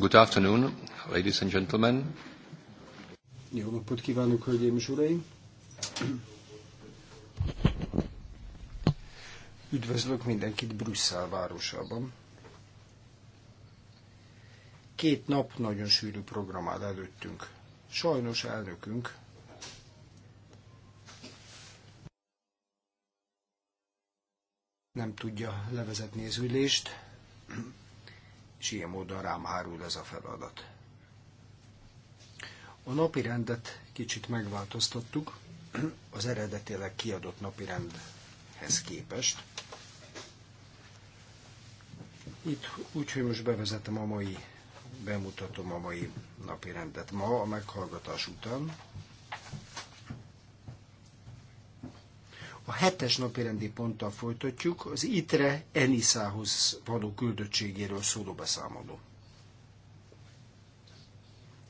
Good afternoon, ladies and gentlemen. Jó napot kívánok, hölgyeim és uraim! Üdvözlök mindenkit Brüsszel városában. Két nap nagyon sűrű program áll előttünk. Sajnos elnökünk, nem tudja levezetni az ülést, és ilyen módon rám hárul ez a feladat. A napi rendet kicsit megváltoztattuk az eredetileg kiadott napi rendhez képest. Itt úgyhogy most bevezetem a mai, bemutatom a mai napi rendet. Ma a meghallgatás után hetes napirendi ponttal folytatjuk, az ITRE Enisához való küldöttségéről szóló beszámoló.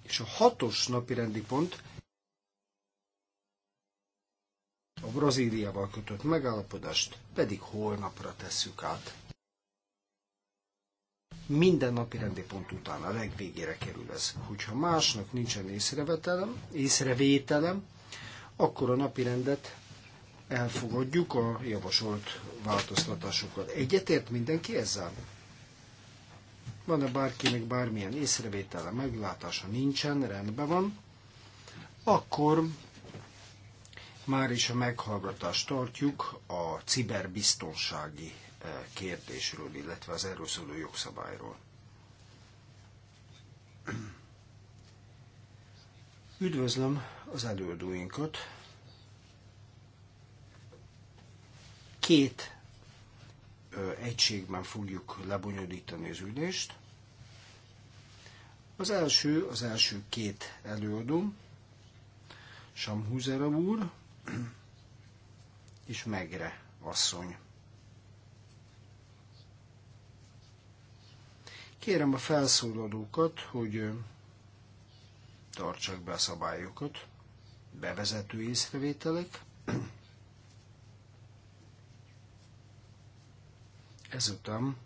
És a hatos napirendi pont a Brazíliával kötött megállapodást pedig holnapra tesszük át. Minden napi rendi pont után a legvégére kerül ez. Hogyha másnak nincsen észrevételem, észrevételem, akkor a napi rendet elfogadjuk a javasolt változtatásokat. Egyetért mindenki ezzel? Van-e bárkinek bármilyen észrevétele, meglátása? Nincsen, rendben van. Akkor már is a meghallgatást tartjuk a ciberbiztonsági eh, kérdésről, illetve az erről szóló jogszabályról. Üdvözlöm az előadóinkat, két egységben fogjuk lebonyolítani az ülést. Az első, az első két előadó, Samhuzera úr és Megre asszony. Kérem a felszólalókat, hogy tartsák be a szabályokat, bevezető észrevételek, Ezután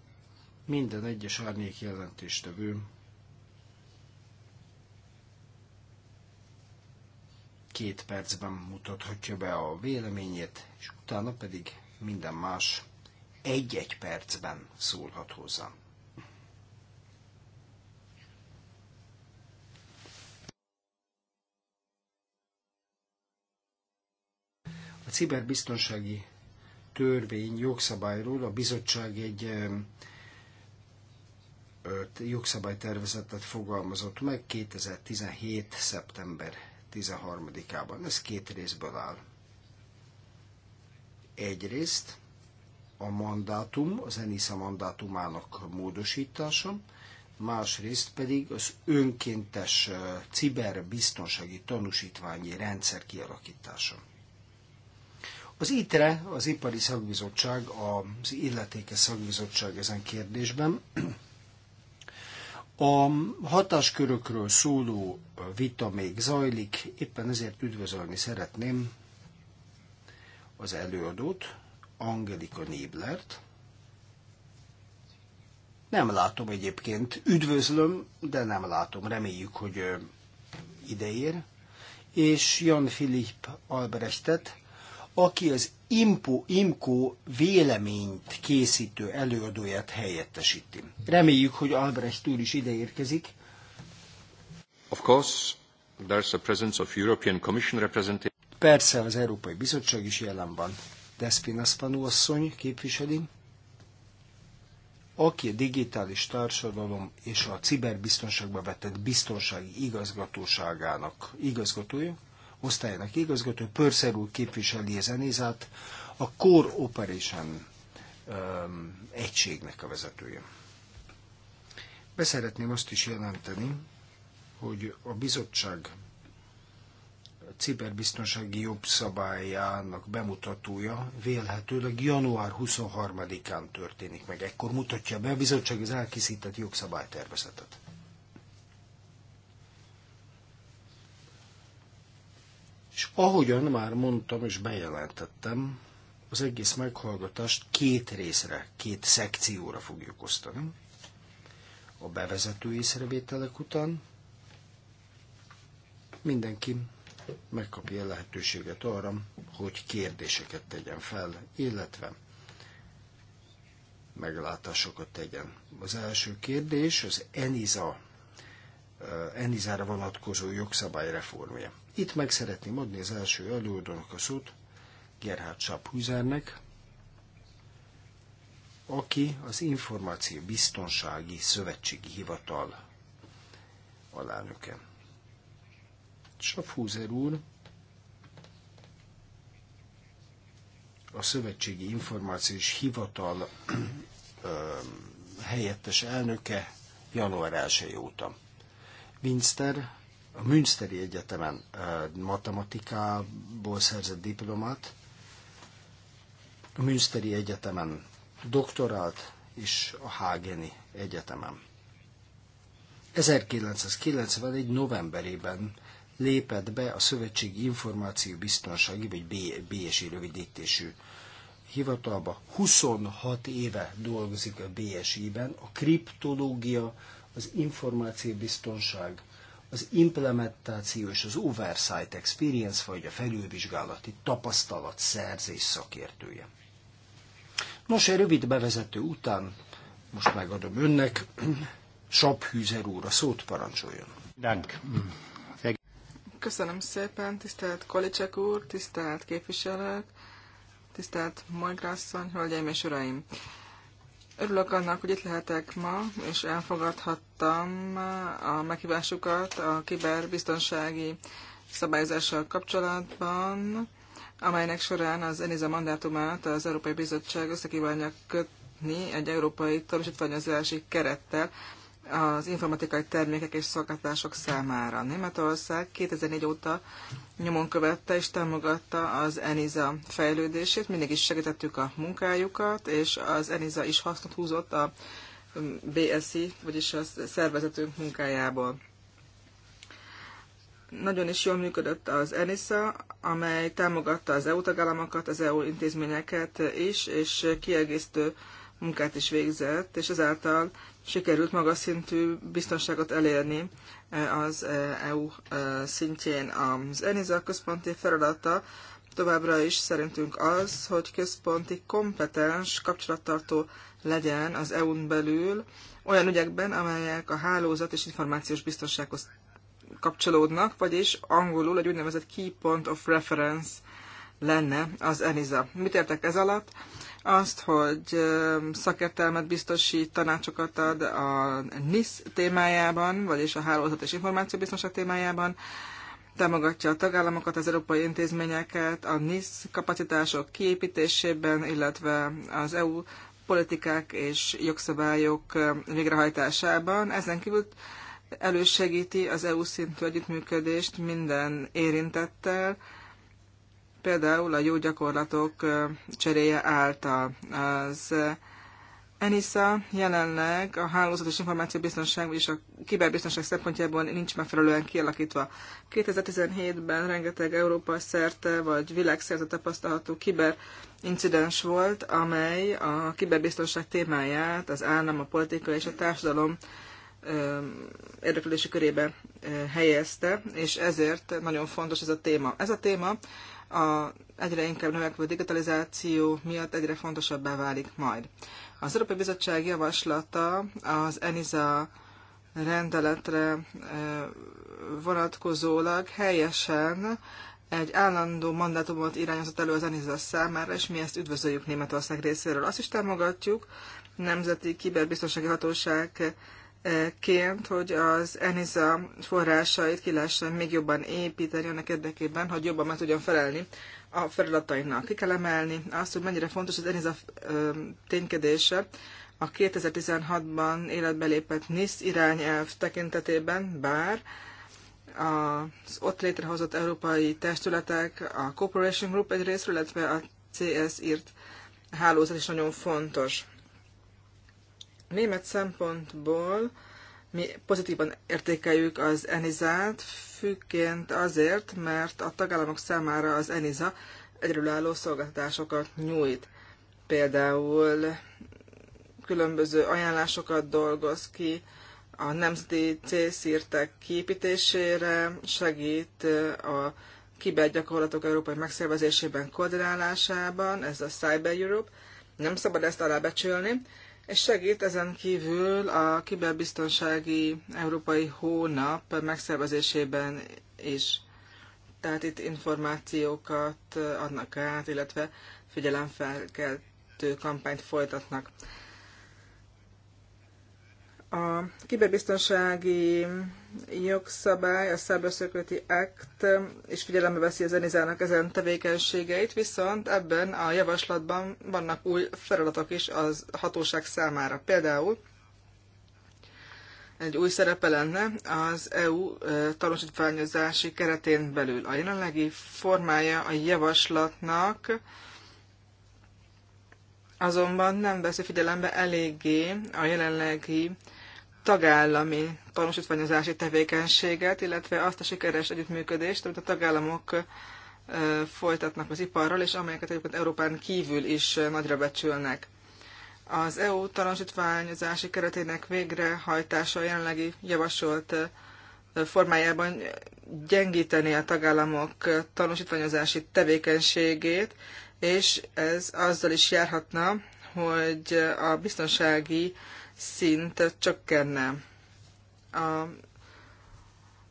minden egyes árnyék jelentéstevő két percben mutathatja be a véleményét, és utána pedig minden más egy-egy percben szólhat hozzá. A ciberbiztonsági törvény jogszabályról a bizottság egy jogszabálytervezetet fogalmazott meg 2017. szeptember 13-ában. Ez két részből áll. Egyrészt a mandátum, az ENISA mandátumának módosítása, másrészt pedig az önkéntes ciberbiztonsági tanúsítványi rendszer kialakítása. Az ITRE, az Ipari Szakbizottság, az illetékes szakbizottság ezen kérdésben, a hatáskörökről szóló vita még zajlik, éppen ezért üdvözölni szeretném az előadót, Angelika Néblert. Nem látom egyébként, üdvözlöm, de nem látom, reméljük, hogy ideér. És Jan Filip Albrechtet, aki az IMPO, IMCO véleményt készítő előadóját helyettesíti. Reméljük, hogy Albrecht úr is ide érkezik. Of course, there's a presence of European Commission representative. Persze az Európai Bizottság is jelen van. Spanu asszony képviseli, aki a digitális társadalom és a ciberbiztonságba vetett biztonsági igazgatóságának igazgatója, osztályának igazgató, Pörszer úr képviseli a zenézát, a Core Operation um, egységnek a vezetője. Beszeretném azt is jelenteni, hogy a bizottság a ciberbiztonsági jobbszabályának bemutatója vélhetőleg január 23-án történik meg. Ekkor mutatja be a bizottság az elkészített jogszabálytervezetet. És ahogyan már mondtam és bejelentettem, az egész meghallgatást két részre, két szekcióra fogjuk osztani. A bevezető észrevételek után mindenki megkapja a lehetőséget arra, hogy kérdéseket tegyen fel, illetve meglátásokat tegyen. Az első kérdés az ENISA Enizára vonatkozó jogszabály reformja. Itt meg szeretném adni az első előadónak a szót, Gerhard Schaphuzernek, aki az Információ Biztonsági Szövetségi Hivatal alelnöke. Schaphúzer úr a Szövetségi Információs Hivatal helyettes elnöke január 1 óta. Münster, a Münsteri Egyetemen matematikából szerzett diplomát, a Münsteri Egyetemen doktorált, és a Hágeni Egyetemen. 1991. novemberében lépett be a Szövetségi Információbiztonsági, vagy BSI rövidítésű hivatalba. 26 éve dolgozik a BSI-ben, a kriptológia, az információbiztonság, az implementáció és az oversight experience, vagy a felülvizsgálati tapasztalat szerzés szakértője. Nos, egy rövid bevezető után most megadom önnek, Hűzer úr, a szót parancsoljon. Dank. Köszönöm szépen, tisztelt Kolicsek úr, tisztelt képviselők, tisztelt Majgrasszony, hölgyeim és uraim! Örülök annak, hogy itt lehetek ma, és elfogadhattam a meghívásukat a kiberbiztonsági szabályozással kapcsolatban, amelynek során az ENISA mandátumát az Európai Bizottság összekívánja kötni egy európai tanúsítványozási kerettel, az informatikai termékek és szolgáltatások számára. Németország 2004 óta nyomon követte és támogatta az ENISA fejlődését, mindig is segítettük a munkájukat, és az ENISA is hasznot húzott a BSI, vagyis a szervezetünk munkájából. Nagyon is jól működött az ENISA, amely támogatta az EU tagállamokat, az EU intézményeket is, és kiegészítő munkát is végzett, és ezáltal sikerült magas szintű biztonságot elérni e, az EU e e, szintjén. Az ENISA központi feladata továbbra is szerintünk az, hogy központi kompetens kapcsolattartó legyen az EU-n belül olyan ügyekben, amelyek a hálózat és információs biztonsághoz kapcsolódnak, vagyis angolul egy úgynevezett key point of reference lenne az ENISA. Mit értek ez alatt? azt, hogy szakértelmet biztosít, tanácsokat ad a NIS témájában, vagyis a hálózat és információbiztonság témájában, támogatja a tagállamokat, az európai intézményeket a NIS kapacitások kiépítésében, illetve az EU politikák és jogszabályok végrehajtásában. Ezen kívül elősegíti az EU szintű együttműködést minden érintettel, például a jó gyakorlatok cseréje által. Az ENISA jelenleg a hálózat és információbiztonság és a kiberbiztonság szempontjából nincs megfelelően kialakítva. 2017-ben rengeteg Európa szerte vagy világszerte tapasztalható kiberincidens volt, amely a kiberbiztonság témáját az állam, a politika és a társadalom érdeklődési körébe helyezte, és ezért nagyon fontos ez a téma. Ez a téma a, egyre inkább növekvő digitalizáció miatt egyre fontosabbá válik majd. Az Európai Bizottság javaslata az ENISA rendeletre vonatkozólag helyesen egy állandó mandátumot irányozott elő az ENISA számára, és mi ezt üdvözöljük Németország részéről. Azt is támogatjuk, Nemzeti Kiberbiztonsági Hatóság ként, hogy az ENISA forrásait ki lehessen még jobban építeni annak érdekében, hogy jobban meg tudjon felelni a feladatainak. Ki kell emelni azt, hogy mennyire fontos az ENISA ténykedése a 2016-ban életbe lépett NISZ irányelv tekintetében, bár az ott létrehozott európai testületek, a Corporation Group egy részről, illetve a CS írt hálózat is nagyon fontos. Német szempontból mi pozitívan értékeljük az Enizát, függként azért, mert a tagállamok számára az Eniza álló szolgáltatásokat nyújt. Például különböző ajánlásokat dolgoz ki, a nemzeti célszírtek kiépítésére segít a kibergyakorlatok európai megszervezésében, koordinálásában, ez a Cyber Europe. Nem szabad ezt alábecsülni, és segít ezen kívül a kiberbiztonsági európai hónap megszervezésében is. Tehát itt információkat adnak át, illetve figyelemfelkeltő kampányt folytatnak. A kiberbiztonsági jogszabály, a Cyber Security Act is figyelembe veszi az Enizának ezen tevékenységeit, viszont ebben a javaslatban vannak új feladatok is az hatóság számára. Például egy új szerepe lenne az EU tanúsítványozási keretén belül. A jelenlegi formája a javaslatnak azonban nem veszi figyelembe eléggé a jelenlegi tagállami tanúsítványozási tevékenységet, illetve azt a sikeres együttműködést, amit a tagállamok folytatnak az iparral, és amelyeket egyébként Európán kívül is nagyra becsülnek. Az EU tanúsítványozási keretének végrehajtása a jelenlegi javasolt formájában gyengíteni a tagállamok tanúsítványozási tevékenységét, és ez azzal is járhatna, hogy a biztonsági szint csökkenne. A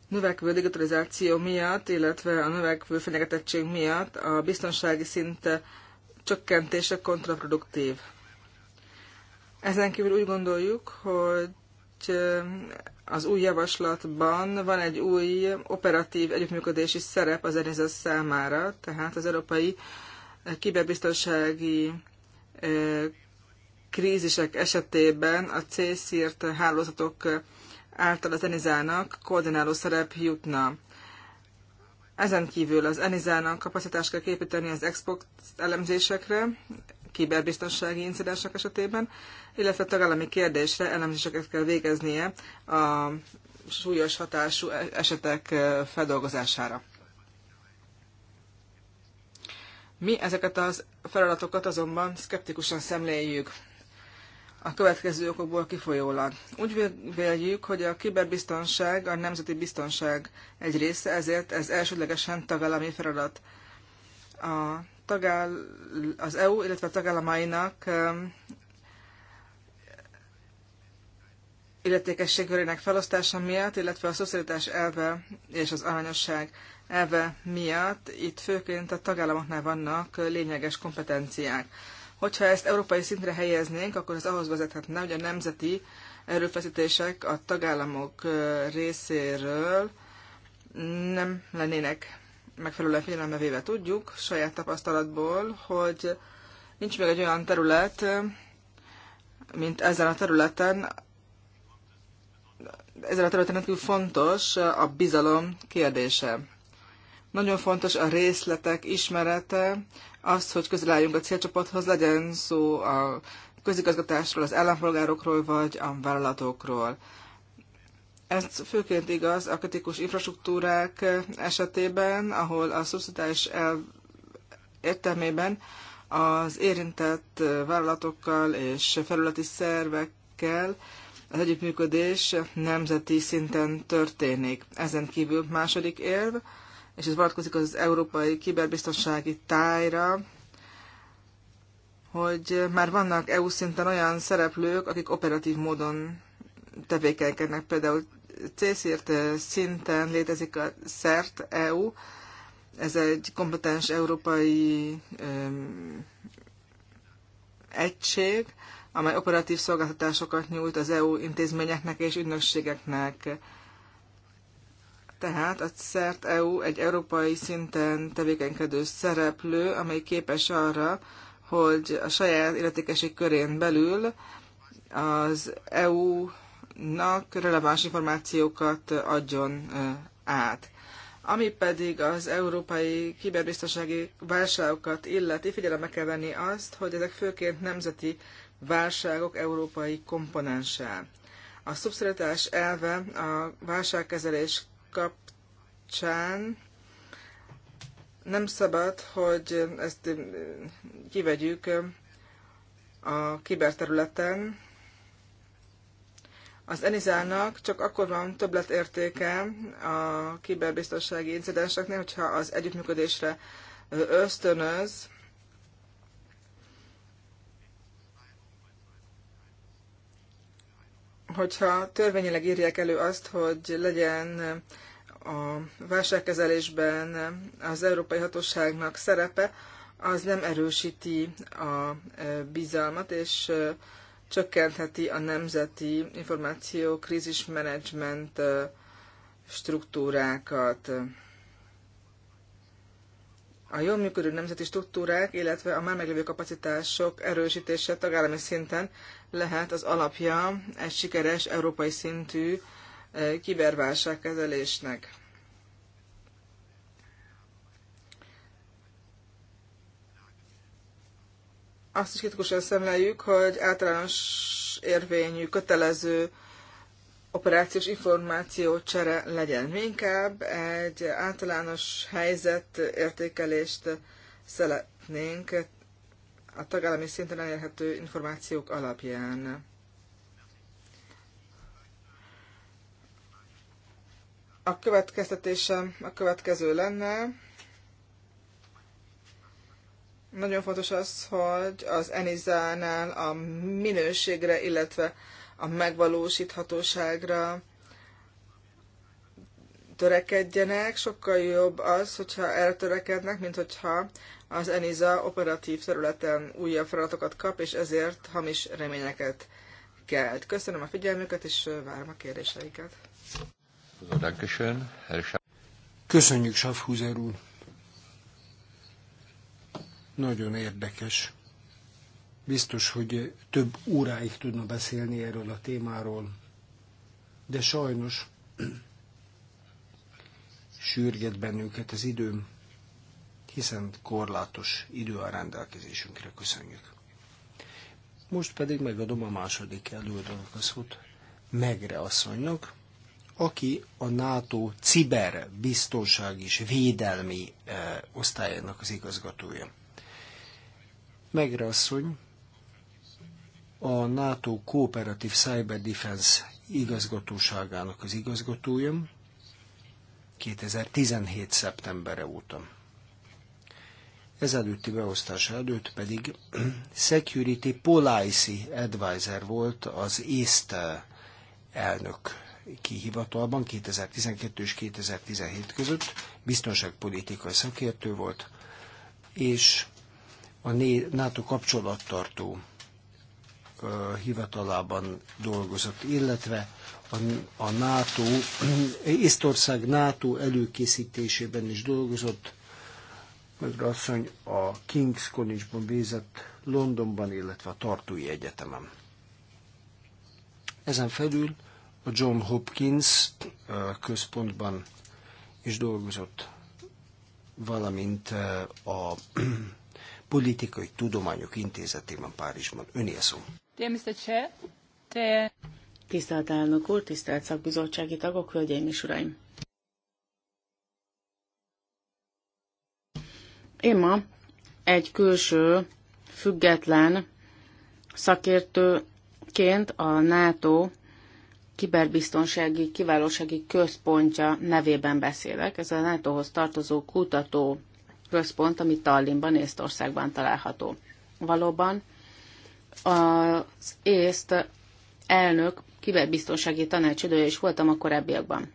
növekvő digitalizáció miatt, illetve a növekvő fenyegetettség miatt a biztonsági szint csökkentése kontraproduktív. Ezen kívül úgy gondoljuk, hogy eh, az új javaslatban van egy új operatív együttműködési szerep az ENISZ számára, tehát az Európai Kiberbiztonsági eh, krízisek esetében a célszírt hálózatok által az ENIZÁ-nak koordináló szerep jutna. Ezen kívül az ENIZÁ-nak kapacitást kell képíteni az export elemzésekre, kiberbiztonsági incidensek esetében, illetve tagállami kérdésre elemzéseket kell végeznie a súlyos hatású e- esetek feldolgozására. Mi ezeket az feladatokat azonban szkeptikusan szemléljük a következő okokból kifolyólag. Úgy véljük, hogy a kiberbiztonság a nemzeti biztonság egy része, ezért ez elsődlegesen tagállami feladat. A tagáll, az EU, illetve a tagállamainak um, illetékességkörének felosztása miatt, illetve a szocialitás elve és az arányosság elve miatt itt főként a tagállamoknál vannak lényeges kompetenciák. Hogyha ezt európai szintre helyeznénk, akkor ez ahhoz vezethetne, hogy a nemzeti erőfeszítések a tagállamok részéről nem lennének megfelelően figyelembe véve. Tudjuk saját tapasztalatból, hogy nincs még egy olyan terület, mint ezen a területen, ezen a területen rendkívül fontos a bizalom kérdése. Nagyon fontos a részletek ismerete, azt, hogy közel álljunk a célcsoporthoz, legyen szó a közigazgatásról, az állampolgárokról vagy a vállalatokról. Ez főként igaz a kritikus infrastruktúrák esetében, ahol a szubszidális értelmében az érintett vállalatokkal és felületi szervekkel az együttműködés nemzeti szinten történik. Ezen kívül második érv, és ez vonatkozik az európai kiberbiztonsági tájra, hogy már vannak EU szinten olyan szereplők, akik operatív módon tevékenykednek. Például CSZIRT szinten létezik a CERT EU, ez egy kompetens európai öm, egység, amely operatív szolgáltatásokat nyújt az EU intézményeknek és ügynökségeknek. Tehát a CERT EU egy európai szinten tevékenykedő szereplő, amely képes arra, hogy a saját illetékesség körén belül az EU-nak releváns információkat adjon át. Ami pedig az európai kiberbiztonsági válságokat illeti, figyelembe kell venni azt, hogy ezek főként nemzeti válságok európai komponensá. A szubszidiaritás elve a válságkezelés kapcsán nem szabad, hogy ezt kivegyük a kiberterületen. Az Enizának csak akkor van többletértéke a kiberbiztonsági incidenseknél, hogyha az együttműködésre ösztönöz, hogyha törvényileg írják elő azt, hogy legyen a válságkezelésben az európai hatóságnak szerepe, az nem erősíti a e, bizalmat, és e, csökkentheti a nemzeti információ e, struktúrákat. A jól működő nemzeti struktúrák, illetve a már meglévő kapacitások erősítése tagállami szinten lehet az alapja egy sikeres európai szintű eh, kiberválságkezelésnek. Azt is kritikusan szemléljük, hogy általános érvényű, kötelező operációs információ csere legyen. Mi inkább egy általános helyzet értékelést szeretnénk a tagállami szinten elérhető információk alapján. A következtetésem a következő lenne. Nagyon fontos az, hogy az ENISA-nál a minőségre, illetve a megvalósíthatóságra törekedjenek, sokkal jobb az, hogyha erre törekednek, mint hogyha az ENISA operatív területen újabb feladatokat kap, és ezért hamis reményeket kelt. Köszönöm a figyelmüket, és várom a kérdéseiket. Köszönjük, Schaffhuser úr! Nagyon érdekes. Biztos, hogy több óráig tudna beszélni erről a témáról, de sajnos sürget bennünket az idő, hiszen korlátos idő a rendelkezésünkre. Köszönjük. Most pedig megadom a második előadónak a szót, Megre asszonynak, aki a NATO ciber biztonság és védelmi eh, osztályának az igazgatója. Megre asszony a NATO Cooperative Cyber Defense igazgatóságának az igazgatója, 2017. szeptembere óta. Ezelőtti beosztás előtt pedig Security Policy Advisor volt az észt eh, elnök kihivatalban 2012 és 2017 között, biztonságpolitikai szakértő volt, és a NATO kapcsolattartó eh, hivatalában dolgozott, illetve a, a NATO, Észtország NATO előkészítésében is dolgozott. meg asszony a King's College-ban végzett Londonban, illetve a Tartói Egyetemen. Ezen felül a John Hopkins központban is dolgozott, valamint a Politikai Tudományok Intézetében Párizsban. Önél Dear Mr. Chair, dear... Tisztelt elnök úr, tisztelt szakbizottsági tagok, hölgyeim és uraim! Én ma egy külső, független szakértőként a NATO kiberbiztonsági kiválósági központja nevében beszélek. Ez a NATO-hoz tartozó kutató központ, ami Tallinnban, Észtországban található. Valóban az észt elnök kiberbiztonsági tanácsadója is voltam a korábbiakban.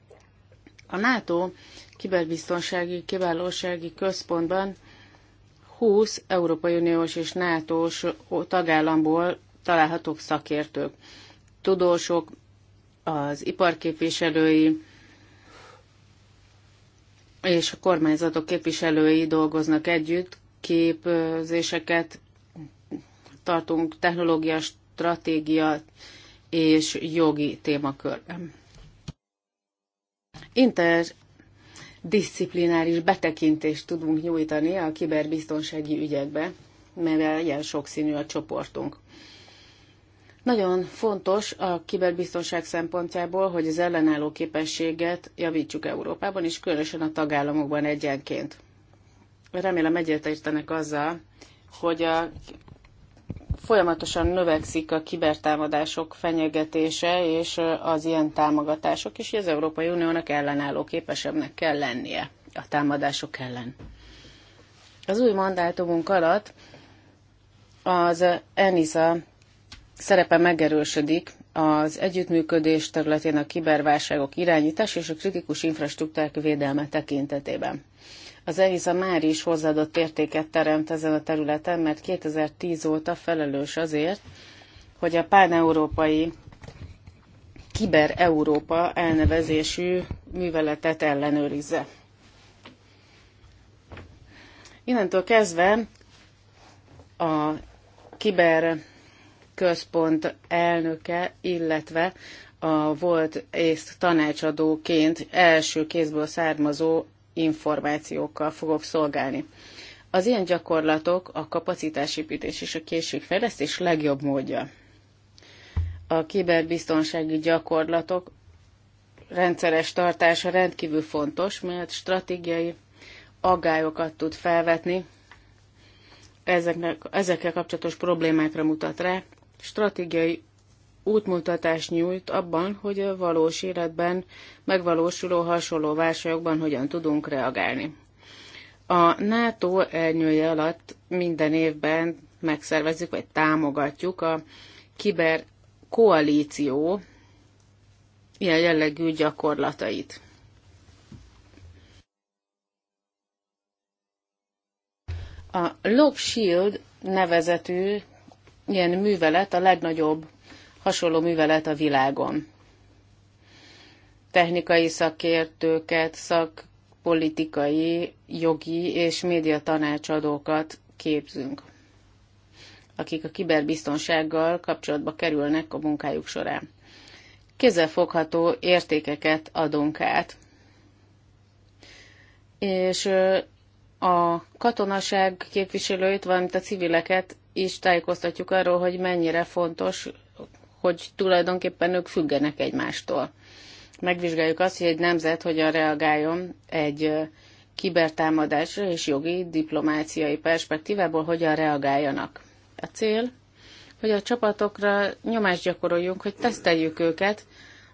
A NATO kiberbiztonsági kiválósági központban 20 Európai Uniós és NATO-s tagállamból találhatók szakértők, tudósok, az iparképviselői és a kormányzatok képviselői dolgoznak együtt, képzéseket tartunk, technológia stratégia és jogi témakörben. Inter disziplináris betekintést tudunk nyújtani a kiberbiztonsági ügyekbe, mert ilyen sokszínű a csoportunk. Nagyon fontos a kiberbiztonság szempontjából, hogy az ellenálló képességet javítsuk Európában, és különösen a tagállamokban egyenként. Remélem egyetértenek azzal, hogy a folyamatosan növekszik a kibertámadások fenyegetése és az ilyen támogatások, és az Európai Uniónak ellenálló képesebbnek kell lennie a támadások ellen. Az új mandátumunk alatt az ENISA szerepe megerősödik az együttműködés területén a kiberválságok irányítás és a kritikus infrastruktúrák védelme tekintetében. Az ELISA már is hozzáadott értéket teremt ezen a területen, mert 2010 óta felelős azért, hogy a páneurópai Kiber Európa elnevezésű műveletet ellenőrizze. Innentől kezdve a Kiber Központ elnöke, illetve a volt és tanácsadóként első kézből származó információkkal fogok szolgálni. Az ilyen gyakorlatok a kapacitásépítés és a készségfejlesztés legjobb módja. A kiberbiztonsági gyakorlatok rendszeres tartása rendkívül fontos, mert stratégiai aggályokat tud felvetni, ezeknek, ezekkel kapcsolatos problémákra mutat rá, stratégiai útmutatást nyújt abban, hogy a valós életben megvalósuló hasonló válságokban hogyan tudunk reagálni. A NATO elnyője alatt minden évben megszervezzük vagy támogatjuk a kiberkoalíció ilyen jellegű gyakorlatait. A Lock Shield nevezetű ilyen művelet a legnagyobb hasonló művelet a világon. Technikai szakértőket, szakpolitikai, jogi és média tanácsadókat képzünk, akik a kiberbiztonsággal kapcsolatba kerülnek a munkájuk során. Kézzelfogható értékeket adunk át. És a katonaság képviselőit, valamint a civileket is tájékoztatjuk arról, hogy mennyire fontos hogy tulajdonképpen ők függenek egymástól. Megvizsgáljuk azt, hogy egy nemzet hogyan reagáljon egy kibertámadásra és jogi, diplomáciai perspektívából hogyan reagáljanak. A cél, hogy a csapatokra nyomást gyakoroljunk, hogy teszteljük őket,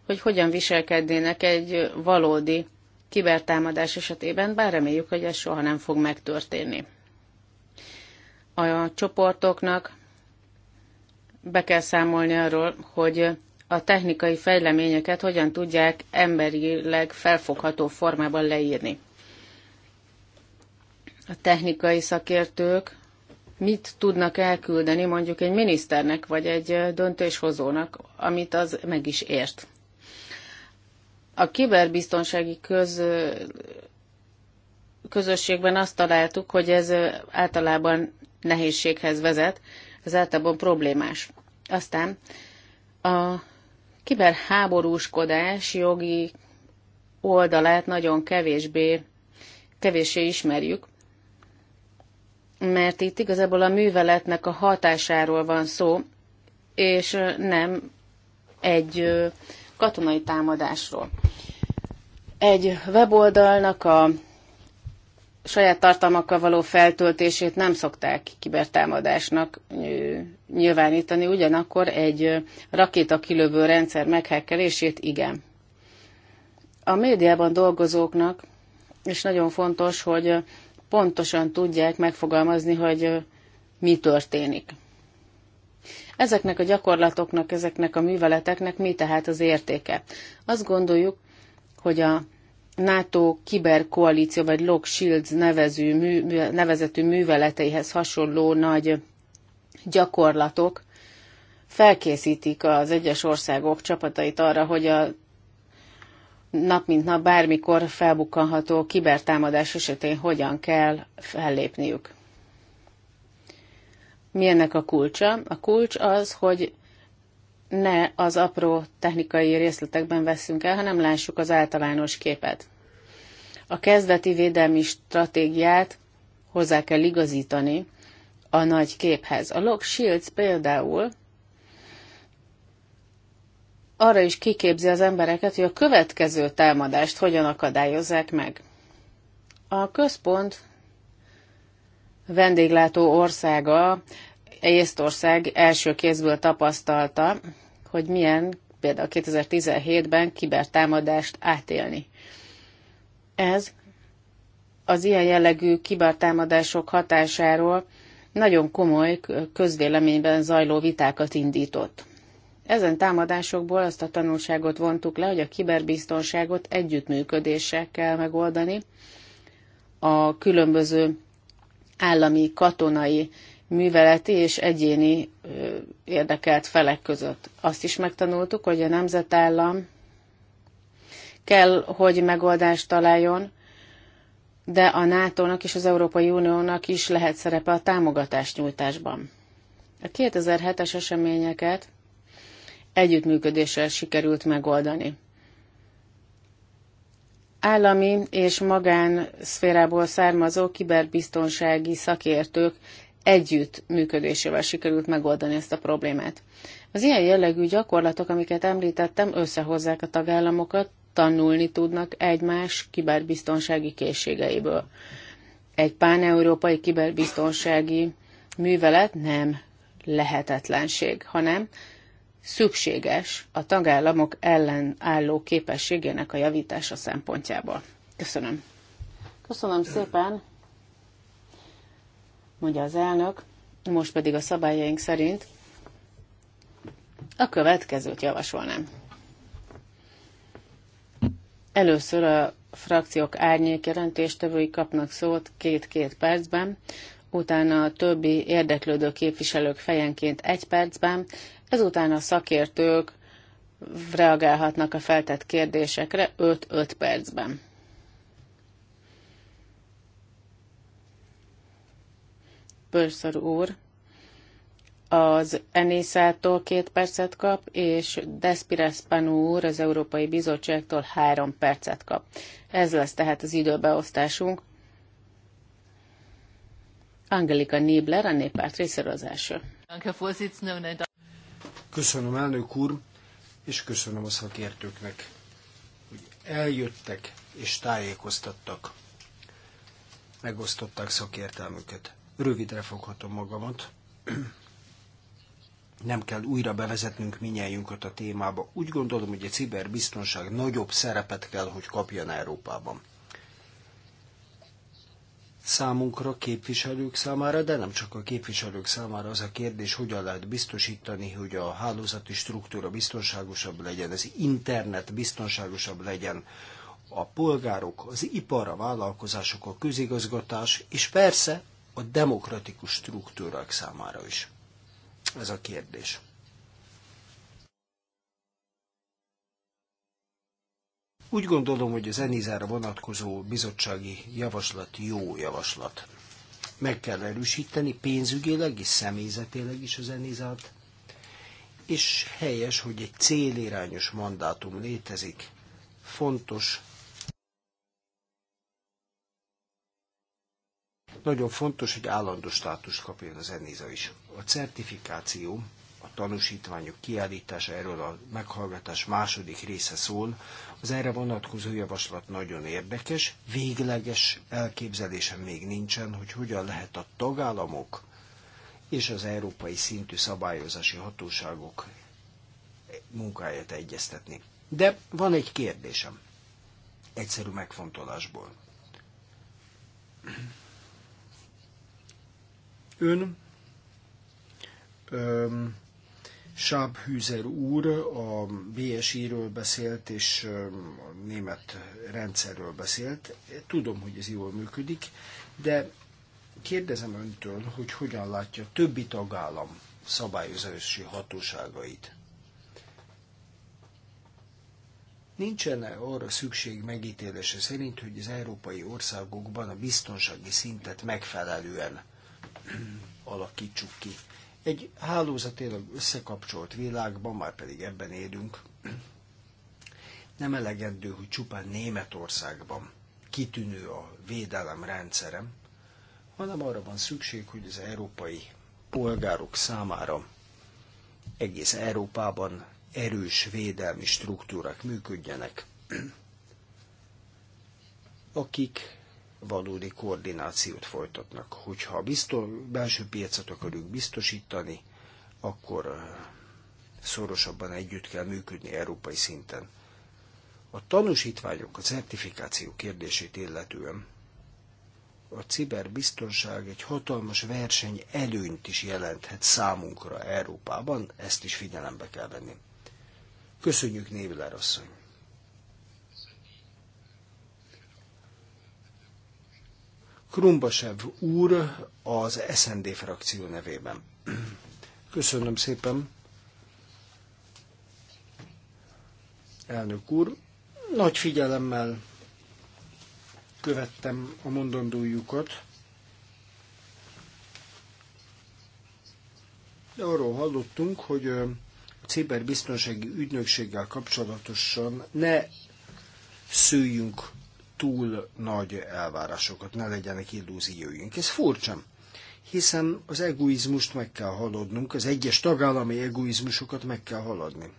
hogy hogyan viselkednének egy valódi kibertámadás esetében, bár reméljük, hogy ez soha nem fog megtörténni. A csoportoknak be kell számolni arról, hogy a technikai fejleményeket hogyan tudják emberileg felfogható formában leírni. A technikai szakértők mit tudnak elküldeni mondjuk egy miniszternek vagy egy döntéshozónak, amit az meg is ért. A kiberbiztonsági köz, közösségben azt találtuk, hogy ez általában nehézséghez vezet, az általában problémás. Aztán a kiberháborúskodás jogi oldalát nagyon kevésbé, kevéssé ismerjük, mert itt igazából a műveletnek a hatásáról van szó, és nem egy katonai támadásról. Egy weboldalnak a saját tartalmakkal való feltöltését nem szokták kibertámadásnak nyilvánítani, ugyanakkor egy rakétakilövő rendszer meghekkelését igen. A médiában dolgozóknak és nagyon fontos, hogy pontosan tudják megfogalmazni, hogy mi történik. Ezeknek a gyakorlatoknak, ezeknek a műveleteknek mi tehát az értéke? Azt gondoljuk, hogy a NATO kiberkoalíció vagy Lock Shields nevező, mű, nevezetű műveleteihez hasonló nagy gyakorlatok felkészítik az egyes országok csapatait arra, hogy a nap mint nap bármikor felbukkanható kibertámadás esetén hogyan kell fellépniük. Mi ennek a kulcsa? A kulcs az, hogy ne az apró technikai részletekben veszünk el, hanem lássuk az általános képet. A kezdeti védelmi stratégiát hozzá kell igazítani a nagy képhez. A Lock Shields például arra is kiképzi az embereket, hogy a következő támadást hogyan akadályozzák meg. A központ vendéglátó országa Észtország első kézből tapasztalta, hogy milyen például 2017-ben kibertámadást átélni. Ez az ilyen jellegű kibertámadások hatásáról nagyon komoly közvéleményben zajló vitákat indított. Ezen támadásokból azt a tanulságot vontuk le, hogy a kiberbiztonságot együttműködéssel kell megoldani, a különböző állami, katonai műveleti és egyéni érdekelt felek között. Azt is megtanultuk, hogy a nemzetállam kell, hogy megoldást találjon, de a NATO-nak és az Európai Uniónak is lehet szerepe a támogatás nyújtásban. A 2007-es eseményeket együttműködéssel sikerült megoldani. Állami és magán szférából származó kiberbiztonsági szakértők együtt működésével sikerült megoldani ezt a problémát. Az ilyen jellegű gyakorlatok, amiket említettem, összehozzák a tagállamokat, tanulni tudnak egymás kiberbiztonsági készségeiből. Egy páneurópai kiberbiztonsági művelet nem lehetetlenség, hanem szükséges a tagállamok ellen álló képességének a javítása szempontjából. Köszönöm. Köszönöm szépen mondja az elnök, most pedig a szabályaink szerint a következőt javasolnám. Először a frakciók árnyék jelentéstevői kapnak szót két-két percben, utána a többi érdeklődő képviselők fejenként egy percben, ezután a szakértők reagálhatnak a feltett kérdésekre 5-5 percben. Bölszor úr az Enészától két percet kap, és Panu úr az Európai Bizottságtól három percet kap. Ez lesz tehát az időbeosztásunk. Angelika Nibler, a néppárt részéről az első. Köszönöm, elnök úr, és köszönöm a szakértőknek, hogy eljöttek és tájékoztattak. Megosztották szakértelmüket. Rövidre foghatom magamat. Nem kell újra bevezetnünk minnyájunkat a témába. Úgy gondolom, hogy a ciberbiztonság nagyobb szerepet kell, hogy kapjon Európában. Számunkra, képviselők számára, de nem csak a képviselők számára az a kérdés, hogyan lehet biztosítani, hogy a hálózati struktúra biztonságosabb legyen, az internet biztonságosabb legyen, a polgárok, az ipar, a vállalkozások, a közigazgatás, és persze a demokratikus struktúrák számára is? Ez a kérdés. Úgy gondolom, hogy az Enizára vonatkozó bizottsági javaslat jó javaslat. Meg kell erősíteni pénzügyileg és személyzetileg is az Enizát, és helyes, hogy egy célirányos mandátum létezik. Fontos Nagyon fontos, hogy állandó státust kapjon az ENISA is. A certifikáció, a tanúsítványok kiállítása erről a meghallgatás második része szól. Az erre vonatkozó javaslat nagyon érdekes, végleges elképzelésem még nincsen, hogy hogyan lehet a tagállamok és az európai szintű szabályozási hatóságok munkáját egyeztetni. De van egy kérdésem, egyszerű megfontolásból. Ön, öm, úr a BSI-ről beszélt, és a német rendszerről beszélt. Tudom, hogy ez jól működik, de kérdezem öntől, hogy hogyan látja a többi tagállam szabályozási hatóságait. nincsen -e arra szükség megítélése szerint, hogy az európai országokban a biztonsági szintet megfelelően alakítsuk ki. Egy hálózatilag összekapcsolt világban, már pedig ebben élünk, nem elegendő, hogy csupán Németországban kitűnő a védelem rendszerem, hanem arra van szükség, hogy az európai polgárok számára egész Európában erős védelmi struktúrák működjenek, akik valódi koordinációt folytatnak. Hogyha a biztos, belső piacot akarjuk biztosítani, akkor eh, szorosabban együtt kell működni európai szinten. A tanúsítványok, a certifikáció kérdését illetően a ciberbiztonság egy hatalmas verseny előnyt is jelenthet számunkra Európában, ezt is figyelembe kell venni. Köszönjük, Névler asszony! Krumbasev úr az SND frakció nevében. Köszönöm szépen. Elnök úr, nagy figyelemmel követtem a mondandójukat. De arról hallottunk, hogy a ciberbiztonsági ügynökséggel kapcsolatosan ne szüljünk túl nagy elvárásokat, ne legyenek illúzióink. Ez furcsa, hiszen az egoizmust meg kell haladnunk, az egyes tagállami egoizmusokat meg kell haladni.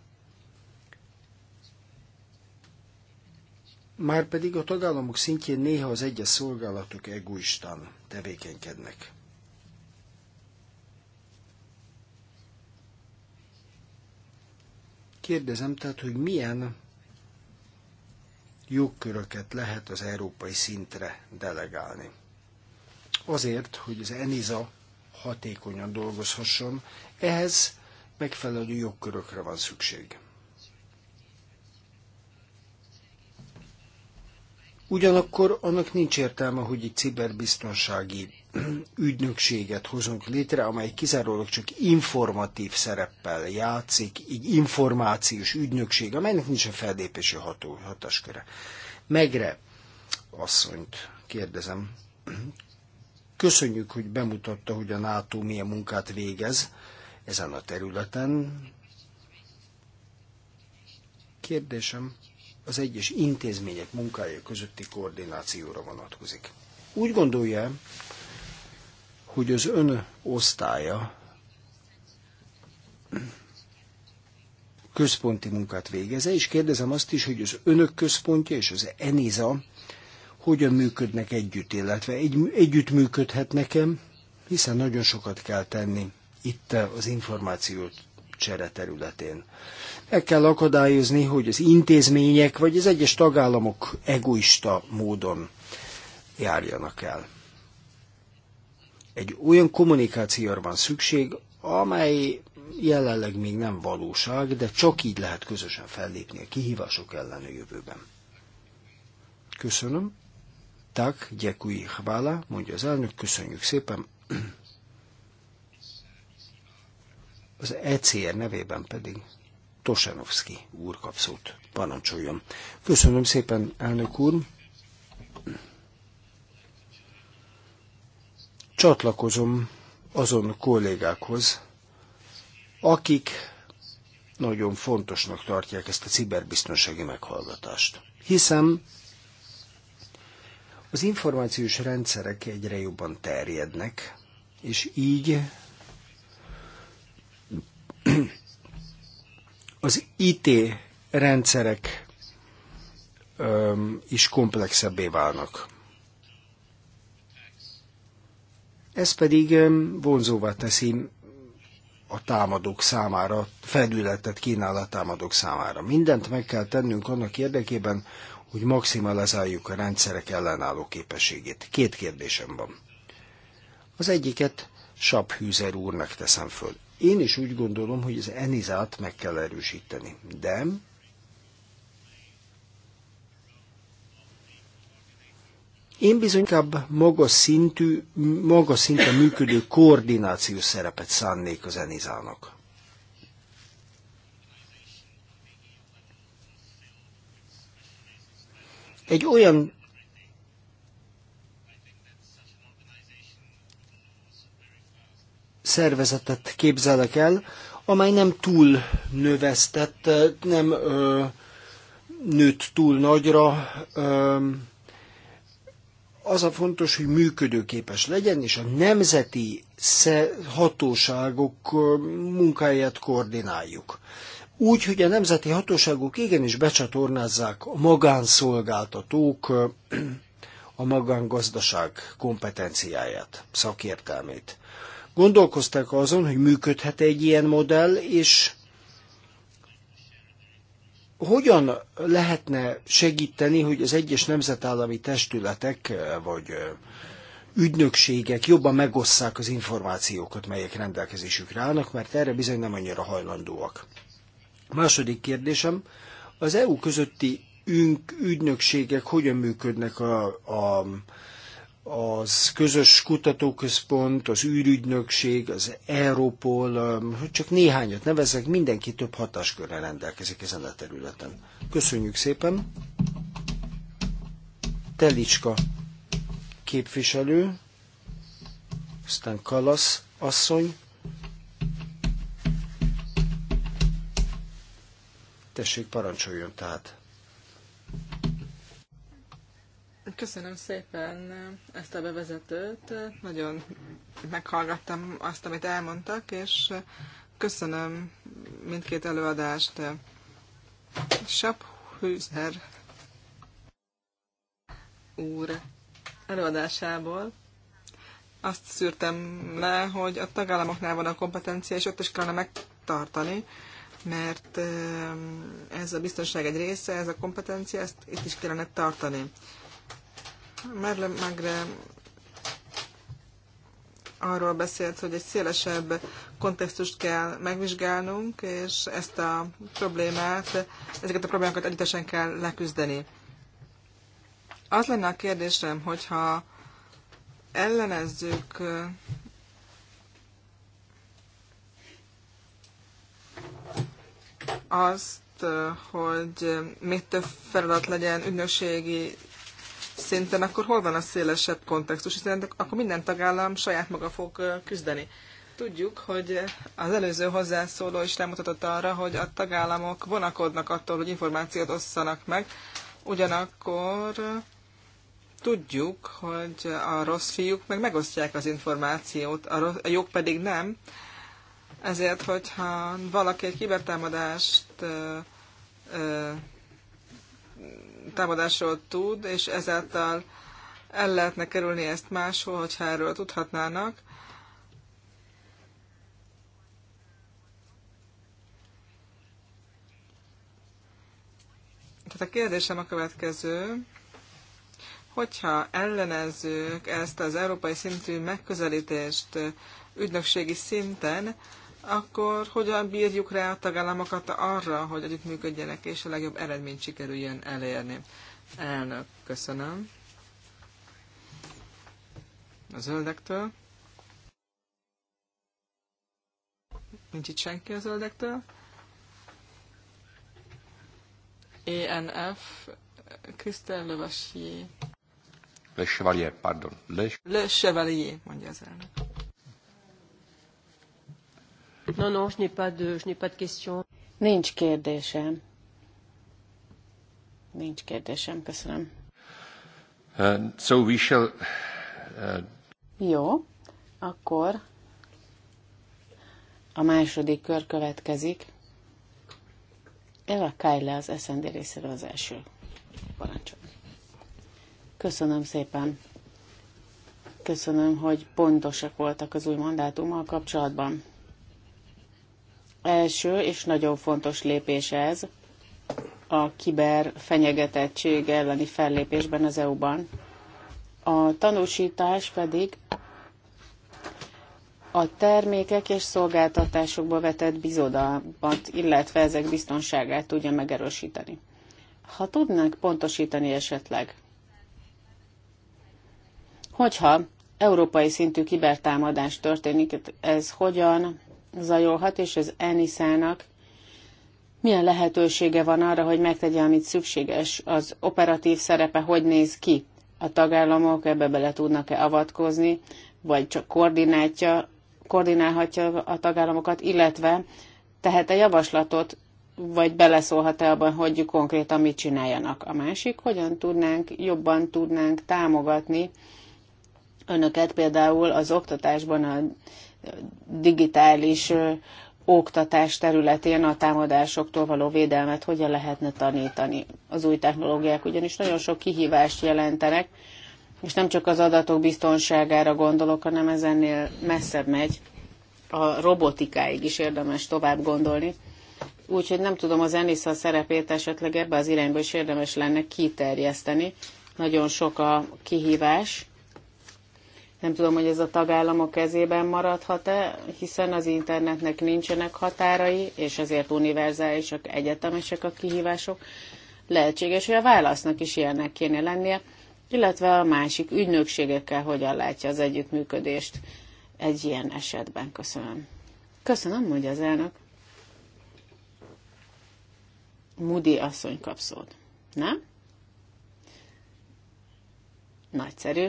Márpedig a tagállamok szintjén néha az egyes szolgálatok egoistán tevékenykednek. Kérdezem tehát, hogy milyen jogköröket lehet az európai szintre delegálni. Azért, hogy az ENISA hatékonyan dolgozhasson, ehhez megfelelő jogkörökre van szükség. Ugyanakkor annak nincs értelme, hogy egy ciberbiztonsági ügynökséget hozunk létre, amely kizárólag csak informatív szereppel játszik, így információs ügynökség, amelynek nincsen feldépési ható, hatásköre. Megre asszonyt kérdezem. Köszönjük, hogy bemutatta, hogy a NATO milyen munkát végez ezen a területen. Kérdésem az egyes intézmények munkája közötti koordinációra vonatkozik. Úgy gondolja, hogy az ön osztálya központi munkát végeze, és kérdezem azt is, hogy az önök központja és az ENISA hogyan működnek együtt, illetve egy, együtt működhet nekem, hiszen nagyon sokat kell tenni itt az információt csere területén. Meg kell akadályozni, hogy az intézmények vagy az egyes tagállamok egoista módon járjanak el. Egy olyan kommunikációra van szükség, amely jelenleg még nem valóság, de csak így lehet közösen fellépni a kihívások ellen a jövőben. Köszönöm. Tak, gyekui hvála, mondja az elnök, köszönjük szépen. Az ECR nevében pedig Tosanovski úr kap szót. Parancsoljon. Köszönöm szépen, elnök úr. csatlakozom azon kollégákhoz, akik nagyon fontosnak tartják ezt a ciberbiztonsági meghallgatást. Hiszem, az információs rendszerek egyre jobban terjednek, és így az IT rendszerek is komplexebbé válnak. Ez pedig vonzóvá teszi a támadók számára, felületet kínál a támadók számára. Mindent meg kell tennünk annak érdekében, hogy maximalizáljuk a rendszerek ellenálló képességét. Két kérdésem van. Az egyiket Hűzer úrnak teszem föl. Én is úgy gondolom, hogy az Enizát meg kell erősíteni, de Én bizony inkább magas szintű, magas szinten működő koordinációs szerepet szánnék az zenizának. Egy olyan szervezetet képzelek el, amely nem túl növesztett, nem ö, nőtt túl nagyra, ö, az a fontos, hogy működőképes legyen, és a nemzeti hatóságok munkáját koordináljuk. Úgy, hogy a nemzeti hatóságok igenis becsatornázzák a magánszolgáltatók a magángazdaság kompetenciáját, szakértelmét. Gondolkoztak azon, hogy működhet -e egy ilyen modell, és hogyan lehetne segíteni, hogy az egyes nemzetállami testületek eh, vagy eh, ügynökségek jobban megosszák az információkat, melyek rendelkezésükre állnak, mert erre bizony nem annyira hajlandóak. második kérdésem, az EU közötti ügynökségek hogyan működnek a, a az közös kutatóközpont, az űrügynökség, az Europol, um, hogy csak néhányat nevezek, mindenki több hatáskörrel rendelkezik ezen a területen. Köszönjük szépen! Telicska képviselő, aztán Kalasz asszony. Tessék, parancsoljon tehát! Köszönöm szépen ezt a bevezetőt. Nagyon meghallgattam azt, amit elmondtak, és köszönöm mindkét előadást. Hűzer úr előadásából azt szűrtem le, hogy a tagállamoknál van a kompetencia, és ott is kellene megtartani, mert ehm, ez a biztonság egy része, ez a kompetencia, ezt itt is kellene tartani. Merle Magre arról beszélt, hogy egy szélesebb kontextust kell megvizsgálnunk, és ezt a problémát, ezeket a problémákat együttesen kell leküzdeni. Az lenne a kérdésem, hogyha ellenezzük azt, hogy még több feladat legyen ügynökségi szinten, akkor hol van a szélesebb kontextus, hiszen akkor minden tagállam saját maga fog küzdeni. Tudjuk, hogy az előző hozzászóló is rámutatott arra, hogy a tagállamok vonakodnak attól, hogy információt osszanak meg, ugyanakkor tudjuk, hogy a rossz fiúk meg megosztják az információt, a, rossz, a jók pedig nem. Ezért, hogyha valaki egy kibertámadást ö, ö, támadásról tud, és ezáltal el lehetne kerülni ezt máshol, hogyha erről tudhatnának. Tehát a kérdésem a következő, hogyha ellenezzük ezt az európai szintű megközelítést ügynökségi szinten, akkor hogyan bírjuk rá a tagállamokat arra, hogy együttműködjenek, és a legjobb eredményt sikerüljön elérni? Elnök, köszönöm. A zöldektől. Nincs itt senki a zöldektől. ENF, Krisztel Levasier. Le Chevalier, pardon. Le, Le Chevalier, mondja az elnök je pas de, je pas de question. Nincs kérdésem. Nincs kérdésem, köszönöm. Uh, so we shall... Uh... Jó, akkor a második kör következik. Eva Kajle az SND részéről az első parancsot. Köszönöm szépen. Köszönöm, hogy pontosak voltak az új mandátummal kapcsolatban első és nagyon fontos lépés ez a kiber fenyegetettség elleni fellépésben az EU-ban. A tanúsítás pedig a termékek és szolgáltatásokba vetett bizodalmat, illetve ezek biztonságát tudja megerősíteni. Ha tudnánk pontosítani esetleg, hogyha európai szintű kibertámadás történik, ez hogyan zajolhat, és az Enisának milyen lehetősége van arra, hogy megtegye, amit szükséges? Az operatív szerepe hogy néz ki? A tagállamok ebbe bele tudnak-e avatkozni, vagy csak koordinálja, koordinálhatja a tagállamokat, illetve tehet-e javaslatot, vagy beleszólhat-e abban, hogy konkrétan mit csináljanak. A másik, hogyan tudnánk, jobban tudnánk támogatni önöket például az oktatásban, a digitális oktatás területén a támadásoktól való védelmet hogyan lehetne tanítani. Az új technológiák ugyanis nagyon sok kihívást jelentenek, és nem csak az adatok biztonságára gondolok, hanem ez ennél messzebb megy. A robotikáig is érdemes tovább gondolni. Úgyhogy nem tudom, az Enisza szerepét esetleg ebbe az irányba is érdemes lenne kiterjeszteni. Nagyon sok a kihívás, nem tudom, hogy ez a tagállamok kezében maradhat-e, hiszen az internetnek nincsenek határai, és ezért univerzálisak, egyetemesek a kihívások. Lehetséges, hogy a válasznak is ilyennek kéne lennie, illetve a másik ügynökségekkel hogyan látja az együttműködést egy ilyen esetben. Köszönöm. Köszönöm, hogy az elnök. Mudi asszony kapszód. Nem? Nagyszerű.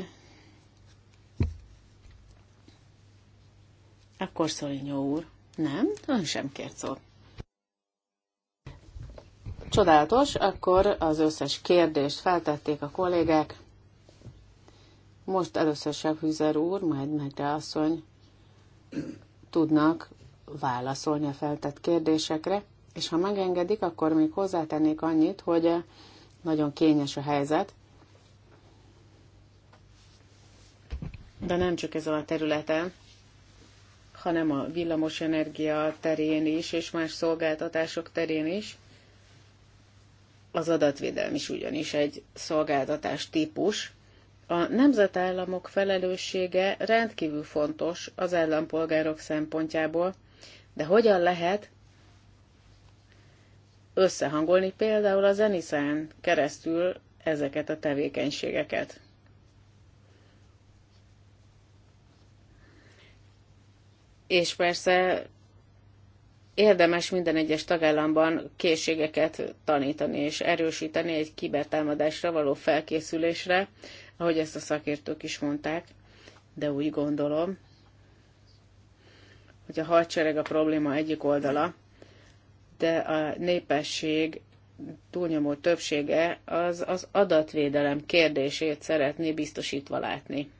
Akkor Szolinyó úr. Nem, ön sem kért szót. Csodálatos, akkor az összes kérdést feltették a kollégák. Most először Sebhüzer úr, majd Megre asszony tudnak válaszolni a feltett kérdésekre, és ha megengedik, akkor még hozzátennék annyit, hogy nagyon kényes a helyzet, de nem csak ezen a területen, hanem a villamos energia terén is, és más szolgáltatások terén is. Az adatvédelm is ugyanis egy szolgáltatás típus. A nemzetállamok felelőssége rendkívül fontos az állampolgárok szempontjából, de hogyan lehet összehangolni például a zeniszán keresztül ezeket a tevékenységeket? és persze érdemes minden egyes tagállamban készségeket tanítani és erősíteni egy kibertámadásra való felkészülésre, ahogy ezt a szakértők is mondták, de úgy gondolom, hogy a hadsereg a probléma egyik oldala, de a népesség túlnyomó többsége az az adatvédelem kérdését szeretné biztosítva látni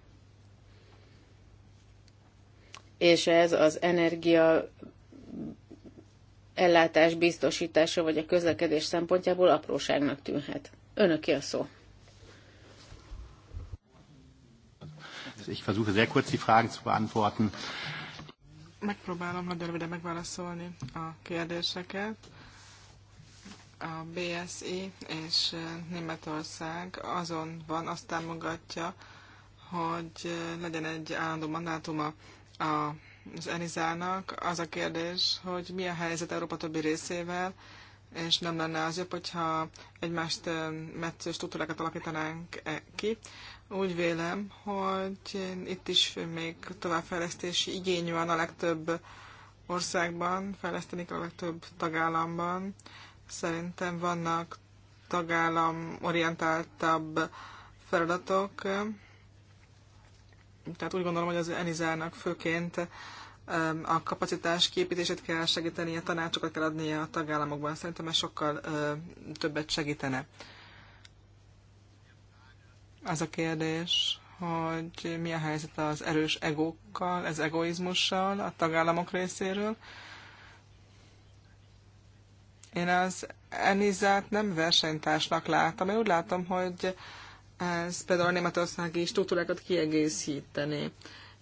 és ez az energia ellátás biztosítása vagy a közlekedés szempontjából apróságnak tűnhet. Önöki a szó. Ich versuche sehr kurz die Fragen zu beantworten. Megpróbálom nagyon röviden megválaszolni a kérdéseket. A BSI és Németország azon van, azt támogatja, hogy legyen egy állandó mandátuma a, az Enizának az a kérdés, hogy mi a helyzet Európa többi részével, és nem lenne az jobb, hogyha egymást metsző struktúrákat alakítanánk e, ki. Úgy vélem, hogy itt is még továbbfejlesztési igény van a legtöbb országban, fejleszteni kell a legtöbb tagállamban. Szerintem vannak tagállam orientáltabb feladatok, tehát úgy gondolom, hogy az Enizának főként a kapacitás képítését kell a tanácsokat kell adnia a tagállamokban. Szerintem ez sokkal többet segítene. Az a kérdés, hogy mi a helyzet az erős egókkal, ez egoizmussal a tagállamok részéről. Én az Enizát nem versenytársnak látom, én úgy látom, hogy ez például a németországi struktúrákat kiegészíteni.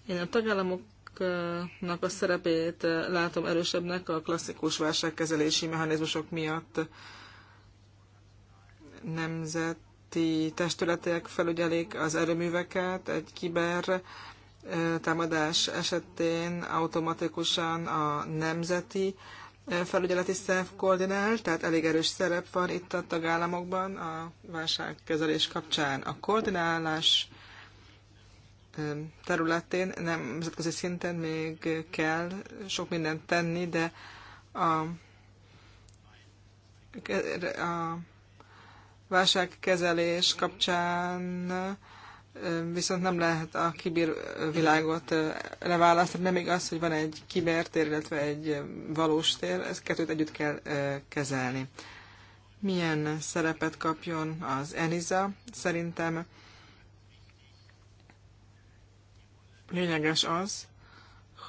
Én a tagállamoknak a szerepét látom erősebbnek a klasszikus válságkezelési mechanizmusok miatt nemzeti testületek felügyelik az erőműveket egy kiber támadás esetén automatikusan a nemzeti felügyeleti szerv koordinál, tehát elég erős szerep van itt a tagállamokban a válságkezelés kapcsán. A koordinálás területén, nem nemzetközi szinten még kell sok mindent tenni, de a, a válságkezelés kapcsán viszont nem lehet a világot leválasztani, nem igaz, hogy van egy kibertér, illetve egy valós tér, ezt kettőt együtt kell kezelni. Milyen szerepet kapjon az Eniza? Szerintem lényeges az,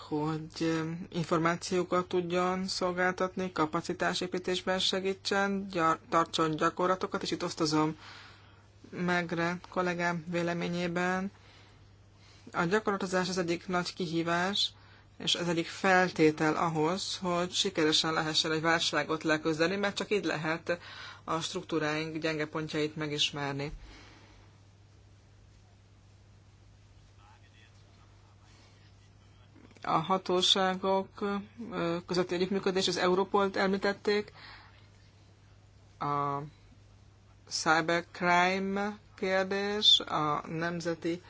hogy információkat tudjon szolgáltatni, kapacitásépítésben segítsen, gyar- tartson gyakorlatokat, és itt osztozom Megre kollégám véleményében a gyakorlatozás az egyik nagy kihívás, és ez egyik feltétel ahhoz, hogy sikeresen lehessen egy válságot leközdeni, mert csak így lehet a struktúráink gyenge pontjait megismerni. A hatóságok közötti együttműködés, az Európolt említették, a cybercrime kérdés a nemzeti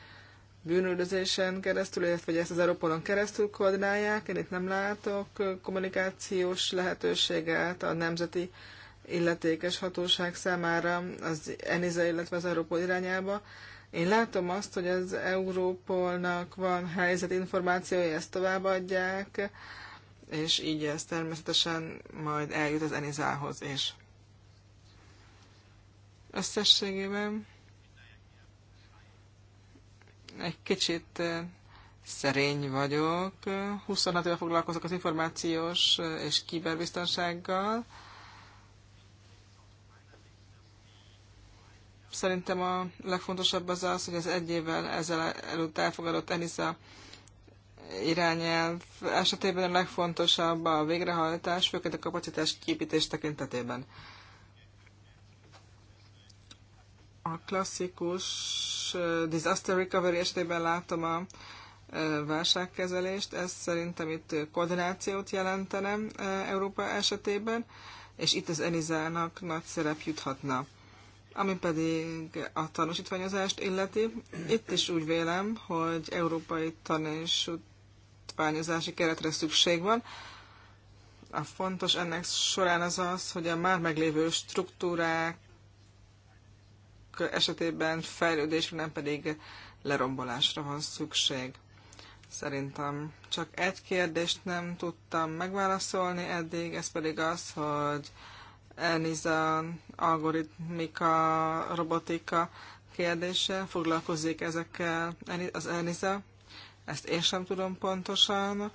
bűnöldözésen keresztül, illetve hogy ezt az Európolon keresztül koordinálják. Én itt nem látok kommunikációs lehetőséget a nemzeti illetékes hatóság számára az ENISA, illetve az Európol irányába. Én látom azt, hogy az Európolnak van helyzetinformációja, ezt továbbadják, és így ez természetesen majd eljut az ENISA-hoz is összességében egy kicsit szerény vagyok. 26 éve foglalkozok az információs és kiberbiztonsággal. Szerintem a legfontosabb az az, hogy az egy évvel ezzel előtt elfogadott ENISA irányelv esetében a legfontosabb a végrehajtás, főként a kapacitás kiépítés tekintetében. a klasszikus disaster recovery esetében látom a válságkezelést, ez szerintem itt koordinációt jelentene Európa esetében, és itt az Enizának nagy szerep juthatna. Ami pedig a tanúsítványozást illeti, itt is úgy vélem, hogy európai tanúsítványozási keretre szükség van. A fontos ennek során az az, hogy a már meglévő struktúrák esetében fejlődésre, nem pedig lerombolásra van szükség. Szerintem csak egy kérdést nem tudtam megválaszolni eddig, ez pedig az, hogy Eniza algoritmika, robotika kérdése, foglalkozik ezekkel az Eniza, ezt én sem tudom pontosan.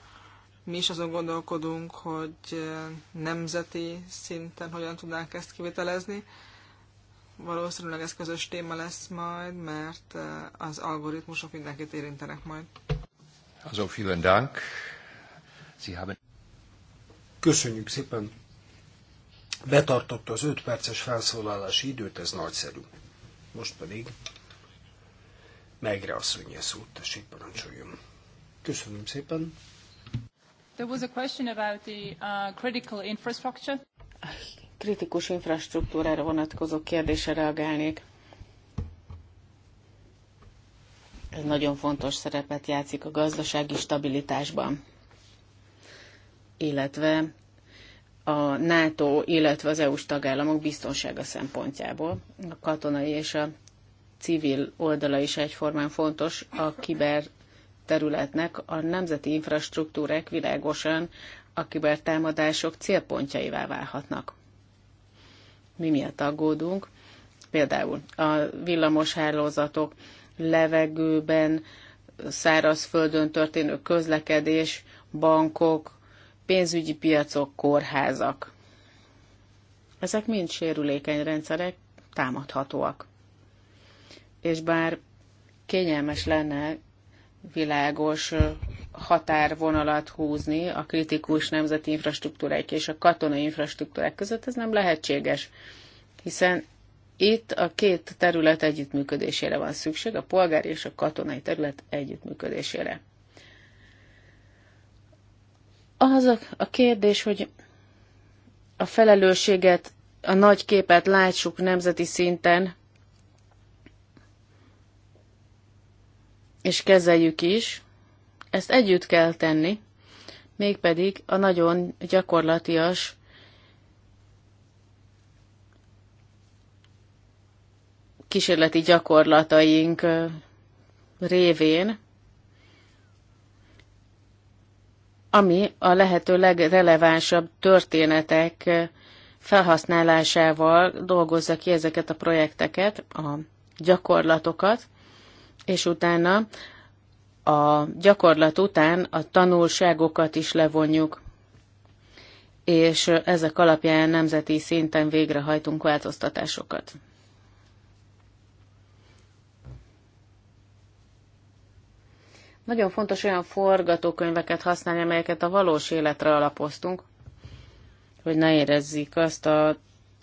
Mi is azon gondolkodunk, hogy nemzeti szinten hogyan tudnánk ezt kivitelezni valószínűleg ez közös téma lesz majd, mert eh, az algoritmusok mindenkit érintenek majd. Also vielen Dank. Sie haben... Köszönjük szépen. Betartotta az 5 perces felszólalási időt, ez nagyszerű. Most pedig megre asszonyi a szót, tessék parancsoljon. Köszönöm szépen. There was a question about the uh, critical infrastructure. kritikus infrastruktúrára vonatkozó kérdésre reagálnék. Ez nagyon fontos szerepet játszik a gazdasági stabilitásban, illetve a NATO, illetve az EU-s tagállamok biztonsága szempontjából. A katonai és a civil oldala is egyformán fontos a kiber területnek a nemzeti infrastruktúrák világosan a kibertámadások célpontjaivá válhatnak mi miatt aggódunk. Például a villamos hálózatok, levegőben, szárazföldön történő közlekedés, bankok, pénzügyi piacok, kórházak. Ezek mind sérülékeny rendszerek, támadhatóak. És bár kényelmes lenne világos határvonalat húzni a kritikus nemzeti infrastruktúráik és a katonai infrastruktúrák között, ez nem lehetséges, hiszen itt a két terület együttműködésére van szükség, a polgári és a katonai terület együttműködésére. Az a, a kérdés, hogy a felelősséget, a nagy képet látsuk nemzeti szinten, és kezeljük is, ezt együtt kell tenni, mégpedig a nagyon gyakorlatias kísérleti gyakorlataink révén, ami a lehető legrelevánsabb történetek felhasználásával dolgozza ki ezeket a projekteket, a gyakorlatokat, és utána a gyakorlat után a tanulságokat is levonjuk, és ezek alapján nemzeti szinten végrehajtunk változtatásokat. Nagyon fontos olyan forgatókönyveket használni, amelyeket a valós életre alapoztunk, hogy ne érezzék azt az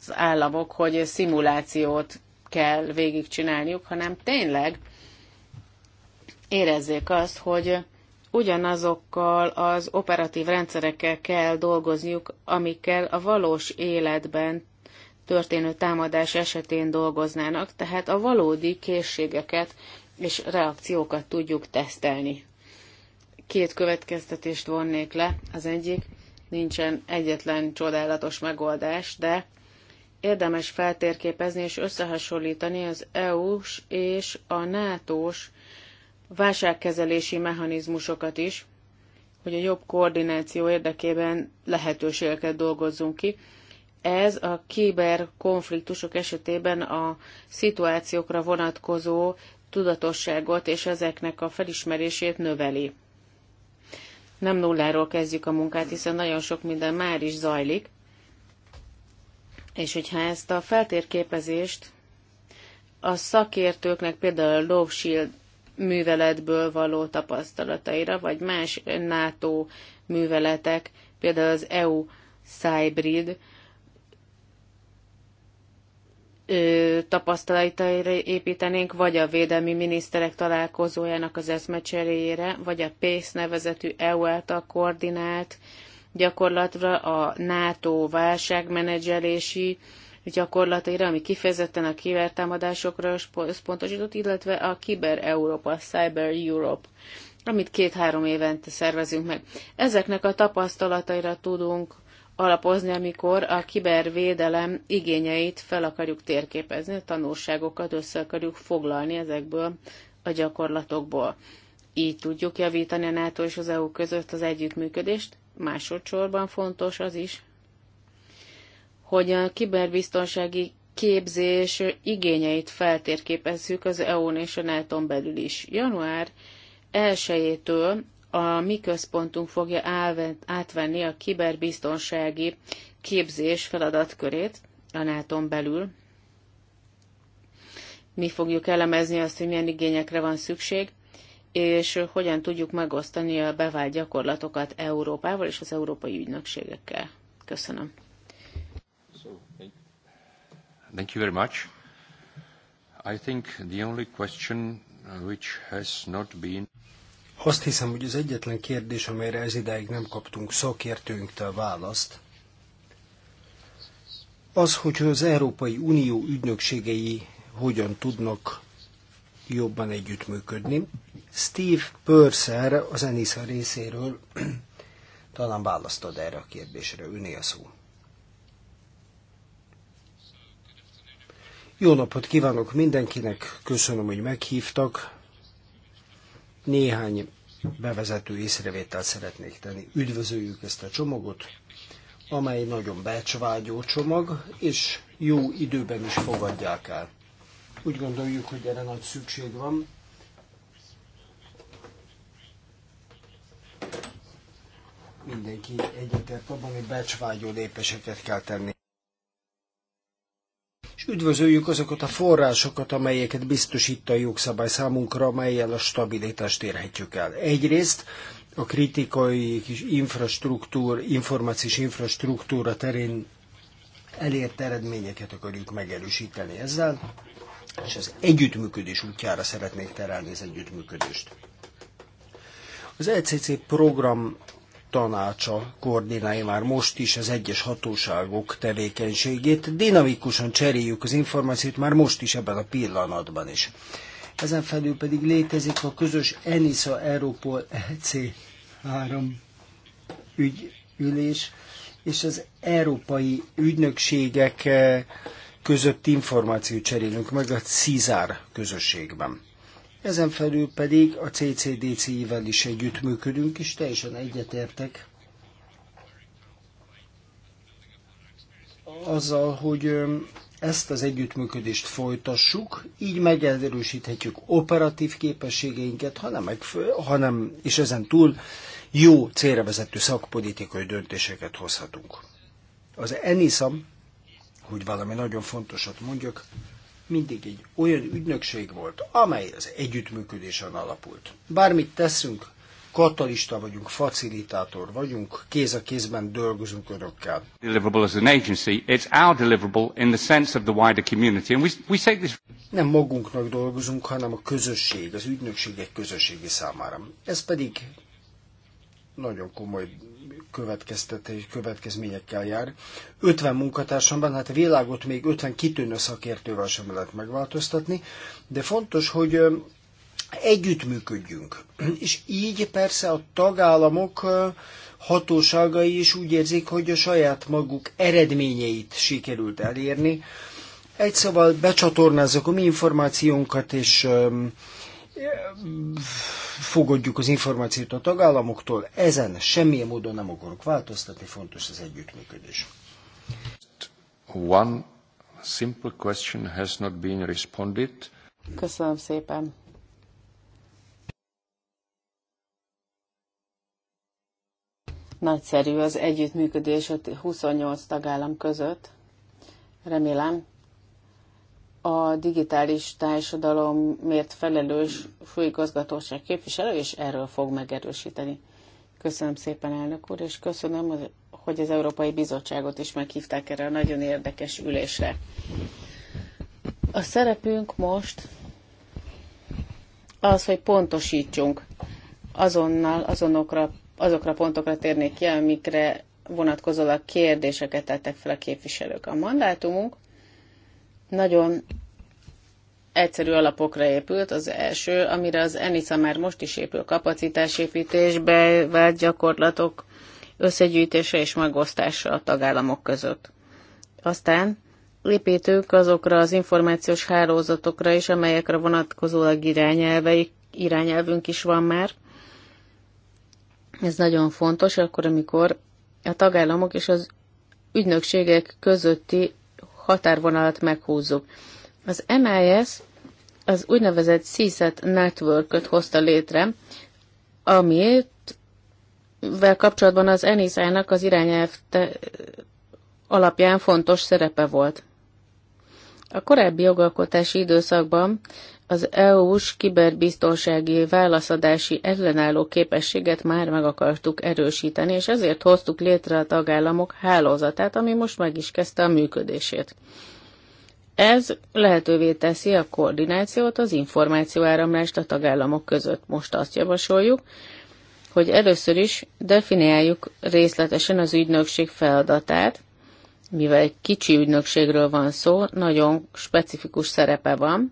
államok, hogy szimulációt kell végigcsinálniuk, hanem tényleg érezzék azt, hogy ugyanazokkal az operatív rendszerekkel kell dolgozniuk, amikkel a valós életben történő támadás esetén dolgoznának, tehát a valódi készségeket és reakciókat tudjuk tesztelni. Két következtetést vonnék le. Az egyik, nincsen egyetlen csodálatos megoldás, de érdemes feltérképezni és összehasonlítani az EU-s és a NATO-s válságkezelési mechanizmusokat is, hogy a jobb koordináció érdekében lehetőségeket dolgozzunk ki. Ez a kiber konfliktusok esetében a szituációkra vonatkozó tudatosságot és ezeknek a felismerését növeli. Nem nulláról kezdjük a munkát, hiszen nagyon sok minden már is zajlik, és hogyha ezt a feltérképezést a szakértőknek, például a Love Shield műveletből való tapasztalataira, vagy más NATO műveletek, például az EU Cybrid tapasztalataira építenénk, vagy a védelmi miniszterek találkozójának az eszmecseréjére, vagy a PACE nevezetű EU által koordinált gyakorlatra a NATO válságmenedzselési gyakorlataira, ami kifejezetten a kibertámadásokra összpontosított, illetve a Kiber Európa, Cyber Europe, amit két-három évente szervezünk meg. Ezeknek a tapasztalataira tudunk alapozni, amikor a kibervédelem igényeit fel akarjuk térképezni, a tanulságokat össze akarjuk foglalni ezekből a gyakorlatokból. Így tudjuk javítani a NATO és az EU között az együttműködést. Másodszorban fontos az is, hogy a kiberbiztonsági képzés igényeit feltérképezzük az EU-n és a NATO-n belül is. Január 1-től a mi központunk fogja átvenni a kiberbiztonsági képzés feladatkörét a NATO-n belül. Mi fogjuk elemezni azt, hogy milyen igényekre van szükség, és hogyan tudjuk megosztani a bevált gyakorlatokat Európával és az európai ügynökségekkel. Köszönöm. Thank you very much. I think the only question uh, which has not been azt hiszem, hogy az egyetlen kérdés, amelyre ez ideig nem kaptunk szakértőinktől választ, az, hogy az Európai Unió ügynökségei hogyan tudnak jobban együttműködni. Steve Purser az Enisa részéről talán választod erre a kérdésre, öné a szó. Jó napot kívánok mindenkinek, köszönöm, hogy meghívtak. Néhány bevezető észrevételt szeretnék tenni. Üdvözöljük ezt a csomagot, amely nagyon becsvágyó csomag, és jó időben is fogadják el. Úgy gondoljuk, hogy erre nagy szükség van. Mindenki egyetért abban, hogy becsvágyó lépéseket kell tenni üdvözöljük azokat a forrásokat, amelyeket biztosít a jogszabály számunkra, amelyel a stabilitást érhetjük el. Egyrészt a kritikai infrastruktúr, információs infrastruktúra terén elért eredményeket akarjuk megerősíteni ezzel, és az együttműködés útjára szeretnék terelni az együttműködést. Az ECC program tanácsa koordinálja már most is az egyes hatóságok tevékenységét. Dinamikusan cseréljük az információt már most is ebben a pillanatban is. Ezen felül pedig létezik a közös ENISA Europol EC3 ügyülés, és az európai ügynökségek eh, között információt cserélünk meg a CISAR közösségben. Ezen felül pedig a CCDC-vel is együttműködünk, és teljesen egyetértek azzal, hogy ezt az együttműködést folytassuk, így megerősíthetjük operatív képességeinket, hanem, megfő, hanem és ezen túl jó célra vezető szakpolitikai döntéseket hozhatunk. Az ENISAM, hogy valami nagyon fontosat mondjak, mindig egy olyan ügynökség volt, amely az együttműködésen alapult. Bármit teszünk, katalista vagyunk, facilitátor vagyunk, kéz a kézben dolgozunk önökkel. Deliverable deliverable Nem magunknak dolgozunk, hanem a közösség, az ügynökségek közösségi számára. Ez pedig nagyon komoly következményekkel jár. 50 munkatársamban, hát a világot még 50 kitűnő szakértővel sem lehet megváltoztatni, de fontos, hogy együttműködjünk. És így persze a tagállamok hatóságai is úgy érzik, hogy a saját maguk eredményeit sikerült elérni. Egy szóval becsatornázzuk a mi információnkat, és fogadjuk az információt a tagállamoktól, ezen semmilyen módon nem akarok változtatni, fontos az együttműködés. One simple question has not been responded. Köszönöm szépen. Nagyszerű az együttműködés a 28 tagállam között. Remélem, a digitális társadalom miért felelős főigazgatóság képviselő, és erről fog megerősíteni. Köszönöm szépen, elnök úr, és köszönöm, hogy az Európai Bizottságot is meghívták erre a nagyon érdekes ülésre. A szerepünk most az, hogy pontosítsunk azonnal azonokra, azokra pontokra térnék ki, amikre vonatkozólag kérdéseket tettek fel a képviselők. A mandátumunk nagyon egyszerű alapokra épült. Az első, amire az ENISA már most is épül, kapacitásépítésbe, vált gyakorlatok összegyűjtése és megosztása a tagállamok között. Aztán lépítők azokra az információs hálózatokra is, amelyekre vonatkozólag irányelveik, irányelvünk is van már. Ez nagyon fontos, akkor amikor a tagállamok és az ügynökségek közötti határvonalat meghúzzuk. Az MIS az úgynevezett CSAT Network-öt hozta létre, amit vel kapcsolatban az ENISA-nak az irányelv alapján fontos szerepe volt. A korábbi jogalkotási időszakban az EU-s kiberbiztonsági válaszadási ellenálló képességet már meg akartuk erősíteni, és ezért hoztuk létre a tagállamok hálózatát, ami most meg is kezdte a működését. Ez lehetővé teszi a koordinációt, az információáramlást a tagállamok között. Most azt javasoljuk, hogy először is definiáljuk részletesen az ügynökség feladatát, mivel egy kicsi ügynökségről van szó, nagyon specifikus szerepe van,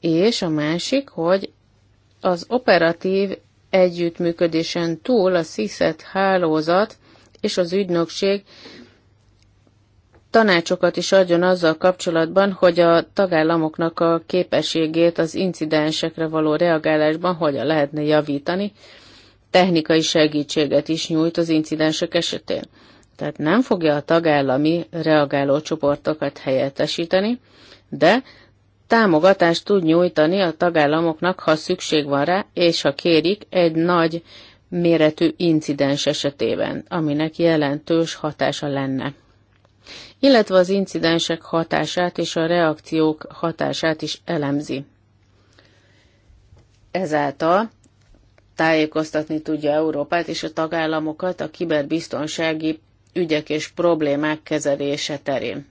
és a másik, hogy az operatív együttműködésen túl a SZISZET hálózat és az ügynökség tanácsokat is adjon azzal kapcsolatban, hogy a tagállamoknak a képességét az incidensekre való reagálásban hogyan lehetne javítani, technikai segítséget is nyújt az incidensek esetén. Tehát nem fogja a tagállami reagáló csoportokat helyettesíteni, de támogatást tud nyújtani a tagállamoknak, ha szükség van rá, és ha kérik, egy nagy méretű incidens esetében, aminek jelentős hatása lenne. Illetve az incidensek hatását és a reakciók hatását is elemzi. Ezáltal tájékoztatni tudja Európát és a tagállamokat a kiberbiztonsági ügyek és problémák kezelése terén.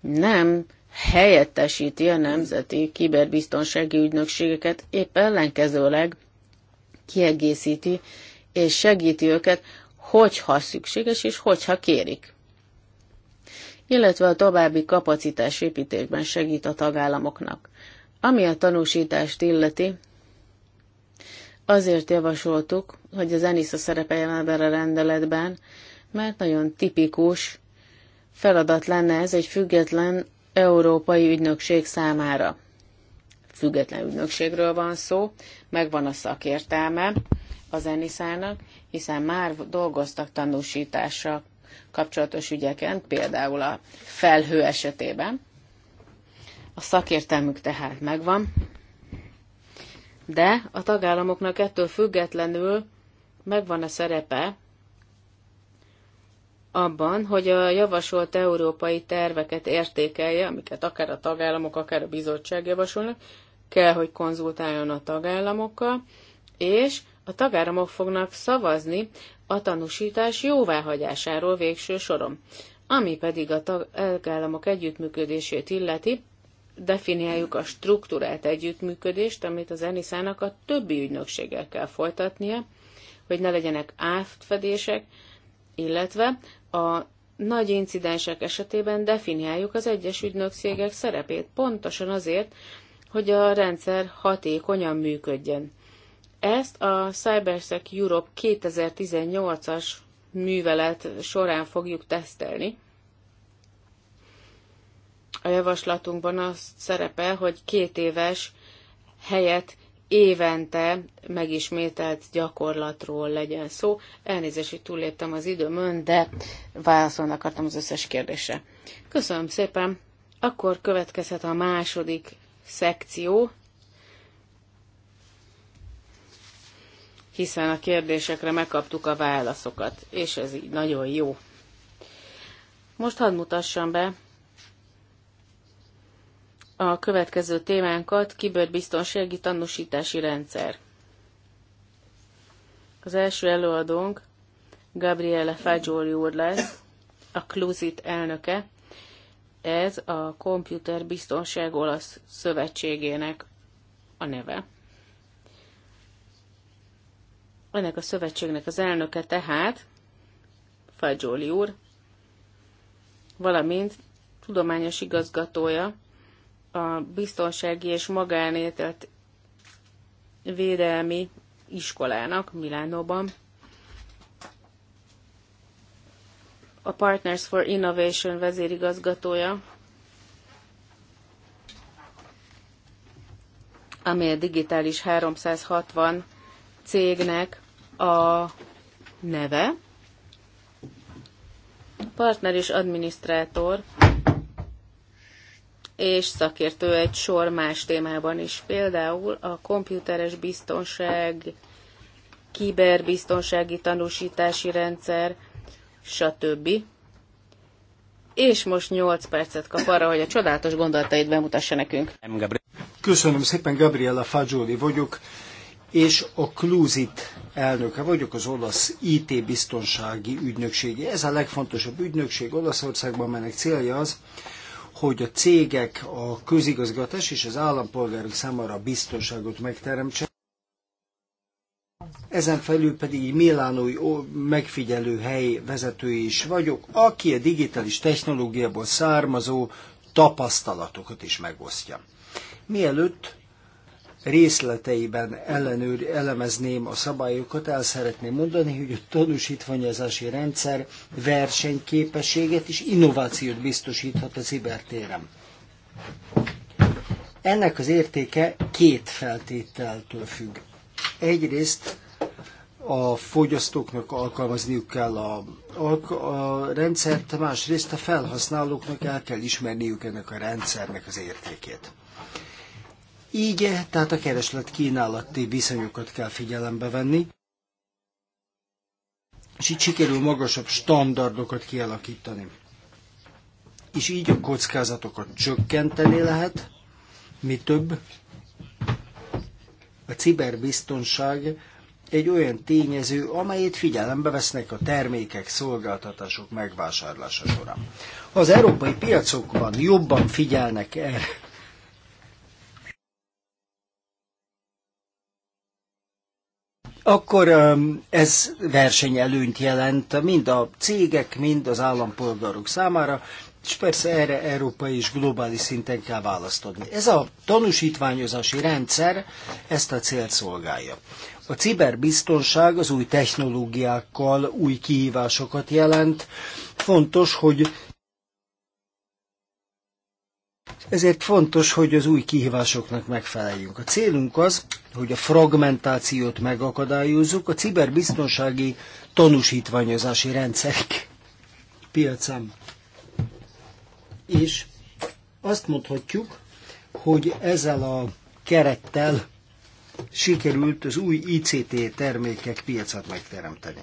Nem helyettesíti a nemzeti kiberbiztonsági ügynökségeket, épp ellenkezőleg kiegészíti és segíti őket, hogyha szükséges és hogyha kérik. Illetve a további kapacitás építésben segít a tagállamoknak. Ami a tanúsítást illeti, azért javasoltuk, hogy az ENISZA szerepeljen ebben a rendeletben, mert nagyon tipikus feladat lenne ez egy független európai ügynökség számára. Független ügynökségről van szó, megvan a szakértelme az Eniszának, hiszen már dolgoztak tanúsításra kapcsolatos ügyeken, például a felhő esetében. A szakértelmük tehát megvan, de a tagállamoknak ettől függetlenül megvan a szerepe abban, hogy a javasolt európai terveket értékelje, amiket akár a tagállamok, akár a bizottság javasolnak, kell, hogy konzultáljon a tagállamokkal, és a tagállamok fognak szavazni a tanúsítás jóváhagyásáról végső soron. Ami pedig a tagállamok együttműködését illeti, definiáljuk a struktúrát együttműködést, amit az Eniszának a többi ügynökséggel kell folytatnia, hogy ne legyenek átfedések, illetve a nagy incidensek esetében definiáljuk az egyes ügynökségek szerepét, pontosan azért, hogy a rendszer hatékonyan működjön. Ezt a CyberSec Europe 2018-as művelet során fogjuk tesztelni. A javaslatunkban az szerepel, hogy két éves helyett évente megismételt gyakorlatról legyen szó. Elnézést, hogy túléptem az időmön, de válaszolni akartam az összes kérdésre. Köszönöm szépen. Akkor következhet a második szekció, hiszen a kérdésekre megkaptuk a válaszokat, és ez így nagyon jó. Most hadd mutassam be a következő témánkat, kiberbiztonsági tanúsítási rendszer. Az első előadónk Gabriele Fagioli úr lesz, a Clusit elnöke. Ez a Computer Biztonság Olasz Szövetségének a neve. Ennek a szövetségnek az elnöke tehát Fagioli úr, valamint tudományos igazgatója a biztonsági és magánélet védelmi iskolának Milánóban. A Partners for Innovation vezérigazgatója, ami a digitális 360 cégnek a neve. Partner és adminisztrátor és szakértő egy sor más témában is, például a komputeres biztonság, kiberbiztonsági tanúsítási rendszer, stb. És most 8 percet kap arra, hogy a csodálatos gondolatait bemutassa nekünk. Köszönöm szépen, Gabriella Fagioli vagyok, és a Clusit elnöke vagyok, az olasz IT-biztonsági ügynökségi. Ez a legfontosabb ügynökség Olaszországban, melynek célja az, hogy a cégek, a közigazgatás és az állampolgárok számára a biztonságot megteremtse. Ezen felül pedig egy milánói megfigyelő hely vezetője is vagyok, aki a digitális technológiából származó tapasztalatokat is megosztja. Mielőtt részleteiben ellenőr, elemezném a szabályokat, el szeretném mondani, hogy a tanúsítványozási rendszer versenyképességet és innovációt biztosíthat a cibertéren. Ennek az értéke két feltételtől függ. Egyrészt a fogyasztóknak alkalmazniuk kell a, a, a rendszert, másrészt a felhasználóknak el kell ismerniük ennek a rendszernek az értékét. Így tehát a kereslet-kínálati viszonyokat kell figyelembe venni, és így sikerül magasabb standardokat kialakítani. És így a kockázatokat csökkenteni lehet, mi több, a ciberbiztonság egy olyan tényező, amelyet figyelembe vesznek a termékek, szolgáltatások megvásárlása során. Az európai piacokban jobban figyelnek erre, akkor ez versenyelőnyt jelent mind a cégek, mind az állampolgárok számára, és persze erre európai és globális szinten kell választodni. Ez a tanúsítványozási rendszer ezt a célt szolgálja. A ciberbiztonság az új technológiákkal új kihívásokat jelent. Fontos, hogy ezért fontos, hogy az új kihívásoknak megfeleljünk. A célunk az, hogy a fragmentációt megakadályozzuk, a ciberbiztonsági tanúsítványozási rendszerek piacán. És azt mondhatjuk, hogy ezzel a kerettel sikerült az új ICT termékek piacát megteremteni.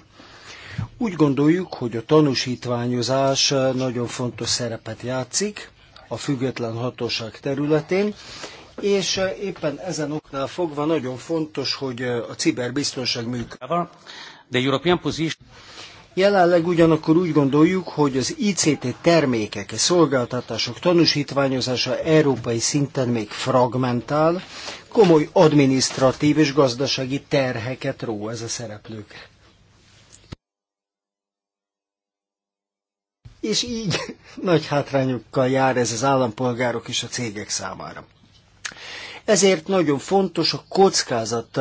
Úgy gondoljuk, hogy a tanúsítványozás nagyon fontos szerepet játszik, a független hatóság területén, és eh, éppen ezen oknál fogva nagyon fontos, hogy eh, a ciberbiztonság működik. Jelenleg ugyanakkor úgy gondoljuk, hogy az ICT termékek és szolgáltatások tanúsítványozása európai szinten még fragmentál, komoly adminisztratív és gazdasági terheket ró ez a szereplőkre. és így nagy hátrányokkal jár ez az állampolgárok és a cégek számára. Ezért nagyon fontos a kockázat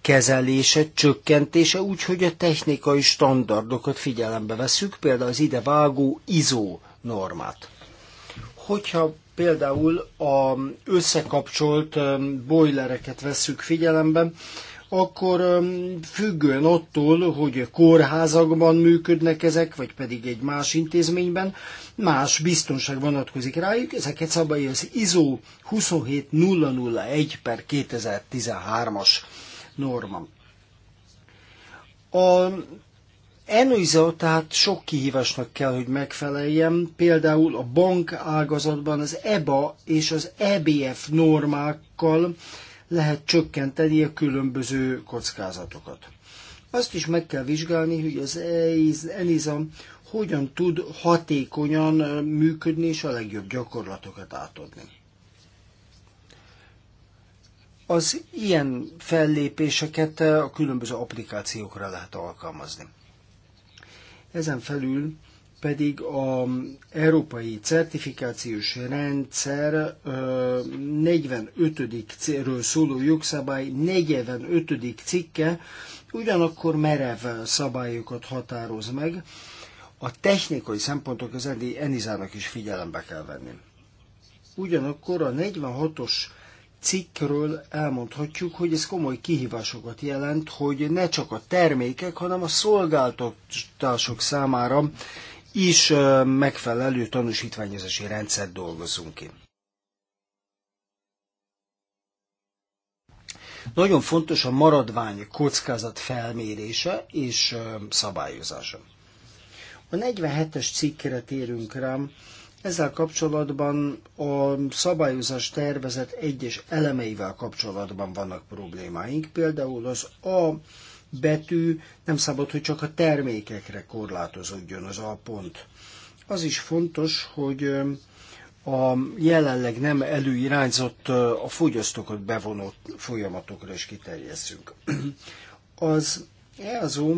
kezelése, csökkentése, úgy, hogy a technikai standardokat figyelembe veszük, például az ide vágó ISO normát. Hogyha például a összekapcsolt bojlereket veszük figyelembe, akkor függően attól, hogy kórházakban működnek ezek, vagy pedig egy más intézményben, más biztonság vonatkozik rájuk, ezeket szabályoz az ISO 27001 per 2013-as norma. A Enőző, tehát sok kihívásnak kell, hogy megfeleljem, például a bank ágazatban az EBA és az EBF normákkal lehet csökkenteni a különböző kockázatokat. Azt is meg kell vizsgálni, hogy az ENISA hogyan tud hatékonyan működni és a legjobb gyakorlatokat átadni. Az ilyen fellépéseket a különböző applikációkra lehet alkalmazni. Ezen felül pedig a európai certifikációs rendszer 45-ről szóló jogszabály 45. cikke ugyanakkor merev szabályokat határoz meg. A technikai szempontok az Enizának is figyelembe kell venni. Ugyanakkor a 46-os cikkről elmondhatjuk, hogy ez komoly kihívásokat jelent, hogy ne csak a termékek, hanem a szolgáltatások számára is megfelelő tanúsítványozási rendszert dolgozunk ki. Nagyon fontos a maradvány kockázat felmérése és szabályozása. A 47-es cikkre térünk rám. Ezzel kapcsolatban a szabályozás tervezet egyes elemeivel kapcsolatban vannak problémáink, például az A betű nem szabad, hogy csak a termékekre korlátozódjon az A pont. Az is fontos, hogy a jelenleg nem előirányzott a fogyasztókat bevonó folyamatokra is kiterjesszünk. Az EASO,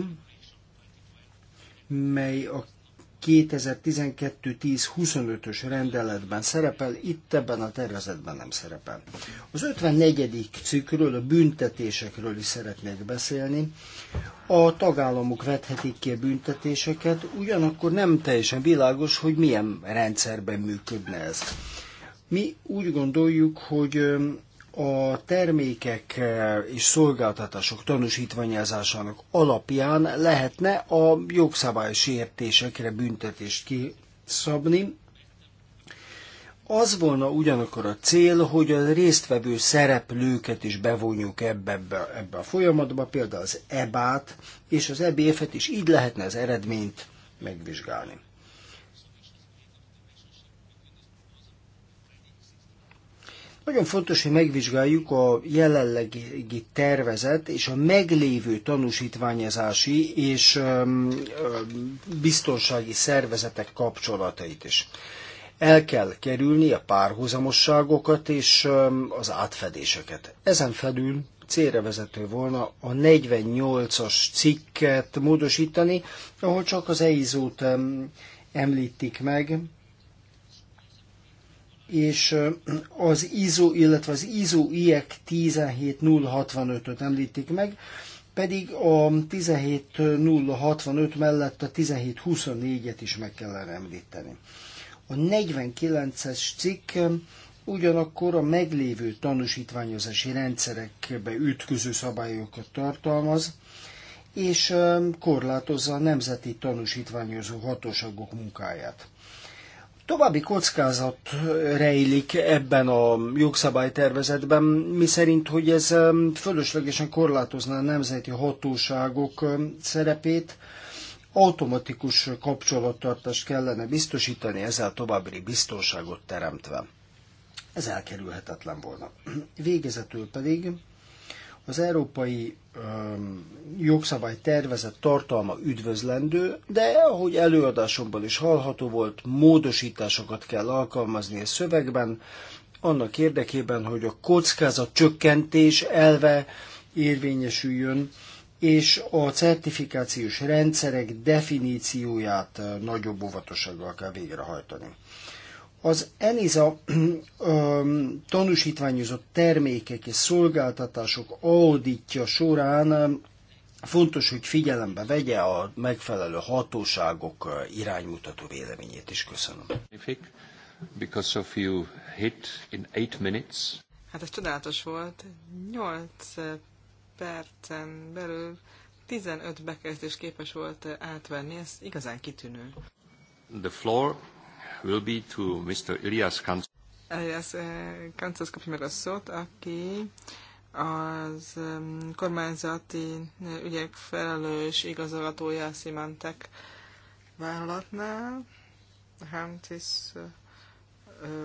mely a 2012-10-25-ös rendeletben szerepel, itt ebben a tervezetben nem szerepel. Az 54. cikkről, a büntetésekről is szeretnék beszélni. A tagállamok vethetik ki a büntetéseket, ugyanakkor nem teljesen világos, hogy milyen rendszerben működne ez. Mi úgy gondoljuk, hogy a termékek e, és szolgáltatások tanúsítványázásának alapján lehetne a sértésekre büntetést kiszabni. Az volna ugyanakkor a cél, hogy a résztvevő szereplőket is bevonjuk ebbe, ebbe, ebbe a folyamatba, például az EBÁT és az EBF-et, és így lehetne az eredményt megvizsgálni. Nagyon fontos, hogy megvizsgáljuk a jelenlegi tervezet és a meglévő tanúsítványozási és biztonsági szervezetek kapcsolatait is. El kell kerülni a párhuzamosságokat és az átfedéseket. Ezen felül célra vezető volna a 48-as cikket módosítani, ahol csak az EIZót említik meg, és az ISO, illetve az ISO IEC 17065-öt említik meg, pedig a 17065 mellett a 1724-et is meg kellene említeni. A 49-es cikk ugyanakkor a meglévő tanúsítványozási rendszerekbe ütköző szabályokat tartalmaz, és korlátozza a nemzeti tanúsítványozó hatóságok munkáját. További kockázat rejlik ebben a jogszabálytervezetben, mi szerint, hogy ez fölöslegesen korlátozná a nemzeti hatóságok szerepét, automatikus kapcsolattartást kellene biztosítani, ezzel további biztonságot teremtve. Ez elkerülhetetlen volna. Végezetül pedig az európai jogszabály tervezett tartalma üdvözlendő, de ahogy előadásomban is hallható volt, módosításokat kell alkalmazni a szövegben, annak érdekében, hogy a kockázat csökkentés elve érvényesüljön, és a certifikációs rendszerek definícióját nagyobb óvatossággal kell végrehajtani. Az ENISA tanúsítványozott termékek és szolgáltatások auditja során fontos, hogy figyelembe vegye a megfelelő hatóságok iránymutató véleményét is. Köszönöm. Because of you hit in eight minutes. Hát ez csodálatos volt. 8 percen belül 15 bekezdés képes volt átvenni, ez igazán kitűnő. The floor will be to Mr. Elias Elias kapja meg a szót, aki az kormányzati eh, ügyek felelős igazgatója a Symantec vállalatnál. Hantis eh,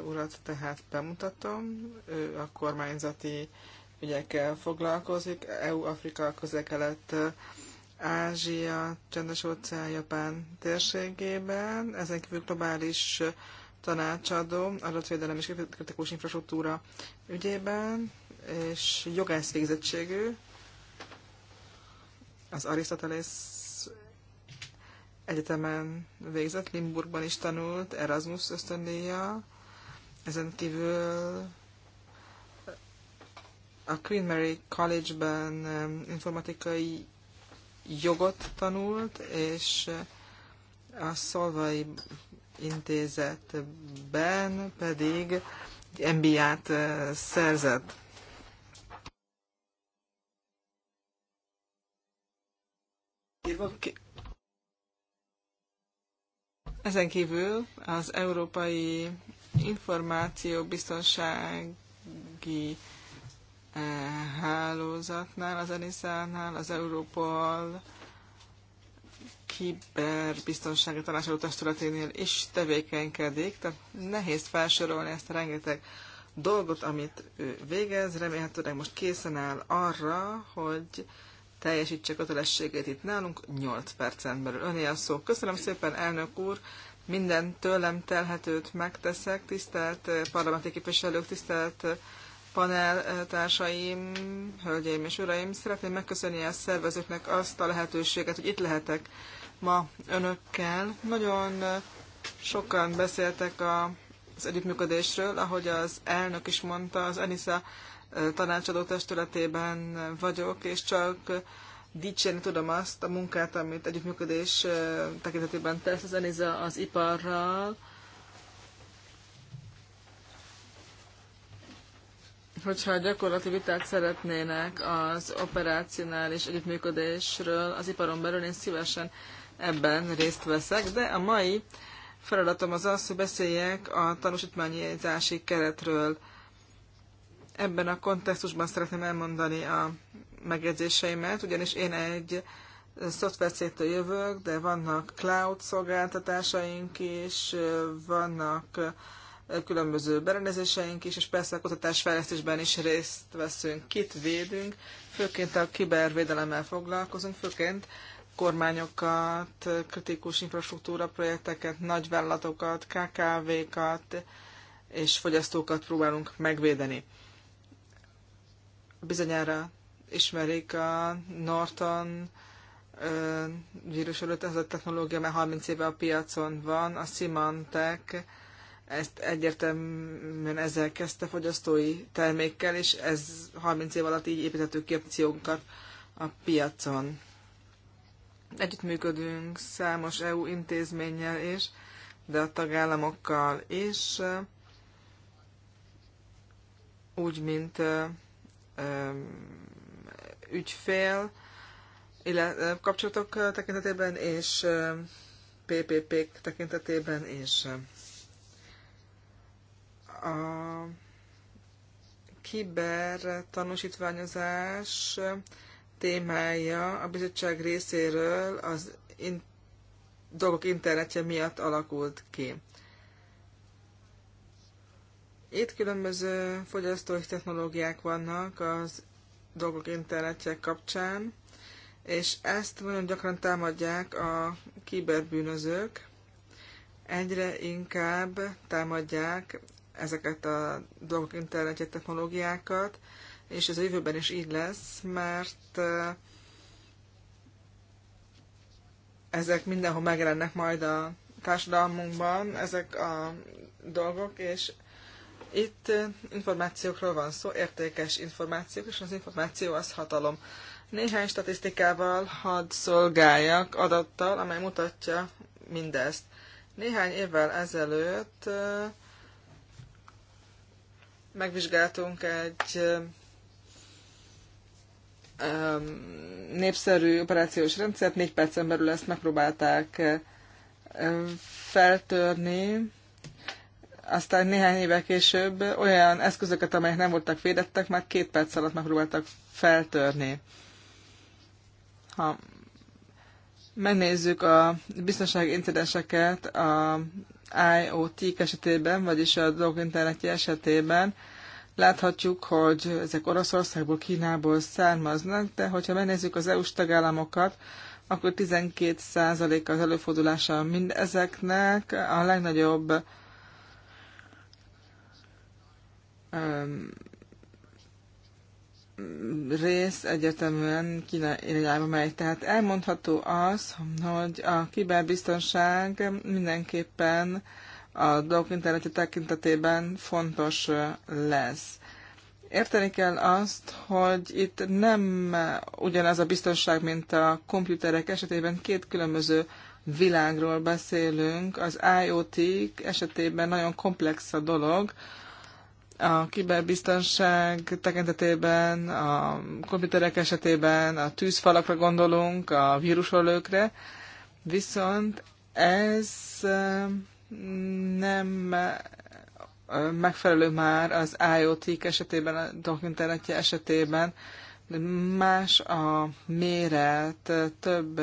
urat tehát bemutatom. Ő a kormányzati ügyekkel foglalkozik, EU-Afrika közel-kelet eh, Ázsia, Csendes óceán, Japán térségében, ezen kívül globális tanácsadó, adatvédelem és kritikus infrastruktúra ügyében, és jogász végzettségű, az Aristoteles Egyetemen végzett, Limburgban is tanult, Erasmus ösztöndíja, ezen kívül a Queen Mary College-ben um, informatikai jogot tanult, és a Szolvai intézetben pedig MBA-t eh, szerzett. Ezen kívül az Európai Biztonsági hálózatnál, az Enisánál, az Európol kiberbiztonsági tanácsadó testületénél is tevékenykedik, tehát nehéz felsorolni ezt a rengeteg dolgot, amit ő végez, remélhetőleg most készen áll arra, hogy teljesítse kötelességét itt nálunk 8 percen belül. Öné a szó. Köszönöm szépen, elnök úr! Minden tőlem telhetőt megteszek, tisztelt eh, parlamenti képviselők, tisztelt eh, panel eh, társaim, hölgyeim és uraim, szeretném megköszönni a szervezőknek azt a lehetőséget, hogy itt lehetek ma önökkel. Nagyon eh, sokan beszéltek a, az együttműködésről, ahogy az elnök is mondta, az Enisza eh, tanácsadó testületében vagyok, és csak dicsérni tudom azt a munkát, amit együttműködés tekintetében tesz az Eniza az iparral, hogyha gyakorlati vitát szeretnének az operácionális együttműködésről az iparon belül, én szívesen ebben részt veszek, de a mai feladatom az az, hogy beszéljek a tanúsítványjegyzási keretről. Ebben a kontextusban szeretném elmondani a megjegyzéseimet, ugyanis én egy szoftvercégtől jövök, de vannak cloud szolgáltatásaink is, vannak különböző berendezéseink is, és persze a kutatásfejlesztésben is részt veszünk. Kit védünk, főként a kibervédelemmel foglalkozunk, főként kormányokat, kritikus infrastruktúra projekteket, nagyvállalatokat, KKV-kat és fogyasztókat próbálunk megvédeni. Bizonyára ismerik a Norton vírus előtt, ez a technológia már 30 éve a piacon van, a Symantec ezt egyértelműen ezzel kezdte fogyasztói termékkel, és ez 30 év alatt így építettük ki a piacon. Együttműködünk számos EU intézménnyel és de a tagállamokkal és úgy, mint ügyfél illetve kapcsolatok tekintetében és PPP-k tekintetében és a kiber tanúsítványozás témája a bizottság részéről az in- dolgok internetje miatt alakult ki. Itt különböző fogyasztói technológiák vannak az dolgok internetje kapcsán, és ezt nagyon gyakran támadják a kiberbűnözők, egyre inkább támadják ezeket a dolgok internetje technológiákat, és ez a jövőben is így lesz, mert ezek mindenhol megjelennek majd a társadalmunkban, ezek a dolgok, és itt információkról van szó, értékes információk, és az információ az hatalom. Néhány statisztikával hadd szolgáljak adattal, amely mutatja mindezt. Néhány évvel ezelőtt megvizsgáltunk egy um, um, népszerű operációs rendszert, négy percen belül ezt megpróbálták um, feltörni, aztán néhány évvel később olyan eszközöket, amelyek nem voltak védettek, már két perc alatt megpróbáltak feltörni. Ha megnézzük a biztonsági incidenseket a IoT esetében, vagyis a dolgok internetje esetében, láthatjuk, hogy ezek Oroszországból, Kínából származnak, de hogyha megnézzük az EU-s tagállamokat, akkor 12% az előfordulása mind ezeknek. A legnagyobb rész egyetemen Kína irányába megy. Tehát elmondható az, hogy a kiberbiztonság mindenképpen a dolgok interneti tekintetében fontos lesz. Érteni kell azt, hogy itt nem ugyanaz a biztonság, mint a komputerek esetében két különböző világról beszélünk. Az IoT esetében nagyon komplex a dolog, a kiberbiztonság tekintetében, a komputerek esetében, a tűzfalakra gondolunk, a vírusolőkre, viszont ez mm, nem megfelelő már az IoT esetében, a dokumentáratja esetében, más a méret, több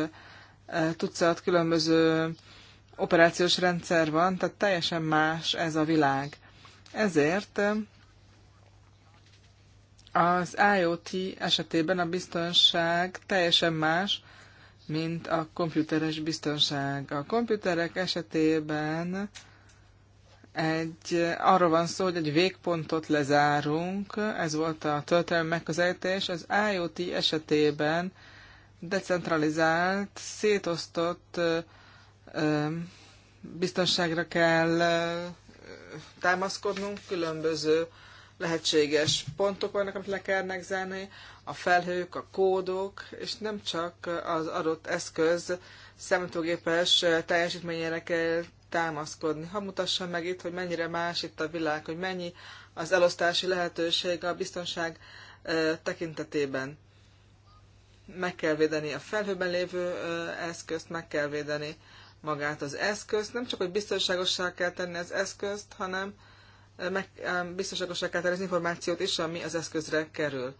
tucat különböző operációs rendszer van, tehát teljesen más ez a világ. Ezért az IoT esetében a biztonság teljesen más, mint a komputeres biztonság. A komputerek esetében egy, arról van szó, hogy egy végpontot lezárunk, ez volt a történelmi megközelítés, az IoT esetében decentralizált, szétosztott biztonságra kell támaszkodnunk, különböző lehetséges pontok vannak, amit le kellnek zárni, a felhők, a kódok, és nem csak az adott eszköz számítógépes teljesítményére kell támaszkodni. Ha mutassam meg itt, hogy mennyire más itt a világ, hogy mennyi az elosztási lehetőség a biztonság tekintetében. Meg kell védeni a felhőben lévő eszközt, meg kell védeni magát az eszközt. Nem csak, hogy biztonságossá kell tenni az eszközt, hanem eh, meg, eh, kell tenni az információt is, ami az eszközre kerül.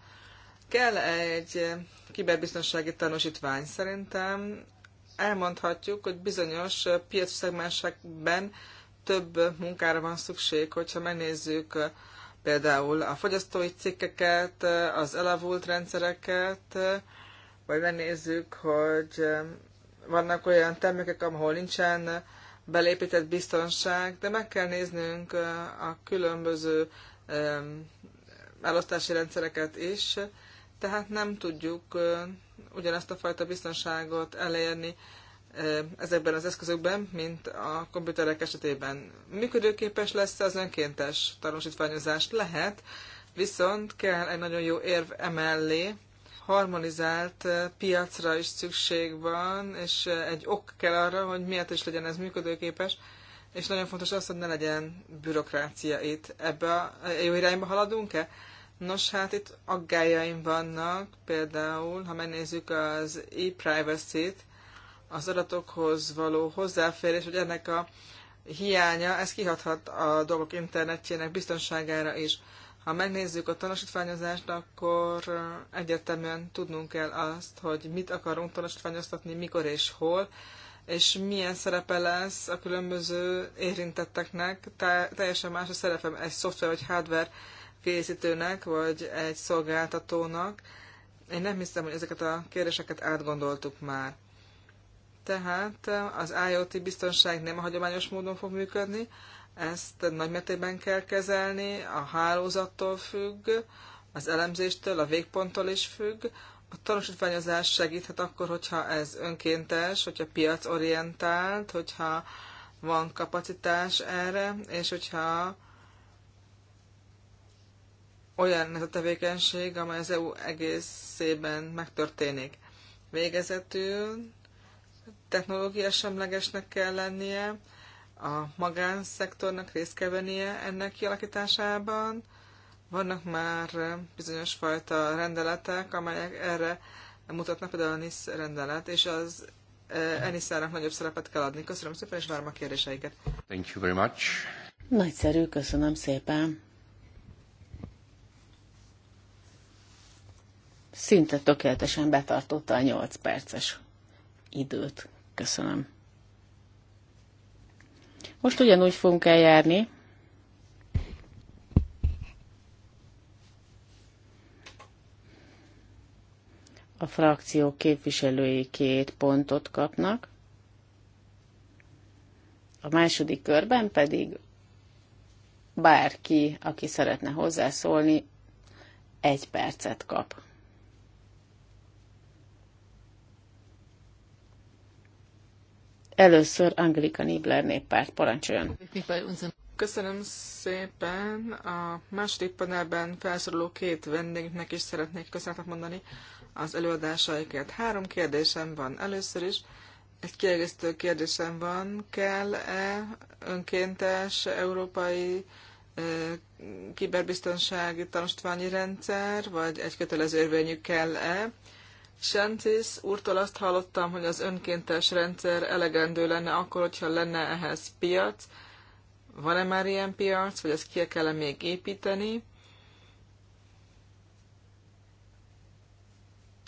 Kell -e egy eh, kiberbiztonsági tanúsítvány szerintem. Elmondhatjuk, hogy bizonyos piaci szegmensekben több munkára van szükség, hogyha megnézzük például a fogyasztói cikkeket, az elavult rendszereket, vagy megnézzük, hogy vannak olyan termékek, ahol nincsen belépített biztonság, de meg kell néznünk a különböző elosztási rendszereket is, tehát nem tudjuk ugyanazt a fajta biztonságot elérni ezekben az eszközökben, mint a komputerek esetében. Működőképes lesz az önkéntes tanúsítványozás? Lehet, viszont kell egy nagyon jó érv emellé, harmonizált eh, piacra is szükség van, és eh, egy ok kell arra, hogy miért is legyen ez működőképes, és nagyon fontos az, hogy ne legyen bürokrácia itt. Ebbe a eh, jó irányba haladunk-e? Nos, hát itt aggájaim vannak, például, ha megnézzük az e-privacy-t, az adatokhoz való hozzáférés, hogy ennek a hiánya, ez kihathat a dolgok internetjének biztonságára is. Ha megnézzük a tanúsítványozást, akkor egyértelműen tudnunk kell azt, hogy mit akarunk tanúsítványoztatni, mikor és hol, és milyen szerepe lesz a különböző érintetteknek. Te, teljesen más a szerepe egy szoftver vagy hardware készítőnek, vagy egy szolgáltatónak. Én nem hiszem, hogy ezeket a kérdéseket átgondoltuk már. Tehát az IoT biztonság nem a hagyományos módon fog működni, ezt nagymértékben kell kezelni, a hálózattól függ, az elemzéstől, a végponttól is függ. A tanúsítványozás segíthet akkor, hogyha ez önkéntes, hogyha piacorientált, hogyha van kapacitás erre, és hogyha olyan ez a tevékenység, amely az EU egészében megtörténik. Végezetül technológia semlegesnek kell lennie, a magánszektornak részt kell vennie ennek kialakításában. Vannak már bizonyos fajta rendeletek, amelyek erre mutatnak, például a NISZ rendelet, és az e, Eniszának nagyobb szerepet kell adni. Köszönöm szépen, és várom a kérdéseiket. Thank you very much. Nagyszerű, köszönöm szépen. Szinte tökéletesen betartotta a 8 perces időt. Köszönöm. Most ugyanúgy fogunk eljárni. A frakció képviselői két pontot kapnak. A második körben pedig bárki, aki szeretne hozzászólni, egy percet kap. Először Anglika Nibler néppárt parancsoljon. Köszönöm szépen. A második panelben felszoruló két vendégnek is szeretnék köszönetet mondani az előadásaikat. Három kérdésem van. Először is egy kiegészítő kérdésem van. Kell-e önkéntes európai kiberbiztonsági tanúsítványi rendszer, vagy egy kötelező érvényű kell-e? Sentis úrtól azt hallottam, hogy az önkéntes rendszer elegendő lenne akkor, hogyha lenne ehhez piac. Van-e már ilyen piac, vagy ezt ki kell -e még építeni?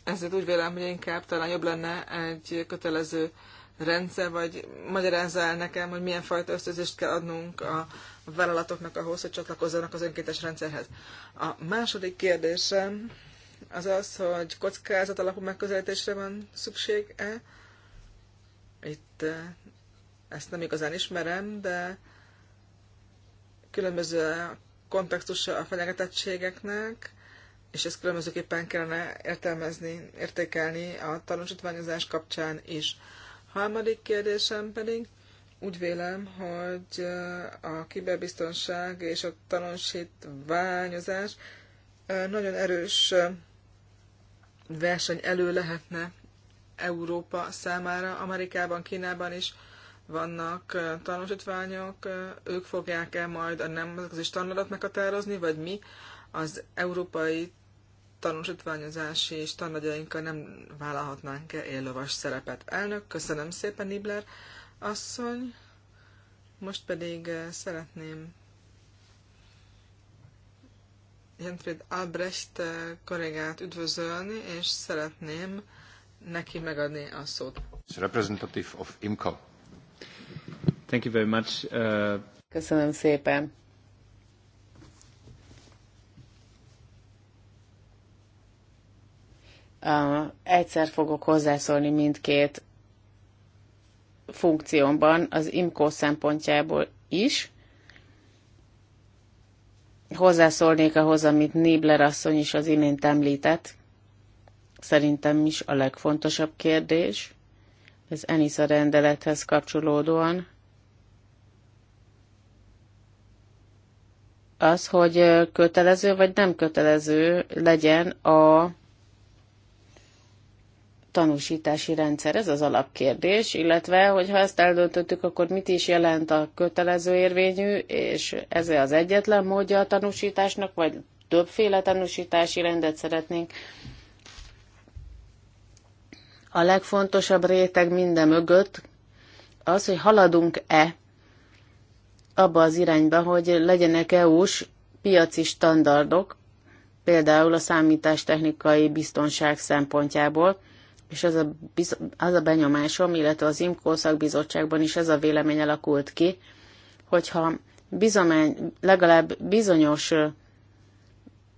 Ezért úgy vélem, hogy inkább talán jobb lenne egy kötelező rendszer, vagy magyarázza el nekem, hogy milyen fajta ösztözést kell adnunk a vállalatoknak ahhoz, hogy csatlakozzanak az önkéntes rendszerhez. A második kérdésem, az az, hogy kockázat alapú megközelítésre van szüksége. Itt eh, ezt nem igazán ismerem, de különböző kontextusa a fenyegetettségeknek, és ezt különbözőképpen kellene értelmezni, értékelni a tanúsítványozás kapcsán is. Harmadik kérdésem pedig úgy vélem, hogy eh, a kiberbiztonság és a tanúsítványozás eh, nagyon erős verseny elő lehetne Európa számára. Amerikában, Kínában is vannak tanulsítványok, ők fogják-e majd a nemzetközi standardot meghatározni, vagy mi az európai tanulsítványozási standardjainkkal nem vállalhatnánk-e éllovas szerepet. Elnök, köszönöm szépen, Nibler asszony. Most pedig szeretném Jentfried Albrecht eh, kollégát üdvözölni, és szeretném neki megadni a szót. Representative of IMCO. Thank you very much. Uh... Köszönöm szépen. Uh, egyszer fogok hozzászólni mindkét funkciómban, az IMCO szempontjából is, hozzászólnék ahhoz, amit Nibler asszony is az imént említett. Szerintem is a legfontosabb kérdés az ENISA rendelethez kapcsolódóan, az, hogy kötelező vagy nem kötelező legyen a tanúsítási rendszer? Ez az alapkérdés, illetve, hogyha ezt eldöntöttük, akkor mit is jelent a kötelező érvényű, és ez az egyetlen módja a tanúsításnak, vagy többféle tanúsítási rendet szeretnénk? A legfontosabb réteg minden mögött az, hogy haladunk-e abba az irányba, hogy legyenek EU-s piaci standardok, például a számítástechnikai biztonság szempontjából, és az a, az a benyomásom, illetve az IMKO szakbizottságban is ez a vélemény alakult ki, hogyha bizomány, legalább bizonyos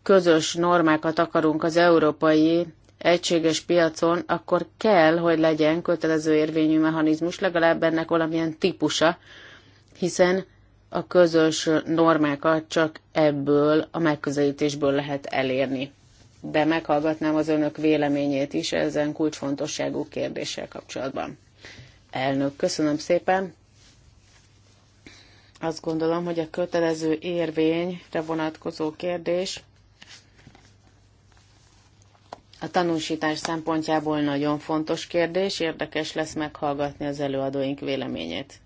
közös normákat akarunk az európai egységes piacon, akkor kell, hogy legyen kötelező érvényű mechanizmus, legalább ennek valamilyen típusa, hiszen a közös normákat csak ebből a megközelítésből lehet elérni de meghallgatnám az önök véleményét is ezen kulcsfontosságú kérdéssel kapcsolatban. Elnök, köszönöm szépen. Azt gondolom, hogy a kötelező érvényre vonatkozó kérdés a tanúsítás szempontjából nagyon fontos kérdés, érdekes lesz meghallgatni az előadóink véleményét.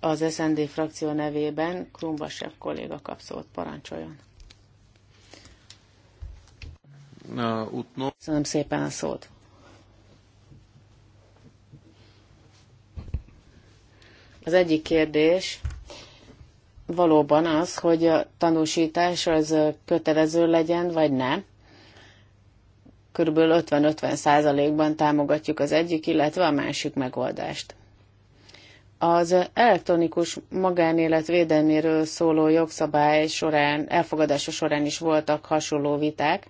Az SND frakció nevében Krumbasebb kolléga kap szót, parancsoljon. Köszönöm szépen a szót. Az egyik kérdés valóban az, hogy a tanúsítás az kötelező legyen, vagy nem. Körülbelül 50-50 százalékban -50 támogatjuk az egyik, illetve a másik megoldást. Az elektronikus magánélet védelméről szóló jogszabály során, elfogadása során is voltak hasonló viták,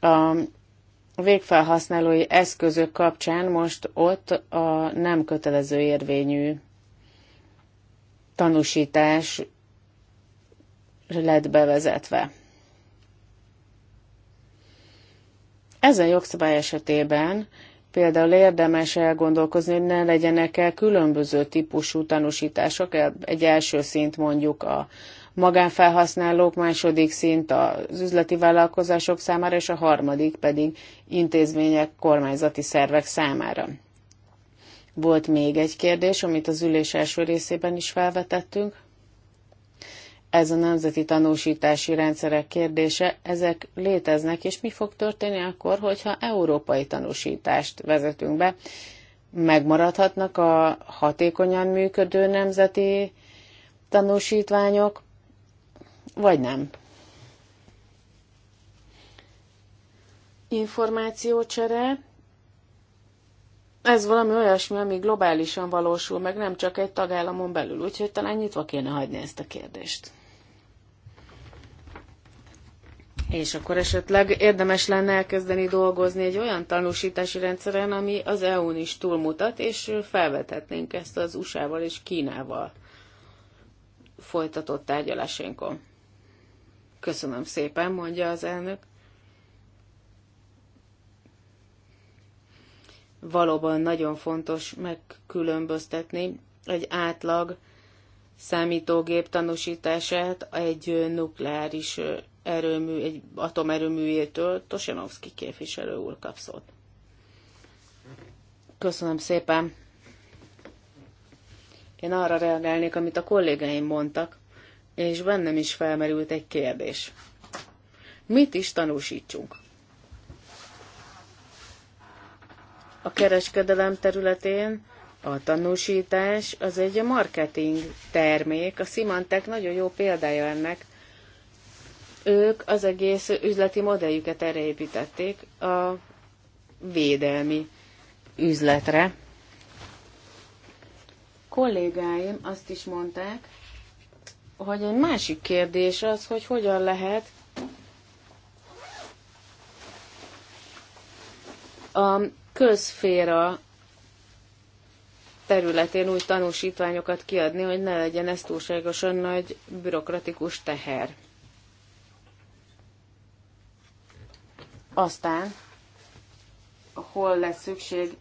a végfelhasználói eszközök kapcsán most ott a nem kötelező érvényű tanúsítás lett bevezetve. Ezen jogszabály esetében például érdemes elgondolkozni, hogy ne legyenek-e különböző típusú tanúsítások, egy első szint mondjuk a magánfelhasználók, második szint az üzleti vállalkozások számára, és a harmadik pedig intézmények, kormányzati szervek számára. Volt még egy kérdés, amit az ülés első részében is felvetettünk. Ez a nemzeti tanúsítási rendszerek kérdése, ezek léteznek, és mi fog történni akkor, hogyha európai tanúsítást vezetünk be? Megmaradhatnak a hatékonyan működő nemzeti tanúsítványok, vagy nem. Információcsere, ez valami olyasmi, ami globálisan valósul, meg nem csak egy tagállamon belül, úgyhogy talán nyitva kéne hagyni ezt a kérdést. És akkor esetleg érdemes lenne elkezdeni dolgozni egy olyan tanúsítási rendszeren, ami az EU-n is túlmutat, és felvethetnénk ezt az USA-val és Kínával folytatott tárgyalásainkon. Köszönöm szépen, mondja az elnök. Valóban nagyon fontos megkülönböztetni egy átlag számítógép tanúsítását egy nukleáris erőmű, egy atomerőműjétől Tosenovszki képviselő úr kap szót. Köszönöm szépen. Én arra reagálnék, amit a kollégáim mondtak és bennem is felmerült egy kérdés. Mit is tanúsítsunk? A kereskedelem területén a tanúsítás az egy marketing termék, a Symantec nagyon jó példája ennek. Ők az egész üzleti modelljüket erre építették a védelmi üzletre. Kollégáim azt is mondták, hogy egy másik kérdés az, hogy hogyan lehet a közféra területén új tanúsítványokat kiadni, hogy ne legyen ez túlságosan nagy bürokratikus teher. Aztán, hol lesz szükség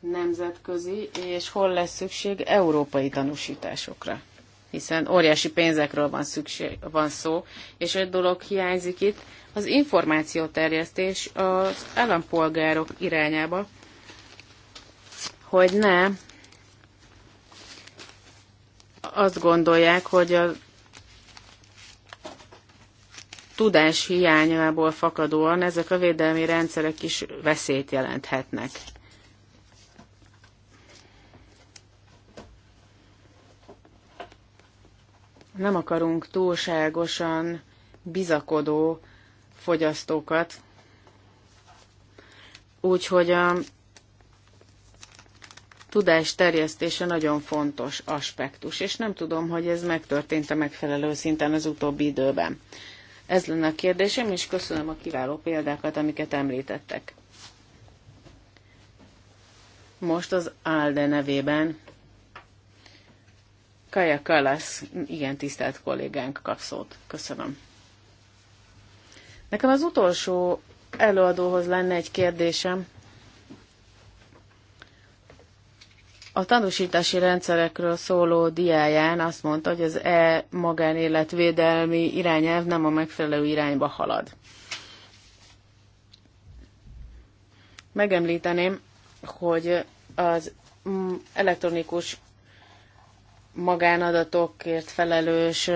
nemzetközi, és hol lesz szükség európai tanúsításokra hiszen óriási pénzekről van, szükség, van szó, és egy dolog hiányzik itt, az információterjesztés az állampolgárok irányába, hogy ne azt gondolják, hogy a tudás hiányából fakadóan ezek a védelmi rendszerek is veszélyt jelenthetnek. nem akarunk túlságosan bizakodó fogyasztókat, úgyhogy a tudás terjesztése nagyon fontos aspektus, és nem tudom, hogy ez megtörtént-e megfelelő szinten az utóbbi időben. Ez lenne a kérdésem, és köszönöm a kiváló példákat, amiket említettek. Most az ALDE nevében Kaja Kalász, igen tisztelt kollégánk kap szót. Köszönöm. Nekem az utolsó előadóhoz lenne egy kérdésem. A tanúsítási rendszerekről szóló diáján azt mondta, hogy az E magánéletvédelmi irányelv nem a megfelelő irányba halad. Megemlíteném, hogy az elektronikus magánadatokért felelős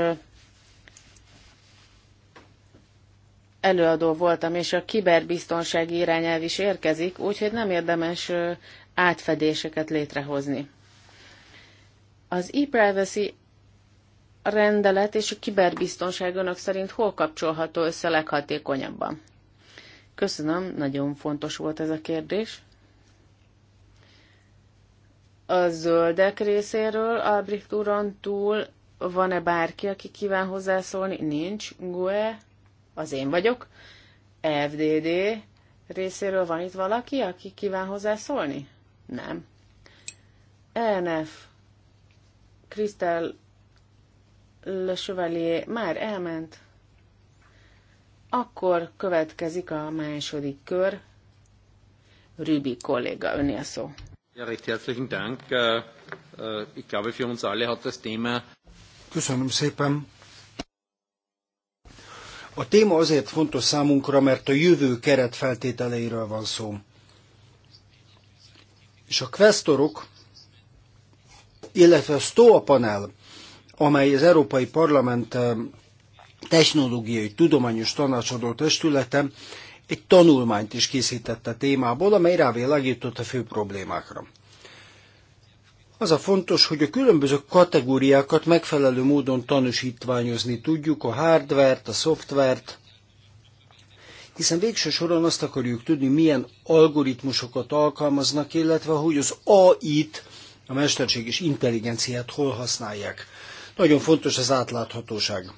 előadó voltam, és a kiberbiztonsági irányelv is érkezik, úgyhogy nem érdemes átfedéseket létrehozni. Az e-privacy rendelet és a kiberbiztonság önök szerint hol kapcsolható össze leghatékonyabban? Köszönöm, nagyon fontos volt ez a kérdés a zöldek részéről Albrecht úron túl van-e bárki, aki kíván hozzászólni? Nincs. Gue, az én vagyok. FDD részéről van itt valaki, aki kíván hozzászólni? Nem. ENF, Krisztel Le Chevalier már elment. Akkor következik a második kör. Rübi kolléga, önél szó. Ja, recht herzlichen Dank. Äh, äh, ich glaube, für uns alle hat das Thema... Köszönöm szépen. A téma azért fontos számunkra, mert a jövő keretfeltételeiről van szó. És a questorok, illetve a STOA panel, amely az Európai Parlament technológiai tudományos tanácsadó testülete, egy tanulmányt is készített a témából, amely rávilágított a fő problémákra. Az a fontos, hogy a különböző kategóriákat megfelelő módon tanúsítványozni tudjuk, a hardvert, a szoftvert, hiszen végső soron azt akarjuk tudni, milyen algoritmusokat alkalmaznak, illetve hogy az AI-t, a mesterséges intelligenciát hol használják. Nagyon fontos az átláthatóság.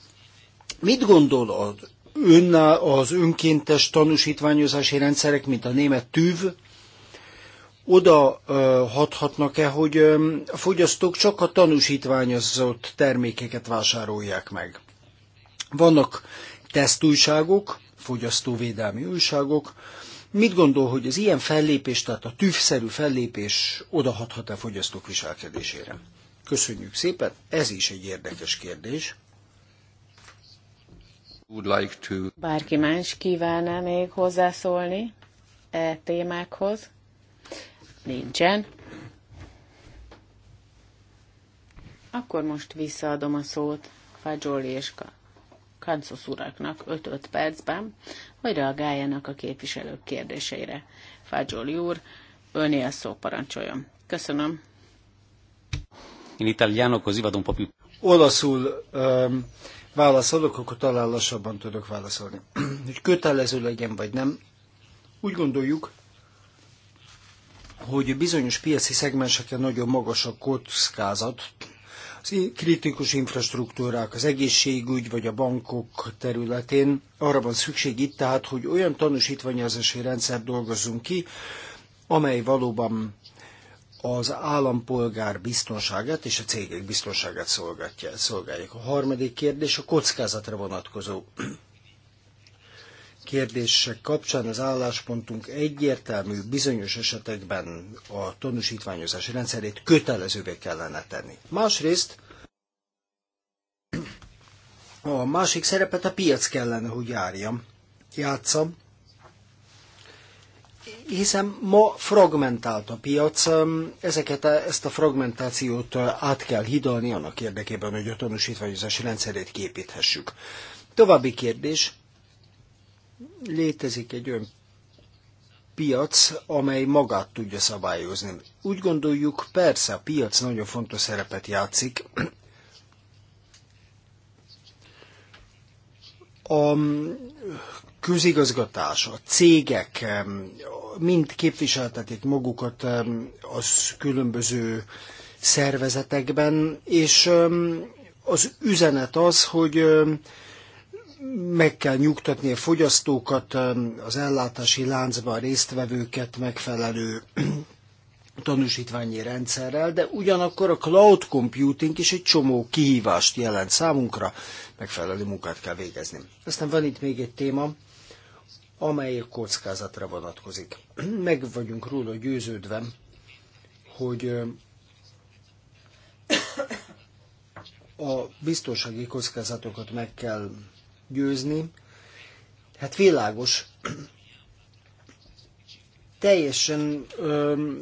Mit gondol az ön, az önkéntes tanúsítványozási rendszerek, mint a német TÜV, oda hathatnak-e, hogy a fogyasztók csak a tanúsítványozott termékeket vásárolják meg. Vannak tesztújságok, fogyasztóvédelmi újságok. Mit gondol, hogy az ilyen fellépés, tehát a tűvszerű fellépés odahathat-e fogyasztók viselkedésére? Köszönjük szépen, ez is egy érdekes kérdés. Bárki más kívánná még hozzászólni e témákhoz? Nincsen. Akkor most visszaadom a szót Fajoli és Kancos uraknak 5-5 percben, hogy reagáljanak a képviselők kérdéseire. Fajoli úr, öné a szó parancsoljon. Köszönöm. In italiano così vado un po' più... Olaszul um, válaszolok, akkor talán lassabban tudok válaszolni. Hogy kötelező legyen vagy nem, úgy gondoljuk, hogy bizonyos piaci szegmenseken nagyon magas a kockázat, az kritikus infrastruktúrák, az egészségügy vagy a bankok területén arra van szükség itt tehát, hogy olyan tanúsítványozási rendszer dolgozzunk ki, amely valóban az állampolgár biztonságát és a cégek biztonságát szolgálják. A harmadik kérdés a kockázatra vonatkozó kérdések kapcsán az álláspontunk egyértelmű bizonyos esetekben a tanúsítványozási rendszerét kötelezővé kellene tenni. Másrészt a másik szerepet a piac kellene, hogy járjam, játszam, hiszen ma fragmentált a piac, ezeket, ezt a fragmentációt át kell hidalni annak érdekében, hogy a tanúsítványozási rendszerét képíthessük. További kérdés, létezik egy olyan piac, amely magát tudja szabályozni. Úgy gondoljuk, persze a piac nagyon fontos szerepet játszik. A közigazgatás, a cégek, mind képviseltetik magukat az különböző szervezetekben, és az üzenet az, hogy meg kell nyugtatni a fogyasztókat, az ellátási láncban résztvevőket megfelelő tanúsítványi rendszerrel, de ugyanakkor a cloud computing is egy csomó kihívást jelent számunkra, megfelelő munkát kell végezni. Aztán van itt még egy téma, amely kockázatra vonatkozik. Meg vagyunk róla győződve, hogy a biztonsági kockázatokat meg kell győzni. Hát világos, teljesen öm,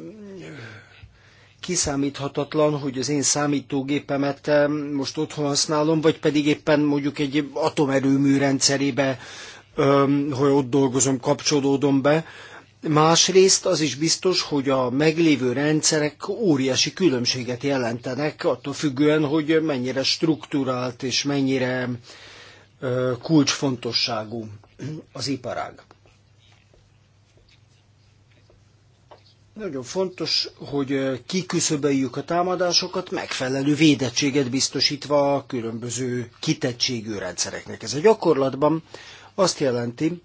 kiszámíthatatlan, hogy az én számítógépemet most otthon használom, vagy pedig éppen mondjuk egy atomerőmű rendszerébe hogy ott dolgozom, kapcsolódom be. Másrészt az is biztos, hogy a meglévő rendszerek óriási különbséget jelentenek, attól függően, hogy mennyire struktúrált és mennyire kulcsfontosságú az iparág. Nagyon fontos, hogy kiküszöböljük a támadásokat, megfelelő védettséget biztosítva a különböző kitettségű rendszereknek. Ez a gyakorlatban azt jelenti,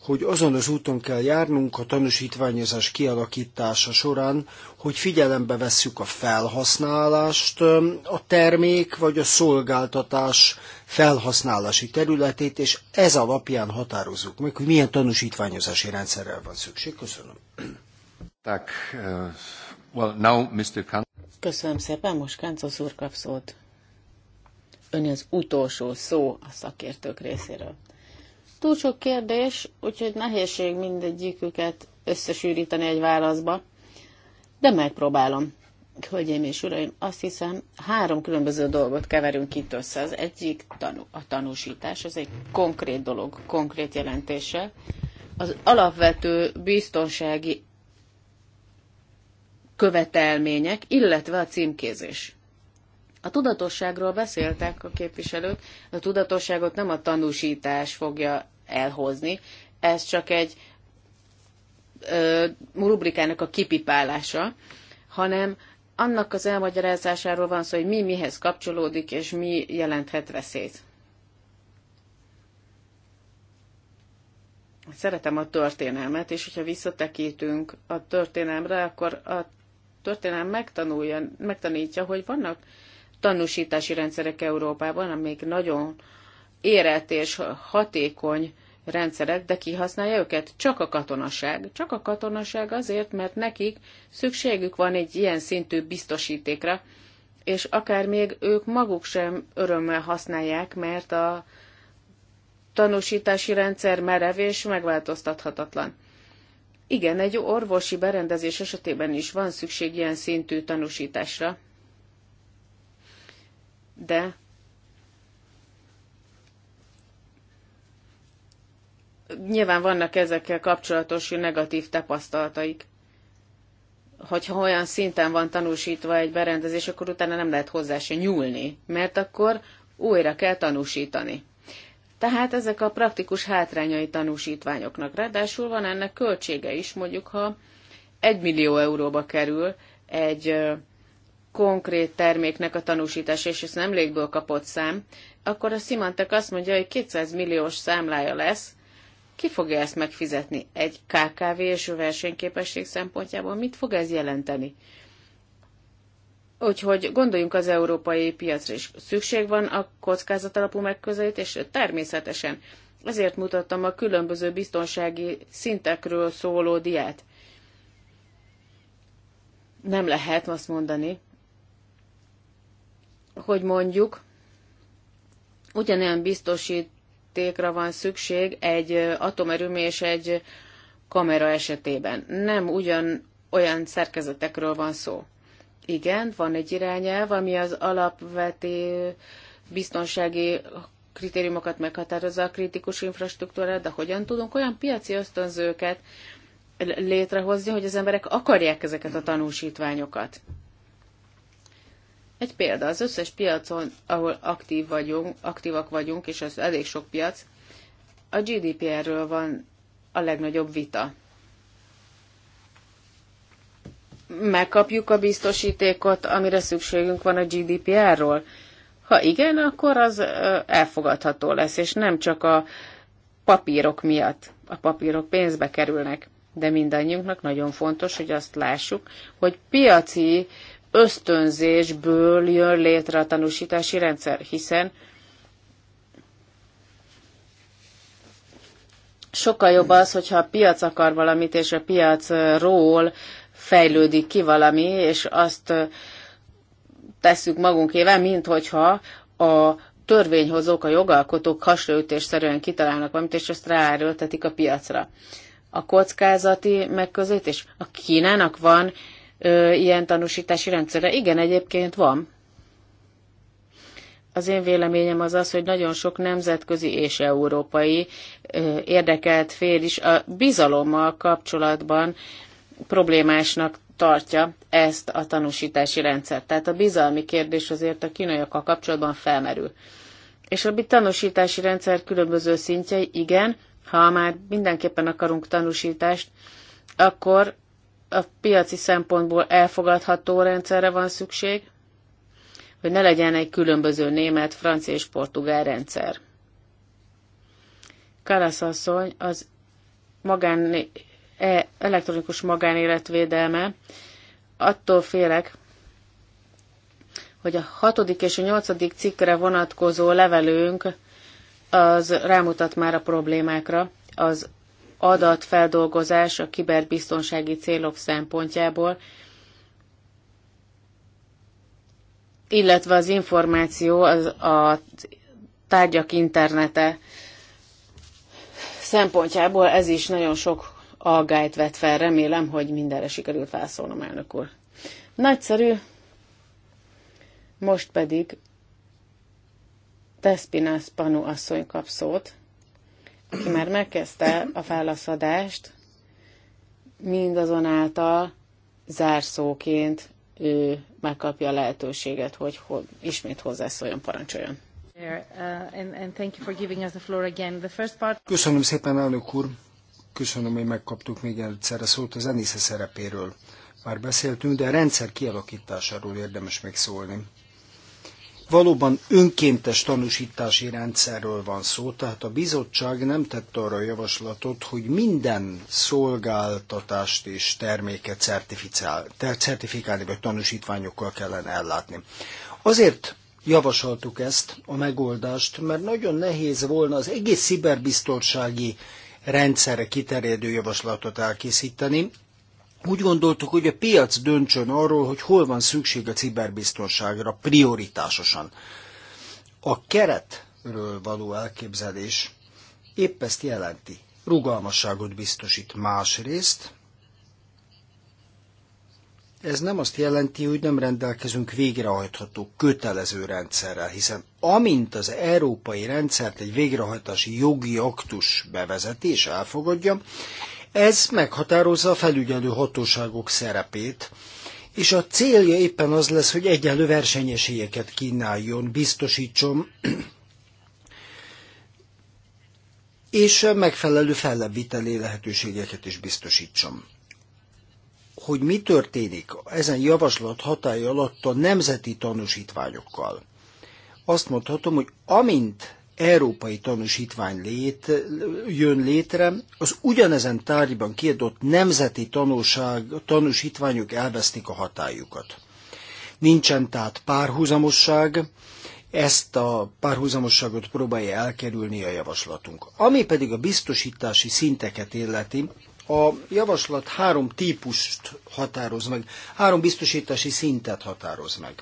hogy azon az úton kell járnunk a tanúsítványozás kialakítása során, hogy figyelembe vesszük a felhasználást, a termék vagy a szolgáltatás felhasználási területét, és ez alapján határozzuk meg, hogy milyen tanúsítványozási rendszerrel van szükség. Köszönöm. Tak, uh, well, now Mr. Kan- Köszönöm szépen, most Káncos úr kap szót. Ön az utolsó szó a szakértők részéről túl sok kérdés, úgyhogy nehézség mindegyiküket összesűríteni egy válaszba. De megpróbálom. Hölgyeim és uraim, azt hiszem, három különböző dolgot keverünk itt össze. Az egyik tanú, a tanúsítás, az egy konkrét dolog, konkrét jelentése. Az alapvető biztonsági követelmények, illetve a címkézés. A tudatosságról beszéltek a képviselők, a tudatosságot nem a tanúsítás fogja elhozni, ez csak egy ö, rubrikának a kipipálása, hanem annak az elmagyarázásáról van szó, hogy mi mihez kapcsolódik, és mi jelenthet veszélyt. Szeretem a történelmet, és hogyha visszatekítünk a történelmre, akkor a történelem megtanulja, megtanítja, hogy vannak tanúsítási rendszerek Európában, amik nagyon érett és hatékony rendszerek, de ki használja őket? Csak a katonaság. Csak a katonaság azért, mert nekik szükségük van egy ilyen szintű biztosítékra, és akár még ők maguk sem örömmel használják, mert a tanúsítási rendszer merev és megváltoztathatatlan. Igen, egy orvosi berendezés esetében is van szükség ilyen szintű tanúsításra, de nyilván vannak ezekkel kapcsolatos negatív tapasztalataik. Hogyha olyan szinten van tanúsítva egy berendezés, akkor utána nem lehet hozzá se nyúlni, mert akkor újra kell tanúsítani. Tehát ezek a praktikus hátrányai tanúsítványoknak. Ráadásul van ennek költsége is, mondjuk ha egy millió euróba kerül egy konkrét terméknek a tanúsítás, és ez nem légből kapott szám, akkor a Szimantek azt mondja, hogy 200 milliós számlája lesz, ki fogja ezt megfizetni? Egy KKV és a versenyképesség szempontjából mit fog ez jelenteni? Úgyhogy gondoljunk az európai piacra is. Szükség van a kockázat alapú megközelítésre? Természetesen. Ezért mutattam a különböző biztonsági szintekről szóló diát. Nem lehet azt mondani, hogy mondjuk, ugyanilyen biztosítékra van szükség egy atomerőmű és egy kamera esetében. Nem ugyan olyan szerkezetekről van szó. Igen, van egy irányelv, ami az alapvető biztonsági kritériumokat meghatározza a kritikus infrastruktúra, de hogyan tudunk olyan piaci ösztönzőket létrehozni, hogy az emberek akarják ezeket a tanúsítványokat. Egy példa, az összes piacon, ahol aktív vagyunk, aktívak vagyunk, és az elég sok piac, a GDPR-ről van a legnagyobb vita. Megkapjuk a biztosítékot, amire szükségünk van a GDPR-ról? Ha igen, akkor az elfogadható lesz, és nem csak a papírok miatt. A papírok pénzbe kerülnek, de mindannyiunknak nagyon fontos, hogy azt lássuk, hogy piaci ösztönzésből jön létre a tanúsítási rendszer, hiszen sokkal jobb az, hogyha a piac akar valamit, és a piacról fejlődik ki valami, és azt tesszük magunkével, mint hogyha a törvényhozók, a jogalkotók hasraütésszerűen kitalálnak valamit, és azt ráerőltetik a piacra. A kockázati megközelítés. A Kínának van ö, ilyen tanúsítási rendszerre? Igen, egyébként van. Az én véleményem az az, hogy nagyon sok nemzetközi és európai ö, érdekelt fél is a bizalommal kapcsolatban problémásnak tartja ezt a tanúsítási rendszert. Tehát a bizalmi kérdés azért a kínaiakkal kapcsolatban felmerül. És a tanúsítási rendszer különböző szintjei, igen, ha már mindenképpen akarunk tanúsítást, akkor a piaci szempontból elfogadható rendszerre van szükség, hogy ne legyen egy különböző német, francia és portugál rendszer. Kalasz asszony az magán, e- elektronikus magánéletvédelme, attól félek, hogy a hatodik és a nyolcadik cikkre vonatkozó levelünk az rámutat már a problémákra, az adatfeldolgozás a kiberbiztonsági célok szempontjából, illetve az információ az a tárgyak internete szempontjából ez is nagyon sok algájt vet fel. Remélem, hogy mindenre sikerült felszólnom elnök úr. Nagyszerű. Most pedig Tespinász Panu asszony kap szót aki már megkezdte a válaszadást, mindazonáltal zárszóként ő megkapja a lehetőséget, hogy ho- ismét hozzászóljon, parancsoljon. Uh, Köszönöm szépen, elnök úr. Köszönöm, hogy megkaptuk még egyszer a szót az Enisze szerepéről. Már beszéltünk, de a rendszer kialakításáról érdemes megszólni. Valóban önkéntes tanúsítási rendszerről van szó, tehát a bizottság nem tette arra a javaslatot, hogy minden szolgáltatást és terméket certifikál, certifikálni vagy tanúsítványokkal kellene ellátni. Azért javasoltuk ezt a megoldást, mert nagyon nehéz volna az egész sziberbiztonsági rendszerre kiterjedő javaslatot elkészíteni, úgy gondoltuk, hogy a piac döntsön arról, hogy hol van szükség a ciberbiztonságra prioritásosan. A keretről való elképzelés épp ezt jelenti. Rugalmasságot biztosít másrészt, ez nem azt jelenti, hogy nem rendelkezünk végrehajtható kötelező rendszerrel, hiszen amint az európai rendszert egy végrehajtási jogi aktus bevezetés elfogadja, ez meghatározza a felügyelő hatóságok szerepét, és a célja éppen az lesz, hogy egyenlő versenyesélyeket kínáljon, biztosítson, és megfelelő fellebbviteli lehetőségeket is biztosítson. Hogy mi történik ezen javaslat hatája alatt a nemzeti tanúsítványokkal? Azt mondhatom, hogy amint európai tanúsítvány lét, jön létre, az ugyanezen tárgyban kiadott nemzeti tanúság, tanúsítványok elvesztik a hatájukat. Nincsen tehát párhuzamosság, ezt a párhuzamosságot próbálja elkerülni a javaslatunk. Ami pedig a biztosítási szinteket illeti, a javaslat három típust határoz meg, három biztosítási szintet határoz meg.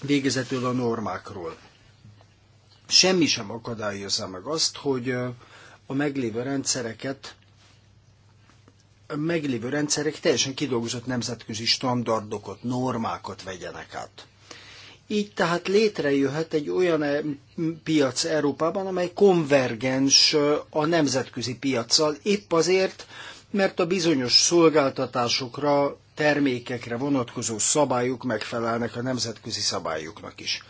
Végezetül a normákról. Semmi sem akadályozza meg azt, hogy a meglévő rendszereket a meglévő rendszerek teljesen kidolgozott nemzetközi standardokat, normákat vegyenek át. Így tehát létrejöhet egy olyan piac Európában, amely konvergens a nemzetközi piaccal, épp azért, mert a bizonyos szolgáltatásokra termékekre vonatkozó szabályok megfelelnek a nemzetközi szabályoknak is.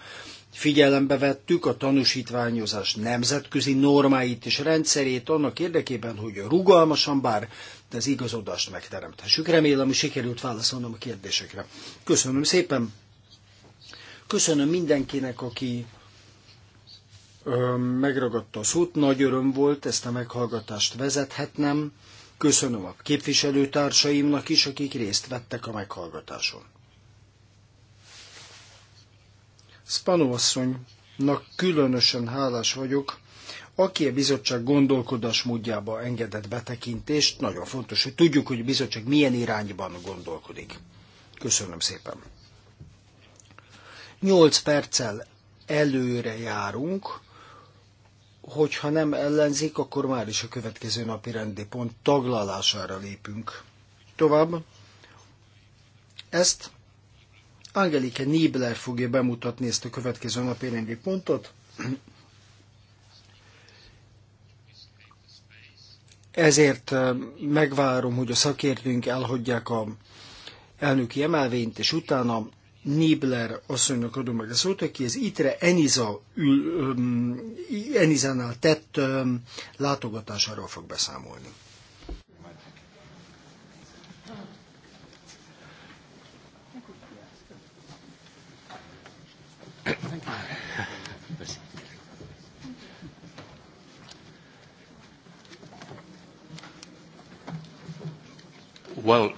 Figyelembe vettük a tanúsítványozás nemzetközi normáit és rendszerét annak érdekében, hogy rugalmasan bár, de az igazodást megteremthessük. Remélem, hogy sikerült válaszolnom a kérdésekre. Köszönöm szépen! Köszönöm mindenkinek, aki megragadta a szót, nagy öröm volt ezt a meghallgatást vezethetnem. Köszönöm a képviselőtársaimnak is, akik részt vettek a meghallgatáson. Spano asszonynak különösen hálás vagyok, aki a bizottság gondolkodás módjába engedett betekintést, nagyon fontos, hogy tudjuk, hogy a bizottság milyen irányban gondolkodik. Köszönöm szépen. Nyolc perccel előre járunk, hogyha nem ellenzik, akkor már is a következő napi rendi pont taglalására lépünk. Tovább. Ezt Angelike Niebler fogja bemutatni ezt a következő napi rendi pontot. Ezért eh, megvárom, hogy a szakértőink elhagyják a elnöki emelvényt, és utána Nibler asszonynak adom meg a szót, aki az ITRE Eniza, ül, um, Enizánál tett um, látogatásáról fog beszámolni. Well,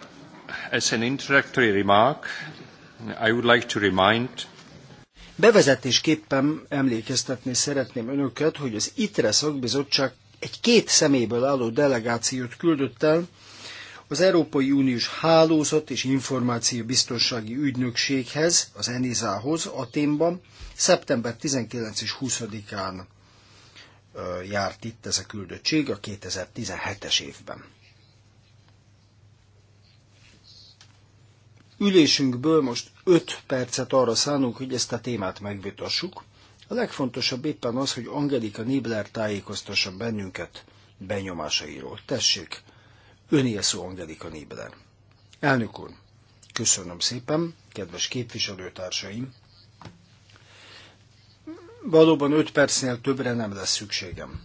as an introductory remark, I would like to remind Bevezetésképpen emlékeztetni szeretném önöket, hogy az ITRE szakbizottság egy két szeméből álló delegációt küldött el az Európai Uniós Hálózat és Információbiztonsági Ügynökséghez, az ENISA-hoz Aténban szeptember 19 és 20-án járt itt ez a küldöttség a 2017-es évben. ülésünkből most 5 percet arra szánunk, hogy ezt a témát megvitassuk. A legfontosabb éppen az, hogy Angelika Nibler tájékoztasson bennünket benyomásairól. Tessék, önél szó Angelika Nibler. Elnök úr, köszönöm szépen, kedves képviselőtársaim. Valóban 5 percnél többre nem lesz szükségem.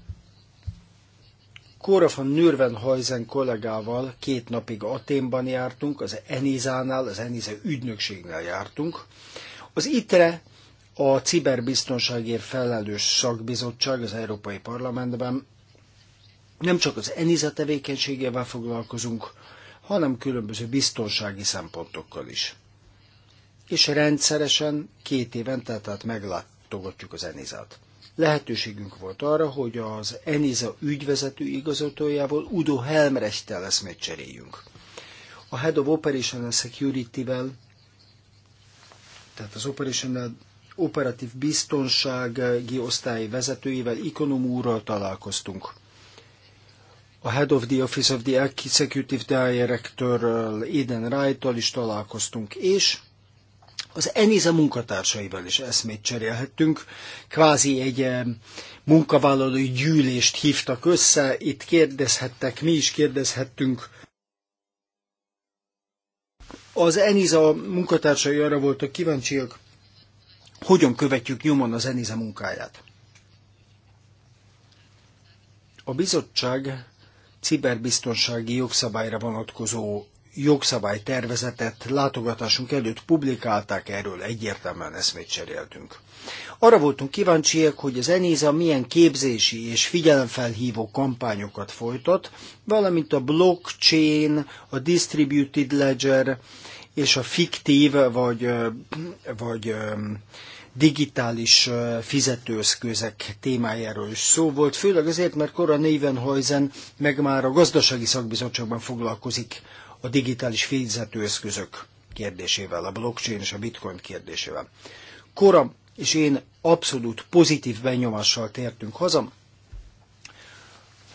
Kóra van Nürvenhajzen kollégával két napig Aténban jártunk, az Enizánál, az Enize ügynökségnél jártunk. Az ITRE a ciberbiztonságért felelős szakbizottság az Európai Parlamentben nem csak az Enize tevékenységével foglalkozunk, hanem különböző biztonsági szempontokkal is. És rendszeresen két évente, tehát meglátogatjuk az Enizát lehetőségünk volt arra, hogy az Eniza ügyvezető igazgatójával Udo Helmrechtel eszmét cseréljünk. A Head of Operational Security-vel, tehát az Operational operatív biztonsági osztály vezetőivel, Ikonom úrral találkoztunk. A Head of the Office of the Executive Director Eden Wright-tal is találkoztunk, és az ENISA munkatársaival is eszmét cserélhettünk, kvázi egy eh, munkavállalói gyűlést hívtak össze, itt kérdezhettek, mi is kérdezhettünk. Az ENISA munkatársai arra voltak kíváncsiak, hogyan követjük nyomon az ENISA munkáját. A bizottság ciberbiztonsági jogszabályra vonatkozó jogszabálytervezetet látogatásunk előtt publikálták, erről egyértelműen eszmét cseréltünk. Arra voltunk kíváncsiak, hogy az Enéza milyen képzési és figyelemfelhívó kampányokat folytat, valamint a blockchain, a distributed ledger és a fiktív vagy, vagy digitális fizetőeszközek témájáról is szó volt, főleg azért, mert Kora Névenhajzen meg már a gazdasági szakbizottságban foglalkozik a digitális fizetőeszközök kérdésével, a blockchain és a bitcoin kérdésével. Kora és én abszolút pozitív benyomással tértünk haza.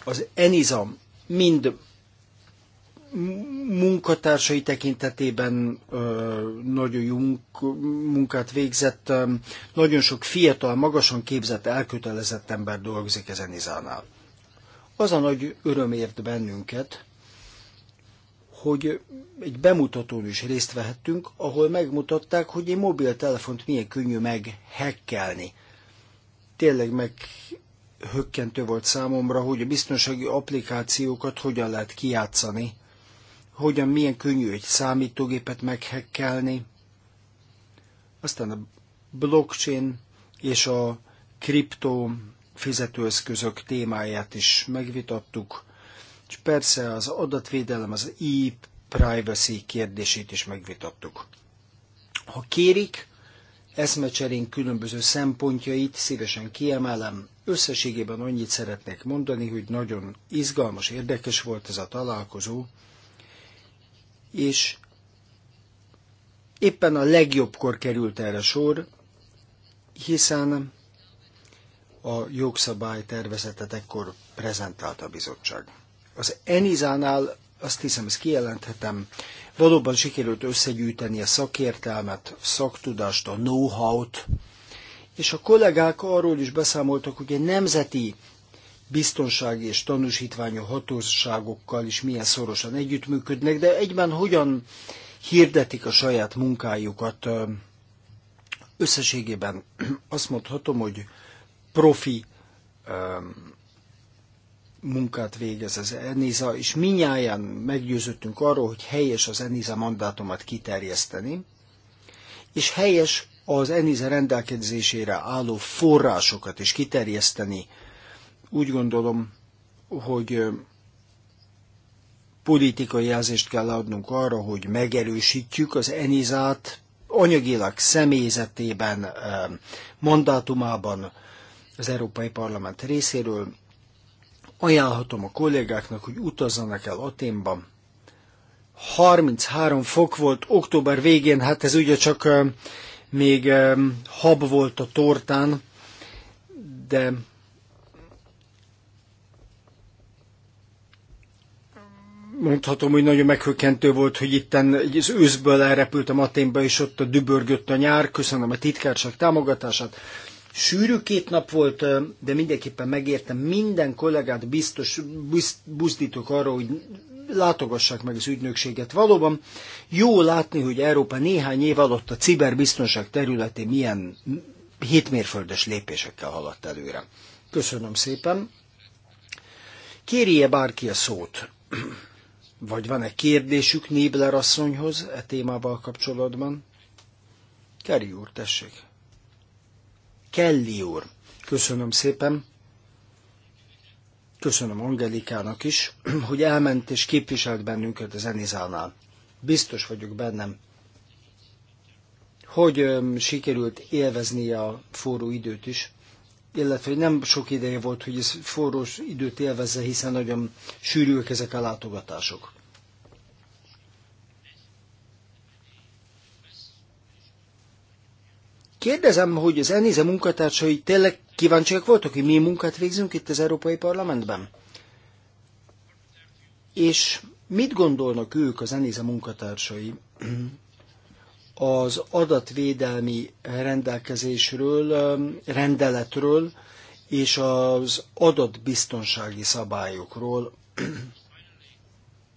Az Eniza mind munkatársai tekintetében nagyon jó munkát végzett, nagyon sok fiatal, magasan képzett, elkötelezett ember dolgozik ezen izánál. Az a nagy öröm ért bennünket, hogy egy bemutatón is részt vehettünk, ahol megmutatták, hogy egy mobiltelefont milyen könnyű meghekkelni. Tényleg meg hökkentő volt számomra, hogy a biztonsági applikációkat hogyan lehet kiátszani, hogyan milyen könnyű egy számítógépet meghekkelni. Aztán a blockchain és a kriptó fizetőeszközök témáját is megvitattuk és persze az adatvédelem, az e-privacy kérdését is megvitattuk. Ha kérik, eszmecserénk különböző szempontjait szívesen kiemelem. Összességében annyit szeretnék mondani, hogy nagyon izgalmas, érdekes volt ez a találkozó, és éppen a legjobbkor került erre sor, hiszen a jogszabálytervezetet ekkor prezentált a bizottság. Az Enizánál azt hiszem, ezt kijelenthetem, valóban sikerült összegyűjteni a szakértelmet, szaktudást, a know-how-t, és a kollégák arról is beszámoltak, hogy egy nemzeti biztonsági és tanúsítványú hatóságokkal is milyen szorosan együttműködnek, de egyben hogyan hirdetik a saját munkájukat. Összességében azt mondhatom, hogy profi munkát végez az ENISA, és minnyáján meggyőződtünk arról, hogy helyes az ENISA mandátumát kiterjeszteni, és helyes az ENISA rendelkezésére álló forrásokat is kiterjeszteni. Úgy gondolom, hogy politikai jelzést kell adnunk arra, hogy megerősítjük az ENISA-t anyagilag személyzetében, mandátumában az Európai Parlament részéről, ajánlhatom a kollégáknak, hogy utazzanak el Aténban. 33 fok volt október végén, hát ez ugye csak még hab volt a tortán, de mondhatom, hogy nagyon meghökkentő volt, hogy itten az őszből elrepültem Aténba, és ott a dübörgött a nyár. Köszönöm a titkárság támogatását. Sűrű két nap volt, de mindenképpen megértem. Minden kollégát biztos buzdítok arra, hogy látogassák meg az ügynökséget. Valóban jó látni, hogy Európa néhány év alatt a ciberbiztonság területén milyen hétmérföldes lépésekkel haladt előre. Köszönöm szépen. Kérje bárki a szót? Vagy van-e kérdésük Nébler asszonyhoz e témával kapcsolatban? Keri úr, tessék. Kelly úr. Köszönöm szépen. Köszönöm Angelikának is, hogy elment és képviselt bennünket a zenizánál. Biztos vagyok bennem, hogy öm, sikerült élvezni a forró időt is, illetve hogy nem sok ideje volt, hogy ez forró időt élvezze, hiszen nagyon sűrűek ezek a látogatások. Kérdezem, hogy az Enéze munkatársai tényleg kíváncsiak voltak, hogy mi munkát végzünk itt az Európai Parlamentben? És mit gondolnak ők, az Enéze munkatársai, az adatvédelmi rendelkezésről, rendeletről és az adatbiztonsági szabályokról?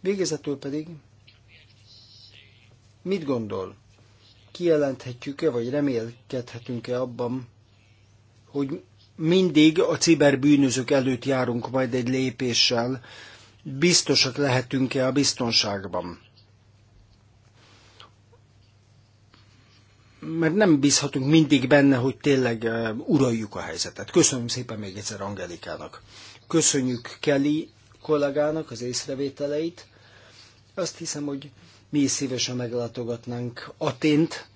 Végezetül pedig, mit gondol? kijelenthetjük-e, vagy remélkedhetünk-e abban, hogy mindig a ciberbűnözők előtt járunk majd egy lépéssel, biztosak lehetünk-e a biztonságban. Mert nem bízhatunk mindig benne, hogy tényleg uraljuk a helyzetet. Köszönöm szépen még egyszer Angelikának. Köszönjük Kelly kollégának az észrevételeit. Azt hiszem, hogy mi is szívesen meglátogatnánk Atént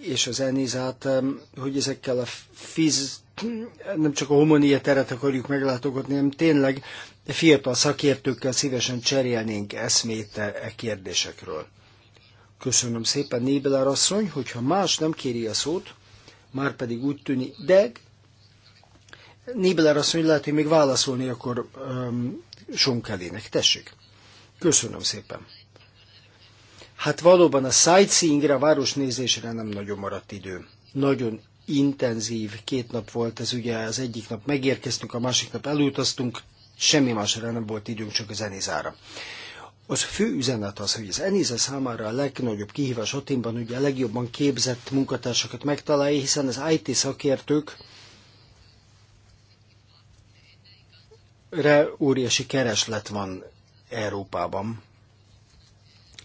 és az Enizát, hogy ezekkel a fiz, nem csak a homonia teret akarjuk meglátogatni, hanem tényleg fiatal szakértőkkel szívesen cserélnénk eszmét e, e kérdésekről. Köszönöm szépen, Nébelár asszony, hogyha más nem kéri a szót, már pedig úgy tűni, de Nébelár asszony lehet, hogy még válaszolni akkor um, Sonkelének. Tessék. Köszönöm szépen. Hát valóban a sightseeingre, a városnézésre nem nagyon maradt idő. Nagyon intenzív két nap volt ez, ugye az egyik nap megérkeztünk, a másik nap elutaztunk, semmi másra nem volt időnk, csak az Enizára. Az fő üzenet az, hogy az Enize számára a legnagyobb kihívás Otinban, ugye a legjobban képzett munkatársakat megtalálja, hiszen az IT szakértők re óriási kereslet van Európában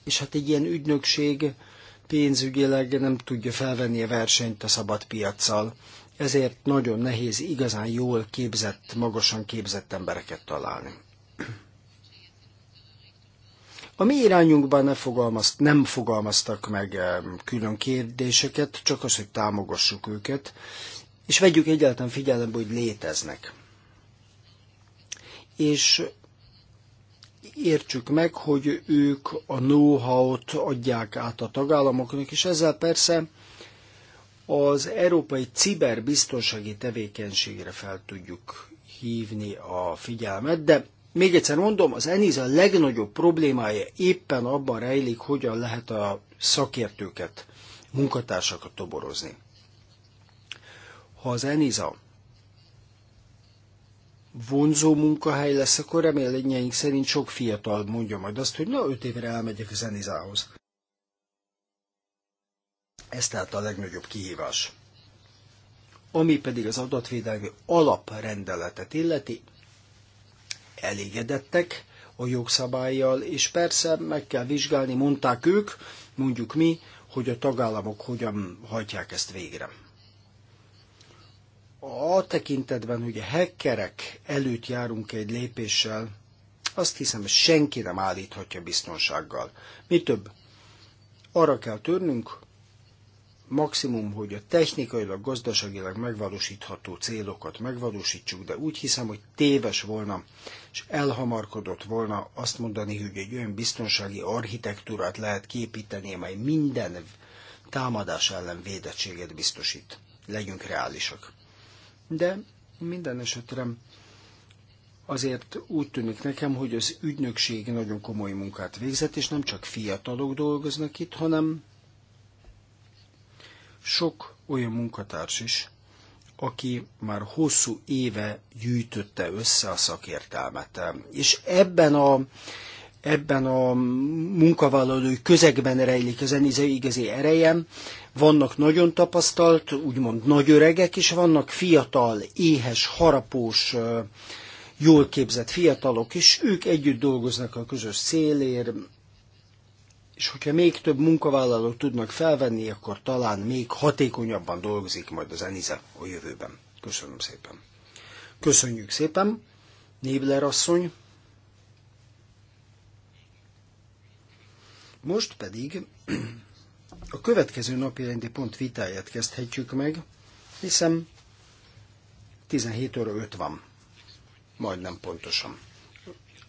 és hát egy ilyen ügynökség pénzügyileg nem tudja felvenni a versenyt a szabad piaccal. Ezért nagyon nehéz igazán jól képzett, magasan képzett embereket találni. A mi irányunkban ne fogalmazt, nem fogalmaztak meg eh, külön kérdéseket, csak az, hogy támogassuk őket, és vegyük egyáltalán figyelembe, hogy léteznek. És értsük meg, hogy ők a know-how-t adják át a tagállamoknak, és ezzel persze az európai ciberbiztonsági tevékenységre fel tudjuk hívni a figyelmet, de még egyszer mondom, az ENISA legnagyobb problémája éppen abban rejlik, hogyan lehet a szakértőket, munkatársakat toborozni. Ha az ENISA vonzó munkahely lesz, akkor reményeink szerint sok fiatal mondja majd azt, hogy na, öt évre elmegyek a zenizához. Ez tehát a legnagyobb kihívás. Ami pedig az adatvédelmi alaprendeletet illeti, elégedettek a jogszabályjal, és persze meg kell vizsgálni, mondták ők, mondjuk mi, hogy a tagállamok hogyan hagyják ezt végre a tekintetben, hogy a hackerek előtt járunk egy lépéssel, azt hiszem, hogy senki nem állíthatja biztonsággal. Mi több, arra kell törnünk, maximum, hogy a technikailag, gazdaságilag megvalósítható célokat megvalósítsuk, de úgy hiszem, hogy téves volna, és elhamarkodott volna azt mondani, hogy egy olyan biztonsági architektúrát lehet képíteni, amely minden támadás ellen védettséget biztosít. Legyünk reálisak de minden esetre azért úgy tűnik nekem, hogy az ügynökség nagyon komoly munkát végzett, és nem csak fiatalok dolgoznak itt, hanem sok olyan munkatárs is, aki már hosszú éve gyűjtötte össze a szakértelmet. És ebben a ebben a munkavállalói közegben rejlik a zenize igazi erejem. Vannak nagyon tapasztalt, úgymond nagy öregek, is vannak fiatal, éhes, harapós, jól képzett fiatalok, is ők együtt dolgoznak a közös célért, és hogyha még több munkavállalók tudnak felvenni, akkor talán még hatékonyabban dolgozik majd az ENIZE a jövőben. Köszönöm szépen. Köszönjük szépen, Nébler asszony! Most pedig a következő napi rendi pont vitáját kezdhetjük meg, hiszen 17 óra 5 van, majdnem pontosan.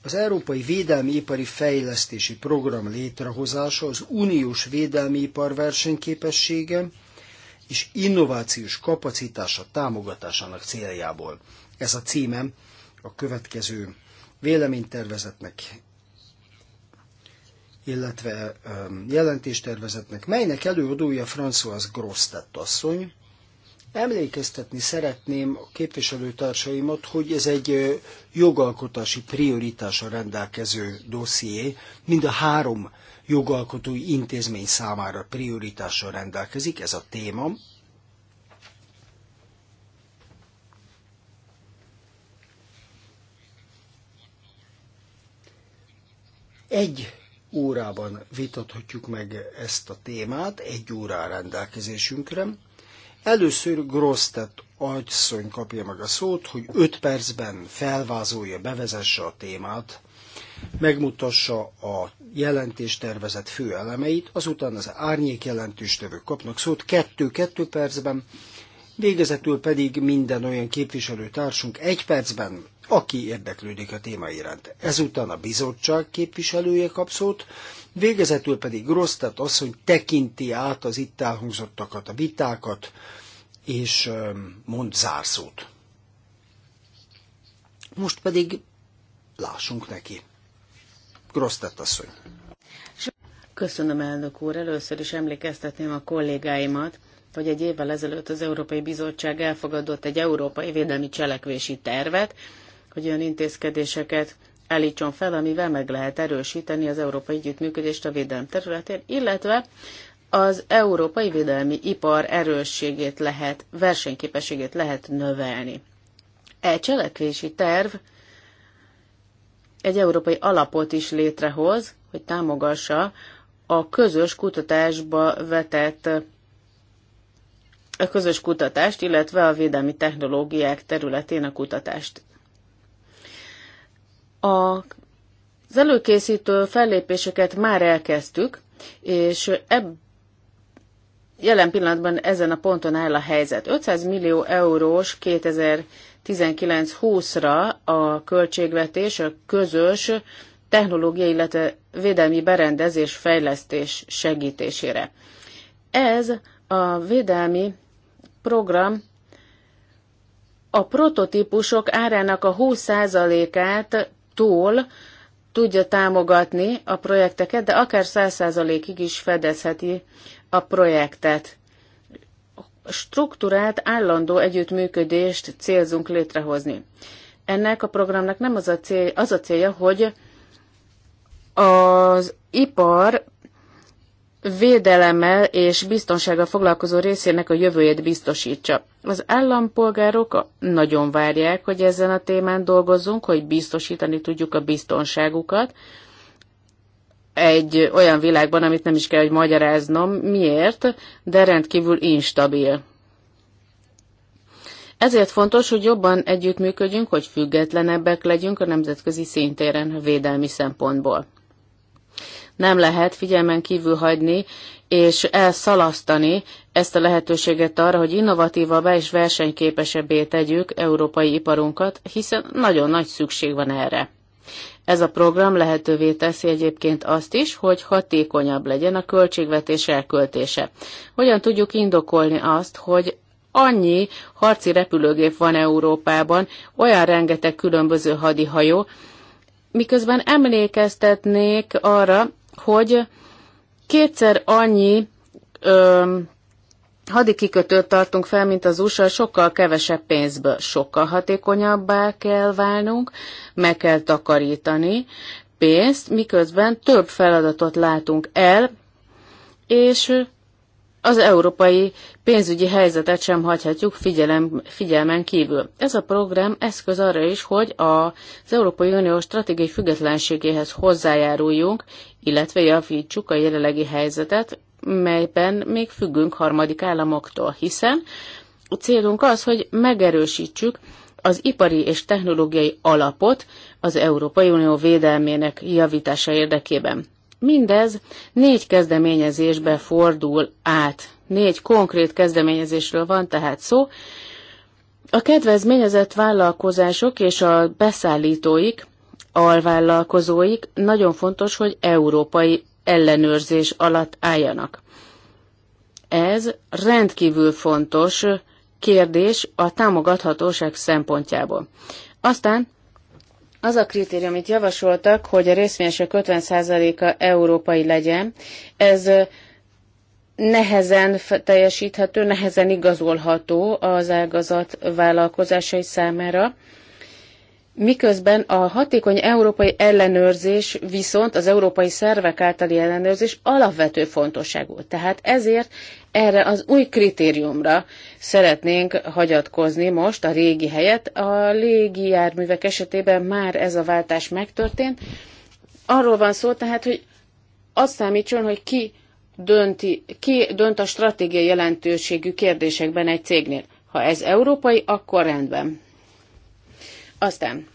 Az Európai Védelmi Ipari Fejlesztési Program létrehozása, az uniós védelmi ipar versenyképessége és innovációs kapacitása támogatásának céljából. Ez a címem a következő véleménytervezetnek illetve jelentéstervezetnek, melynek előadója François Grosztett asszony. Emlékeztetni szeretném a képviselőtársaimat, hogy ez egy jogalkotási prioritása rendelkező dosszié, mind a három jogalkotói intézmény számára prioritással rendelkezik ez a téma. Egy órában vitathatjuk meg ezt a témát, egy órá rendelkezésünkre. Először Grosztett agyszony kapja meg a szót, hogy 5 percben felvázolja, bevezesse a témát, megmutassa a jelentéstervezet fő elemeit, azután az árnyék jelentőstevők kapnak szót 2-2 percben, végezetül pedig minden olyan képviselőtársunk egy percben aki érdeklődik a téma iránt. Ezután a bizottság képviselője kap szót, végezetül pedig Grosztat asszony tekinti át az itt elhangzottakat, a vitákat, és mond zárszót. Most pedig lássunk neki. Grosztat asszony. Köszönöm, elnök úr. Először is emlékeztetném a kollégáimat, hogy egy évvel ezelőtt az Európai Bizottság elfogadott egy európai védelmi cselekvési tervet, hogy olyan intézkedéseket állítson fel, amivel meg lehet erősíteni az európai együttműködést a védelem területén, illetve az európai védelmi ipar erősségét lehet, versenyképességét lehet növelni. E cselekvési terv egy európai alapot is létrehoz, hogy támogassa a közös kutatásba vetett a közös kutatást, illetve a védelmi technológiák területén a kutatást. A, az előkészítő fellépéseket már elkezdtük, és ebb, jelen pillanatban ezen a ponton áll a helyzet. 500 millió eurós 2019-20-ra a költségvetés a közös technológiai, illetve védelmi berendezés fejlesztés segítésére. Ez a védelmi program a prototípusok árának a 20%-át tól tudja támogatni a projekteket, de akár 100%-ig is fedezheti a projektet. Struktúrát, állandó együttműködést célzunk létrehozni. Ennek a programnak nem az a, cél, az a célja, hogy az ipar védelemmel és biztonsággal foglalkozó részének a jövőjét biztosítsa. Az állampolgárok nagyon várják, hogy ezen a témán dolgozzunk, hogy biztosítani tudjuk a biztonságukat egy olyan világban, amit nem is kell, hogy magyaráznom, miért, de rendkívül instabil. Ezért fontos, hogy jobban együttműködjünk, hogy függetlenebbek legyünk a nemzetközi szintéren a védelmi szempontból nem lehet figyelmen kívül hagyni és elszalasztani ezt a lehetőséget arra, hogy innovatívabbá és versenyképesebbé tegyük európai iparunkat, hiszen nagyon nagy szükség van erre. Ez a program lehetővé teszi egyébként azt is, hogy hatékonyabb legyen a költségvetés elköltése. Hogyan tudjuk indokolni azt, hogy annyi harci repülőgép van Európában, olyan rengeteg különböző hadihajó, miközben emlékeztetnék arra, hogy kétszer annyi ö, hadikikötőt tartunk fel, mint az USA, sokkal kevesebb pénzből, sokkal hatékonyabbá kell válnunk, meg kell takarítani pénzt, miközben több feladatot látunk el, és az európai pénzügyi helyzetet sem hagyhatjuk figyelem, figyelmen kívül. Ez a program eszköz arra is, hogy az Európai Unió stratégiai függetlenségéhez hozzájáruljunk, illetve javítsuk a jelenlegi helyzetet, melyben még függünk harmadik államoktól, hiszen a célunk az, hogy megerősítsük az ipari és technológiai alapot az Európai Unió védelmének javítása érdekében. Mindez négy kezdeményezésbe fordul át. Négy konkrét kezdeményezésről van tehát szó. A kedvezményezett vállalkozások és a beszállítóik alvállalkozóik, nagyon fontos, hogy európai ellenőrzés alatt álljanak. Ez rendkívül fontos kérdés a támogathatóság szempontjából. Aztán az a kritérium, amit javasoltak, hogy a részvényesek 50%-a európai legyen, ez nehezen teljesíthető, nehezen igazolható az ágazat vállalkozásai számára. Miközben a hatékony európai ellenőrzés viszont az európai szervek általi ellenőrzés alapvető fontosságú. Tehát ezért erre az új kritériumra szeretnénk hagyatkozni most a régi helyet. A légi járművek esetében már ez a váltás megtörtént. Arról van szó tehát, hogy azt számítson, hogy ki, dönti, ki dönt a stratégiai jelentőségű kérdésekben egy cégnél. Ha ez európai, akkor rendben aztán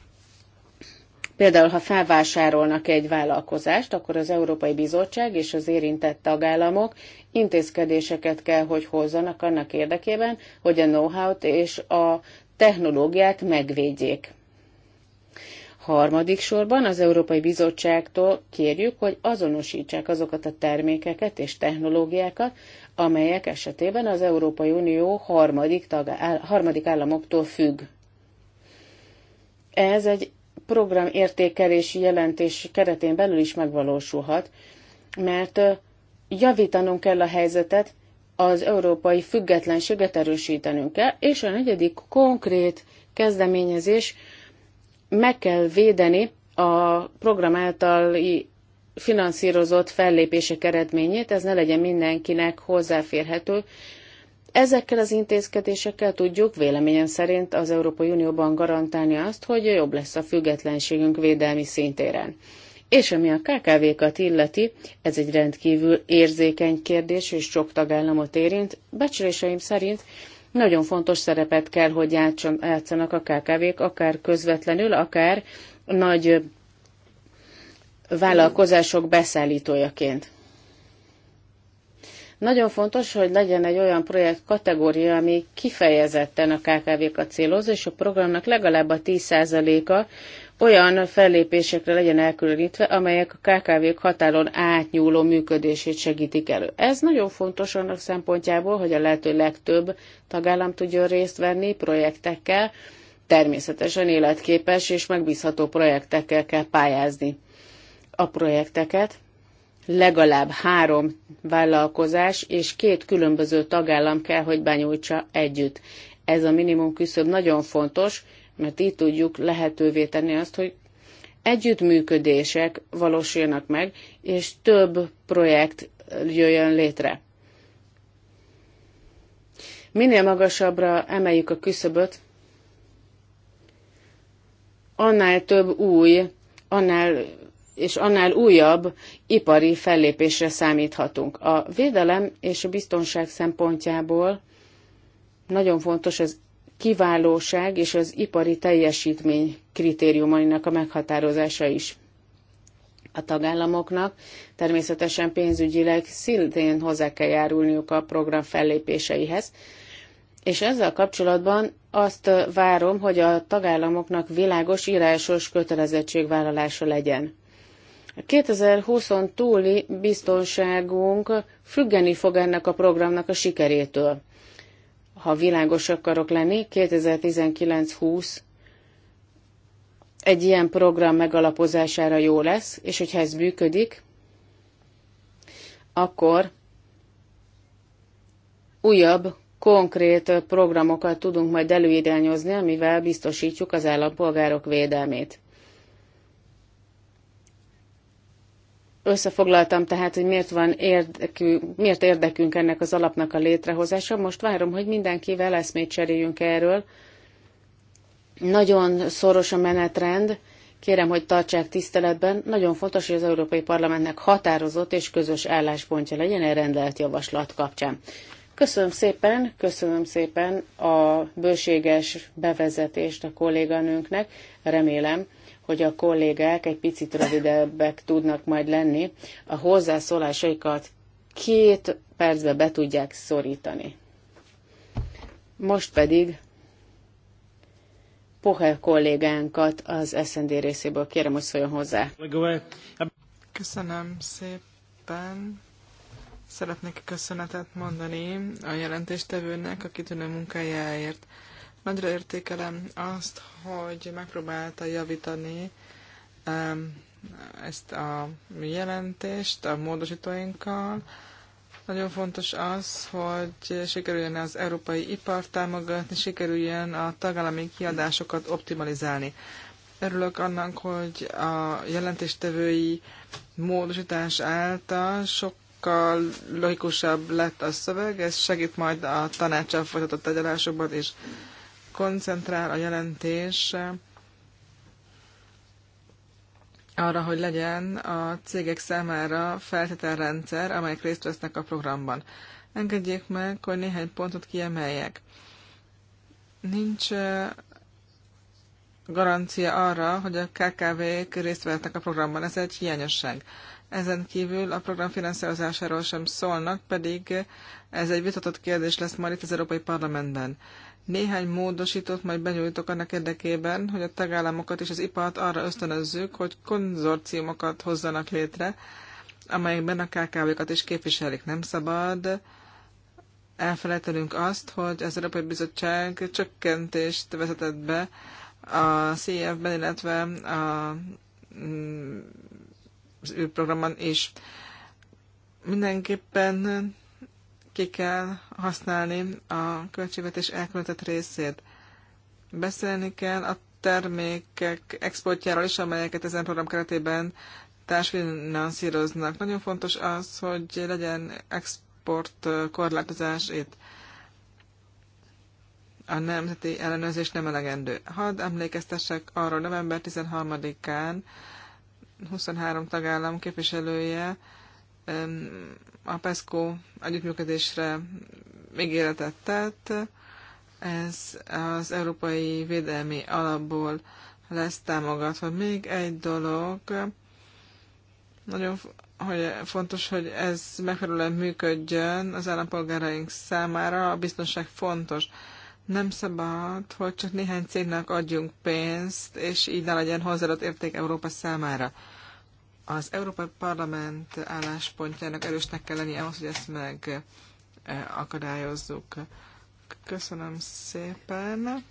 Például, ha felvásárolnak egy vállalkozást, akkor az Európai Bizottság és az érintett tagállamok intézkedéseket kell, hogy hozzanak annak érdekében, hogy a know-how-t és a technológiát megvédjék. Harmadik sorban az Európai Bizottságtól kérjük, hogy azonosítsák azokat a termékeket és technológiákat, amelyek esetében az Európai Unió harmadik, tagá- harmadik államoktól függ ez egy programértékelési jelentés keretén belül is megvalósulhat, mert javítanunk kell a helyzetet, az európai függetlenséget erősítenünk kell, és a negyedik konkrét kezdeményezés, meg kell védeni a program által finanszírozott fellépések eredményét, ez ne legyen mindenkinek hozzáférhető, Ezekkel az intézkedésekkel tudjuk véleményem szerint az Európai Unióban garantálni azt, hogy jobb lesz a függetlenségünk védelmi szintéren. És ami a KKV-kat illeti, ez egy rendkívül érzékeny kérdés, és sok tagállamot érint. Becsléseim szerint nagyon fontos szerepet kell, hogy játszanak a KKV-k, akár közvetlenül, akár nagy vállalkozások beszállítójaként. Nagyon fontos, hogy legyen egy olyan projekt kategória, ami kifejezetten a KKV-kat célozza, és a programnak legalább a 10%-a olyan fellépésekre legyen elkülönítve, amelyek a KKV-k határon átnyúló működését segítik elő. Ez nagyon fontos annak szempontjából, hogy a lehető legtöbb tagállam tudjon részt venni projektekkel, természetesen életképes és megbízható projektekkel kell pályázni a projekteket, legalább három vállalkozás és két különböző tagállam kell, hogy benyújtsa együtt. Ez a minimum küszöb nagyon fontos, mert így tudjuk lehetővé tenni azt, hogy együttműködések valósuljanak meg, és több projekt jöjjön létre. Minél magasabbra emeljük a küszöböt, annál több új, annál és annál újabb ipari fellépésre számíthatunk. A védelem és a biztonság szempontjából nagyon fontos az kiválóság és az ipari teljesítmény kritériumainak a meghatározása is. A tagállamoknak természetesen pénzügyileg szintén hozzá kell járulniuk a program fellépéseihez, és ezzel kapcsolatban azt várom, hogy a tagállamoknak világos írásos kötelezettségvállalása legyen. A 2020-on túli biztonságunk függeni fog ennek a programnak a sikerétől. Ha világos akarok lenni, 2019-20 egy ilyen program megalapozására jó lesz, és hogyha ez működik, akkor újabb, konkrét programokat tudunk majd előirányozni, amivel biztosítjuk az állampolgárok védelmét. Összefoglaltam tehát, hogy miért van érdekű, miért érdekünk ennek az alapnak a létrehozása. Most várom, hogy mindenkivel eszmét cseréljünk erről. Nagyon szoros a menetrend, kérem, hogy tartsák tiszteletben. Nagyon fontos, hogy az Európai Parlamentnek határozott és közös álláspontja legyen egy rendelt javaslat kapcsán. Köszönöm szépen, köszönöm szépen a bőséges bevezetést a kolléganőnknek. Remélem, hogy a kollégák egy picit rövidebbek tudnak majd lenni, a hozzászólásaikat két percbe be tudják szorítani. Most pedig Pohe kollégánkat az SND részéből kérem, hogy szóljon hozzá. Köszönöm szépen. Szeretnék köszönetet mondani a jelentéstevőnek a kitűnő munkájáért. Nagyra értékelem azt, hogy megpróbálta javítani ezt a jelentést a módosítóinkkal. Nagyon fontos az, hogy sikerüljön az európai ipart támogatni, sikerüljen a tagállami kiadásokat optimalizálni. Örülök annak, hogy a jelentéstevői módosítás által sokkal logikusabb lett a szöveg, ez segít majd a tanácsal folytatott tegyelásokban és koncentrál a jelentés arra, hogy legyen a cégek számára feltételrendszer, amelyek részt vesznek a programban. Engedjék meg, hogy néhány pontot kiemeljek. Nincs garancia arra, hogy a KKV-k részt vehetnek a programban. Ez egy hiányosság. Ezen kívül a program finanszírozásáról sem szólnak, pedig ez egy vitatott kérdés lesz majd itt az Európai Parlamentben. Néhány módosított, majd benyújtok annak érdekében, hogy a tagállamokat és az ipart arra ösztönözzük, hogy konzorciumokat hozzanak létre, amelyekben a KKV-kat is képviselik. Nem szabad elfelejtenünk azt, hogy az Európai Bizottság csökkentést vezetett be a CF-ben, illetve a, mm, az űrprogramban is. Mindenképpen ki kell használni a költségvetés elköltött részét. Beszélni kell a termékek exportjáról is, amelyeket ezen program keretében társfinanszíroznak. Nagyon fontos az, hogy legyen export korlátozás itt. A nemzeti ellenőrzés nem elegendő. Hadd emlékeztessek arról november 13-án 23 tagállam képviselője a PESCO együttműködésre életet tett. Ez az Európai Védelmi Alapból lesz támogatva. Még egy dolog, nagyon hogy fontos, hogy ez megfelelően működjön az állampolgáraink számára, a biztonság fontos. Nem szabad, hogy csak néhány cégnek adjunk pénzt, és így ne legyen hozzáadott érték Európa számára az Európai Parlament álláspontjának erősnek kell lennie ahhoz, hogy ezt meg eh, akadályozzuk. Köszönöm szépen.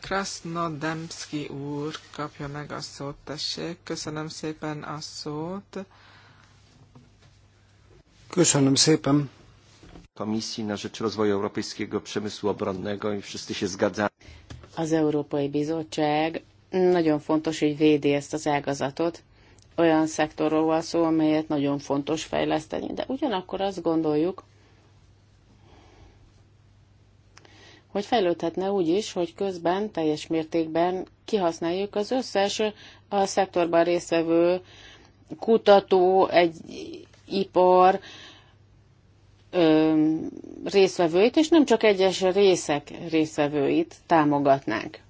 Krasnodemski úr kapja meg a szót, tessék. Köszönöm szépen a szót. Köszönöm szépen. Komisji na rzecz rozwoju europejskiego przemysłu obronnego i wszyscy się zgadzamy. Az Európai Bizottság nagyon fontos, hogy védi ezt az ágazatot. Olyan szektorról van szó, amelyet nagyon fontos fejleszteni, de ugyanakkor azt gondoljuk, hogy fejlődhetne úgy is, hogy közben teljes mértékben kihasználjuk az összes a szektorban résztvevő kutató, egy ipar ö, résztvevőit, és nem csak egyes részek résztvevőit támogatnánk.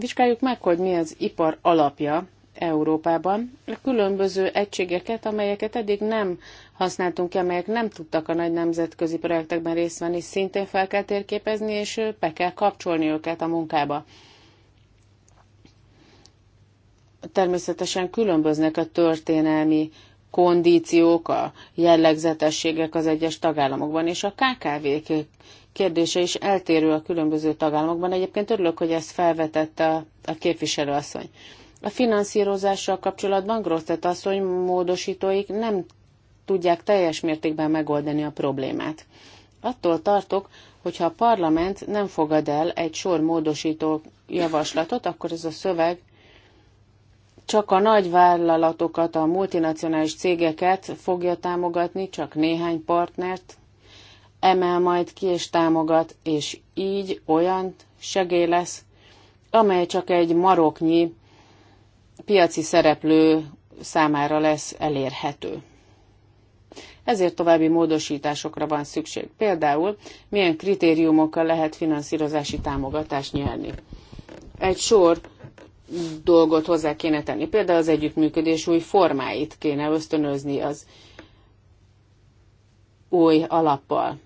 Vizsgáljuk meg, hogy mi az ipar alapja Európában. A különböző egységeket, amelyeket eddig nem használtunk ki, amelyek nem tudtak a nagy nemzetközi projektekben részt venni, szintén fel kell térképezni, és be kell kapcsolni őket a munkába. Természetesen különböznek a történelmi kondíciók, a jellegzetességek az egyes tagállamokban, és a KKV-k kérdése is eltérő a különböző tagállamokban. Egyébként örülök, hogy ezt felvetette a, a képviselőasszony. A finanszírozással kapcsolatban Grosztet asszony módosítóik nem tudják teljes mértékben megoldani a problémát. Attól tartok, hogyha a parlament nem fogad el egy sor módosító javaslatot, akkor ez a szöveg csak a nagy vállalatokat, a multinacionális cégeket fogja támogatni, csak néhány partnert, emel majd ki és támogat, és így olyan segély lesz, amely csak egy maroknyi piaci szereplő számára lesz elérhető. Ezért további módosításokra van szükség. Például milyen kritériumokkal lehet finanszírozási támogatást nyerni. Egy sor dolgot hozzá kéne tenni. Például az együttműködés új formáit kéne ösztönözni az új alappal.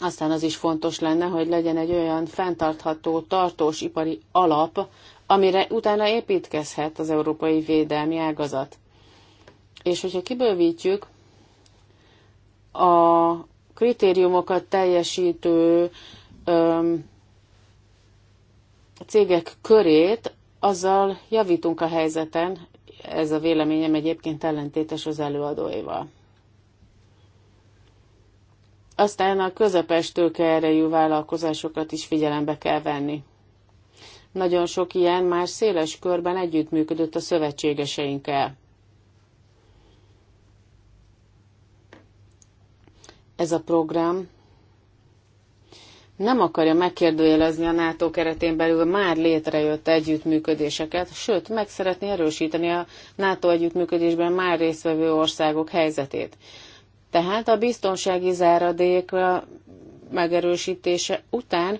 Aztán az is fontos lenne, hogy legyen egy olyan fenntartható, tartós ipari alap, amire utána építkezhet az európai védelmi ágazat. És hogyha kibővítjük a kritériumokat teljesítő öm, cégek körét, azzal javítunk a helyzeten, ez a véleményem egyébként ellentétes az előadóival. Aztán a közepes tőkeerejű vállalkozásokat is figyelembe kell venni. Nagyon sok ilyen már széles körben együttműködött a szövetségeseinkkel. Ez a program nem akarja megkérdőjelezni a NATO keretén belül már létrejött együttműködéseket, sőt, meg szeretné erősíteni a NATO együttműködésben már résztvevő országok helyzetét. Tehát a biztonsági záradék megerősítése után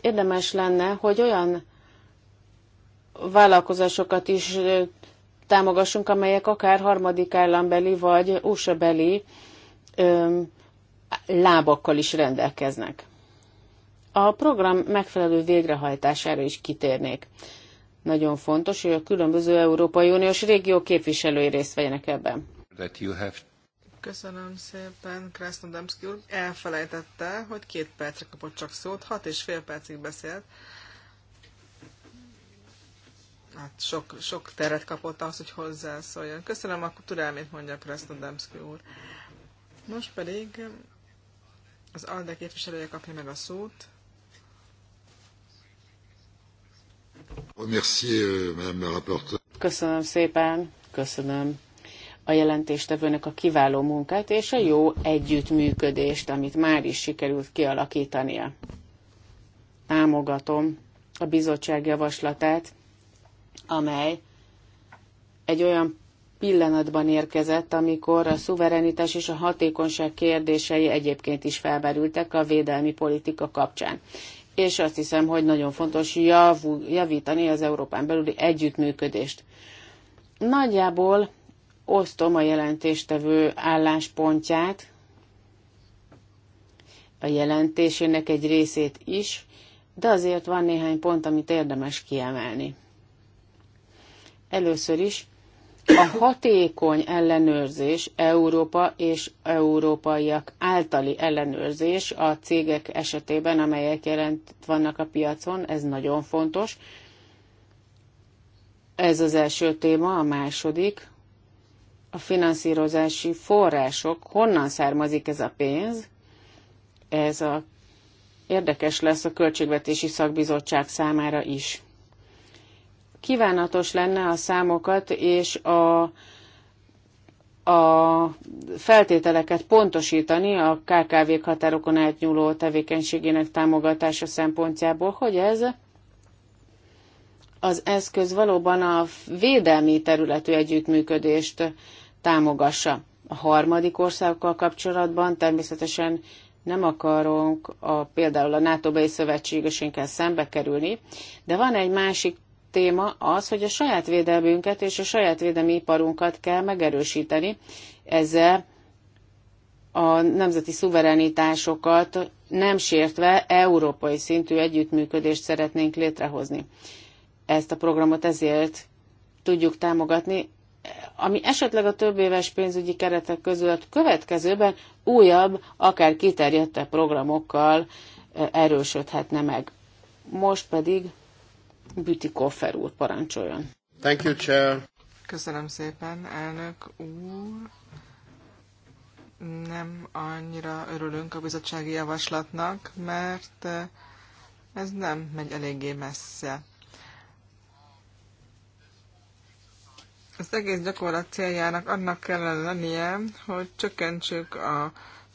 érdemes lenne, hogy olyan vállalkozásokat is támogassunk, amelyek akár harmadik állambeli vagy usa lábakkal is rendelkeznek. A program megfelelő végrehajtására is kitérnék. Nagyon fontos, hogy a különböző Európai Uniós régió képviselői részt vegyenek ebben. That you have Köszönöm szépen, Krasznodemszki úr. Elfelejtette, hogy két percre kapott csak szót, hat és fél percig beszélt. Hát sok, sok teret kapott ahhoz, hogy hozzászóljon. Köszönöm, akkor türelmét mondja Krasznodemszki úr. Most pedig az ALDE képviselője kapja meg a szót. Euh, köszönöm szépen, köszönöm a jelentéstevőnek a kiváló munkát és a jó együttműködést, amit már is sikerült kialakítania. Támogatom a bizottság javaslatát, amely egy olyan pillanatban érkezett, amikor a szuverenitás és a hatékonyság kérdései egyébként is felmerültek a védelmi politika kapcsán. És azt hiszem, hogy nagyon fontos javítani az Európán belüli együttműködést. Nagyjából osztom a jelentéstevő álláspontját, a jelentésének egy részét is, de azért van néhány pont, amit érdemes kiemelni. Először is a hatékony ellenőrzés Európa és európaiak általi ellenőrzés a cégek esetében, amelyek jelent vannak a piacon, ez nagyon fontos. Ez az első téma, a második, a finanszírozási források, honnan származik ez a pénz, ez a érdekes lesz a Költségvetési Szakbizottság számára is. Kívánatos lenne a számokat és a, a feltételeket pontosítani a kkv határokon átnyúló tevékenységének támogatása szempontjából, hogy ez az eszköz valóban a védelmi területű együttműködést támogassa. A harmadik országokkal kapcsolatban természetesen nem akarunk a, például a nato bei szövetségesünkkel szembe kerülni, de van egy másik téma az, hogy a saját védelmünket és a saját védelmi iparunkat kell megerősíteni, ezzel a nemzeti szuverenitásokat nem sértve európai szintű együttműködést szeretnénk létrehozni. Ezt a programot ezért tudjuk támogatni, ami esetleg a több éves pénzügyi keretek között következőben újabb, akár kiterjedte programokkal erősödhetne meg. Most pedig Büti Koffer úr parancsoljon. Thank you, Chair. Köszönöm szépen, elnök úr. Nem annyira örülünk a bizottsági javaslatnak, mert ez nem megy eléggé messze. az egész gyakorlat céljának annak kellene lennie, hogy csökkentsük a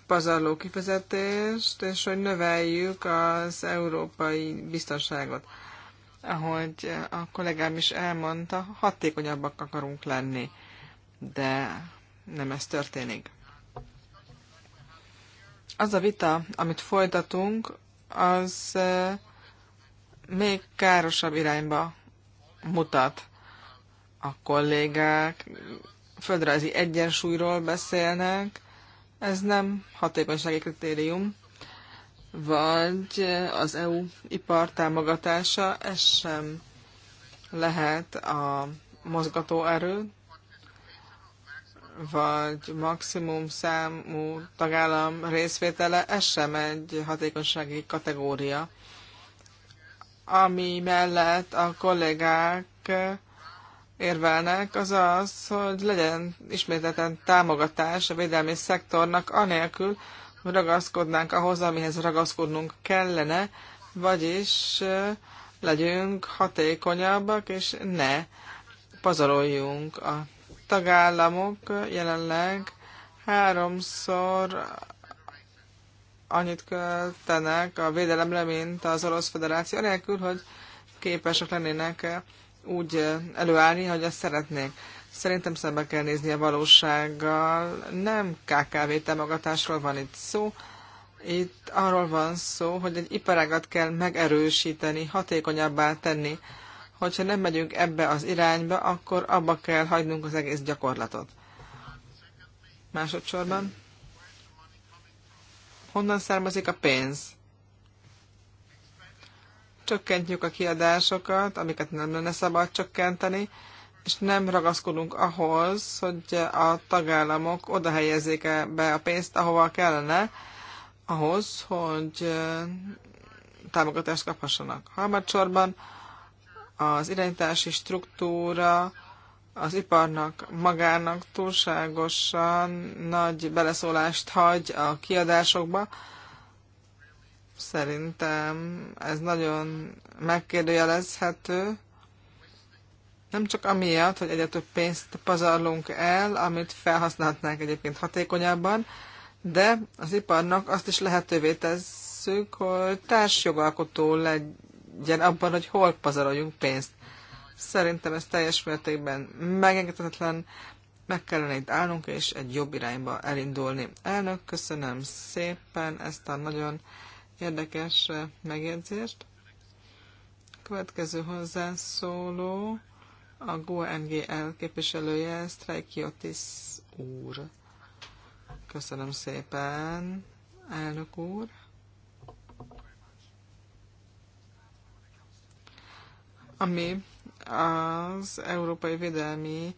pazarló kifizetést, és hogy növeljük az európai biztonságot. Ahogy a kollégám is elmondta, hatékonyabbak akarunk lenni, de nem ez történik. Az a vita, amit folytatunk, az eh, még károsabb irányba mutat a kollégák földrajzi egyensúlyról beszélnek, ez nem hatékonysági kritérium, vagy az EU ipar támogatása, ez sem lehet a mozgatóerő, vagy maximum számú tagállam részvétele, ez sem egy hatékonysági kategória, ami mellett a kollégák érvelnek, az az, hogy legyen ismételten támogatás a védelmi szektornak, anélkül, hogy ragaszkodnánk ahhoz, amihez ragaszkodnunk kellene, vagyis legyünk hatékonyabbak, és ne pazaroljunk. A tagállamok jelenleg háromszor annyit költenek a védelemre, mint az Orosz Federáció, anélkül, hogy képesek lennének úgy előállni, hogy ezt szeretnék. Szerintem szembe kell nézni a valósággal. Nem KKV támogatásról van itt szó, itt arról van szó, hogy egy iparágat kell megerősíteni, hatékonyabbá tenni. Hogyha nem megyünk ebbe az irányba, akkor abba kell hagynunk az egész gyakorlatot. Másodszorban. Honnan származik a pénz? csökkentjük a kiadásokat, amiket nem lenne szabad csökkenteni, és nem ragaszkodunk ahhoz, hogy a tagállamok oda helyezzék -e be a pénzt, ahova kellene, ahhoz, hogy támogatást kaphassanak. Harmadsorban az irányítási struktúra az iparnak magának túlságosan nagy beleszólást hagy a kiadásokba, Szerintem ez nagyon megkérdőjelezhető. Nem csak amiatt, hogy egyre több pénzt pazarlunk el, amit felhasználhatnánk egyébként hatékonyabban, de az iparnak azt is lehetővé tesszük, hogy társjogalkotó legyen abban, hogy hol pazaroljunk pénzt. Szerintem ez teljes mértékben megengedhetetlen, meg kellene itt állnunk és egy jobb irányba elindulni. Elnök, köszönöm szépen ezt a nagyon érdekes megjegyzést. Következő hozzászóló a GONGL e képviselője, Strajkiotis úr. Köszönöm szépen, elnök úr. Ami az Európai Védelmi